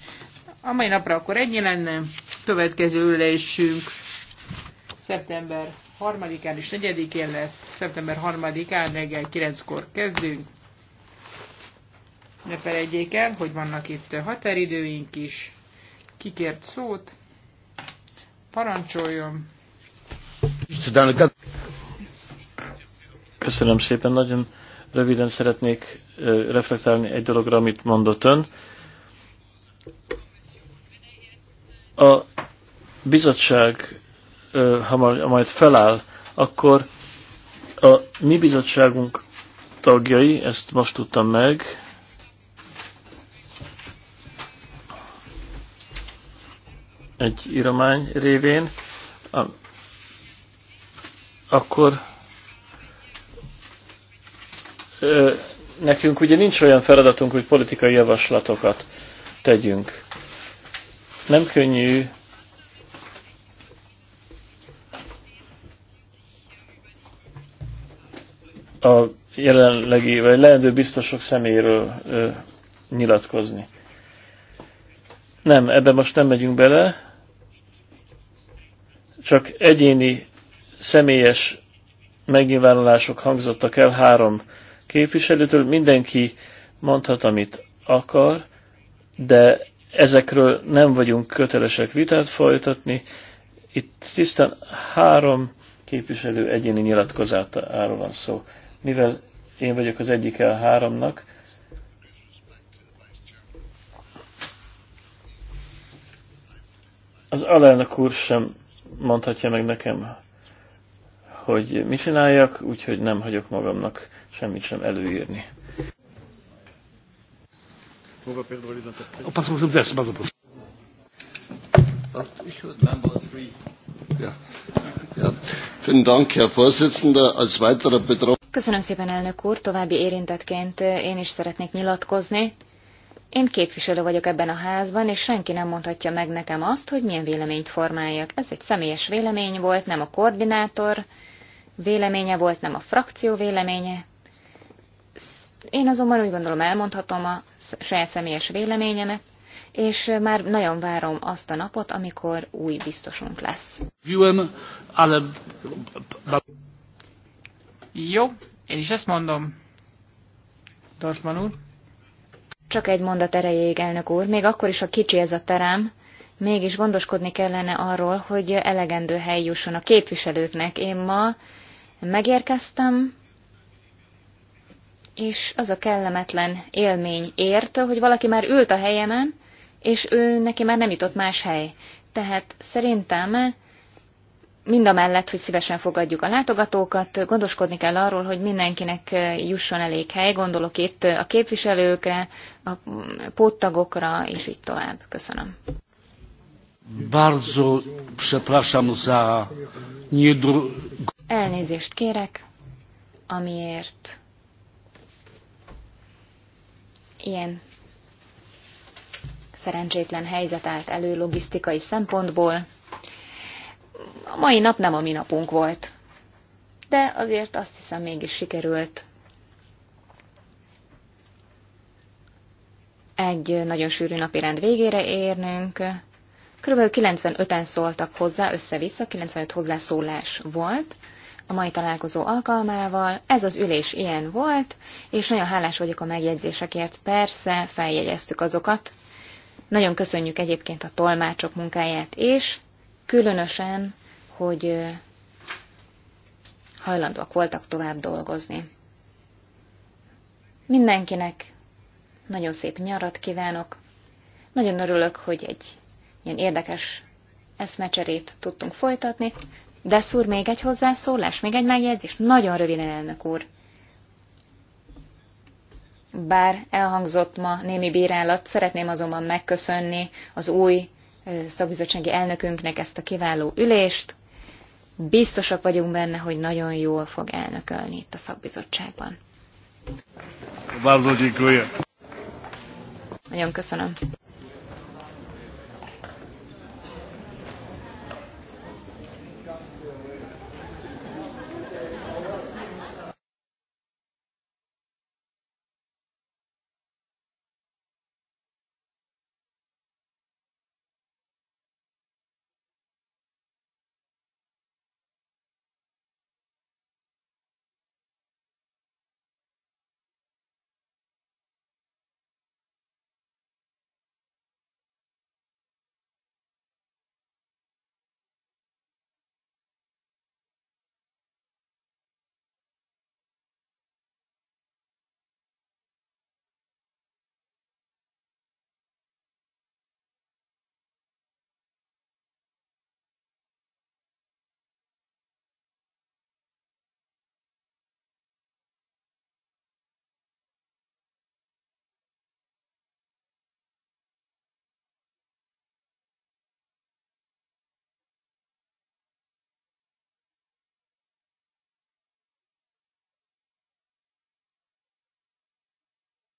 Speaker 4: A mai napra akkor ennyi lenne következő ülésünk szeptember 3-án és 4-én lesz. Szeptember 3-án reggel 9-kor kezdünk. Ne felejtjék el, hogy vannak itt határidőink is. Kikért szót? Parancsoljon!
Speaker 1: Köszönöm szépen, nagyon röviden szeretnék reflektálni egy dologra, amit mondott ön. A bizottság, ha majd feláll, akkor a mi bizottságunk tagjai, ezt most tudtam meg, egy íromány révén, akkor nekünk ugye nincs olyan feladatunk, hogy politikai javaslatokat tegyünk. Nem könnyű a jelenlegi vagy leendő biztosok szeméről ö, nyilatkozni. Nem, ebbe most nem megyünk bele, csak egyéni személyes megnyilvánulások hangzottak el három képviselőtől. Mindenki mondhat, amit akar, de ezekről nem vagyunk kötelesek vitát folytatni. Itt tisztán három képviselő egyéni nyilatkozatáról van szó mivel én vagyok az egyik el háromnak, az alelnök úr sem mondhatja meg nekem, hogy mit csináljak, úgyhogy nem hagyok magamnak semmit sem előírni. Opa,
Speaker 3: Köszönöm szépen, elnök úr. További érintettként eh, én is szeretnék nyilatkozni. Én képviselő vagyok ebben a házban, és senki nem mondhatja meg nekem azt, hogy milyen véleményt formáljak. Ez egy személyes vélemény volt, nem a koordinátor véleménye volt, nem a frakció véleménye. Én azonban úgy gondolom elmondhatom a saját személyes véleményemet, és már nagyon várom azt a napot, amikor új biztosunk lesz.
Speaker 4: Jó, én is ezt mondom. Dortmund úr.
Speaker 3: Csak egy mondat erejéig, elnök úr. Még akkor is, a kicsi ez a terem, mégis gondoskodni kellene arról, hogy elegendő hely jusson a képviselőknek. Én ma megérkeztem, és az a kellemetlen élmény ért, hogy valaki már ült a helyemen, és ő neki már nem jutott más hely. Tehát szerintem mind a mellett, hogy szívesen fogadjuk a látogatókat, gondoskodni kell arról, hogy mindenkinek jusson elég hely, gondolok itt a képviselőkre, a póttagokra, és így tovább. Köszönöm.
Speaker 2: Bardzo przepraszam za
Speaker 3: Elnézést kérek, amiért ilyen szerencsétlen helyzet állt elő logisztikai szempontból. A mai nap nem a mi napunk volt, de azért azt hiszem mégis sikerült egy nagyon sűrű napi rend végére érnünk. Körülbelül 95-en szóltak hozzá, össze-vissza, 95 hozzászólás volt a mai találkozó alkalmával. Ez az ülés ilyen volt, és nagyon hálás vagyok a megjegyzésekért. Persze, feljegyeztük azokat, nagyon köszönjük egyébként a tolmácsok munkáját, és különösen, hogy hajlandóak voltak tovább dolgozni. Mindenkinek nagyon szép nyarat kívánok. Nagyon örülök, hogy egy ilyen érdekes eszmecserét tudtunk folytatni. De szúr még egy hozzászólás, még egy megjegyzés. Nagyon röviden, elnök úr. Bár elhangzott ma némi bírálat, szeretném azonban megköszönni az új szakbizottsági elnökünknek ezt a kiváló ülést. Biztosak vagyunk benne, hogy nagyon jól fog elnökölni itt a szakbizottságban.
Speaker 2: Bardzo dziękuję.
Speaker 3: Nagyon köszönöm.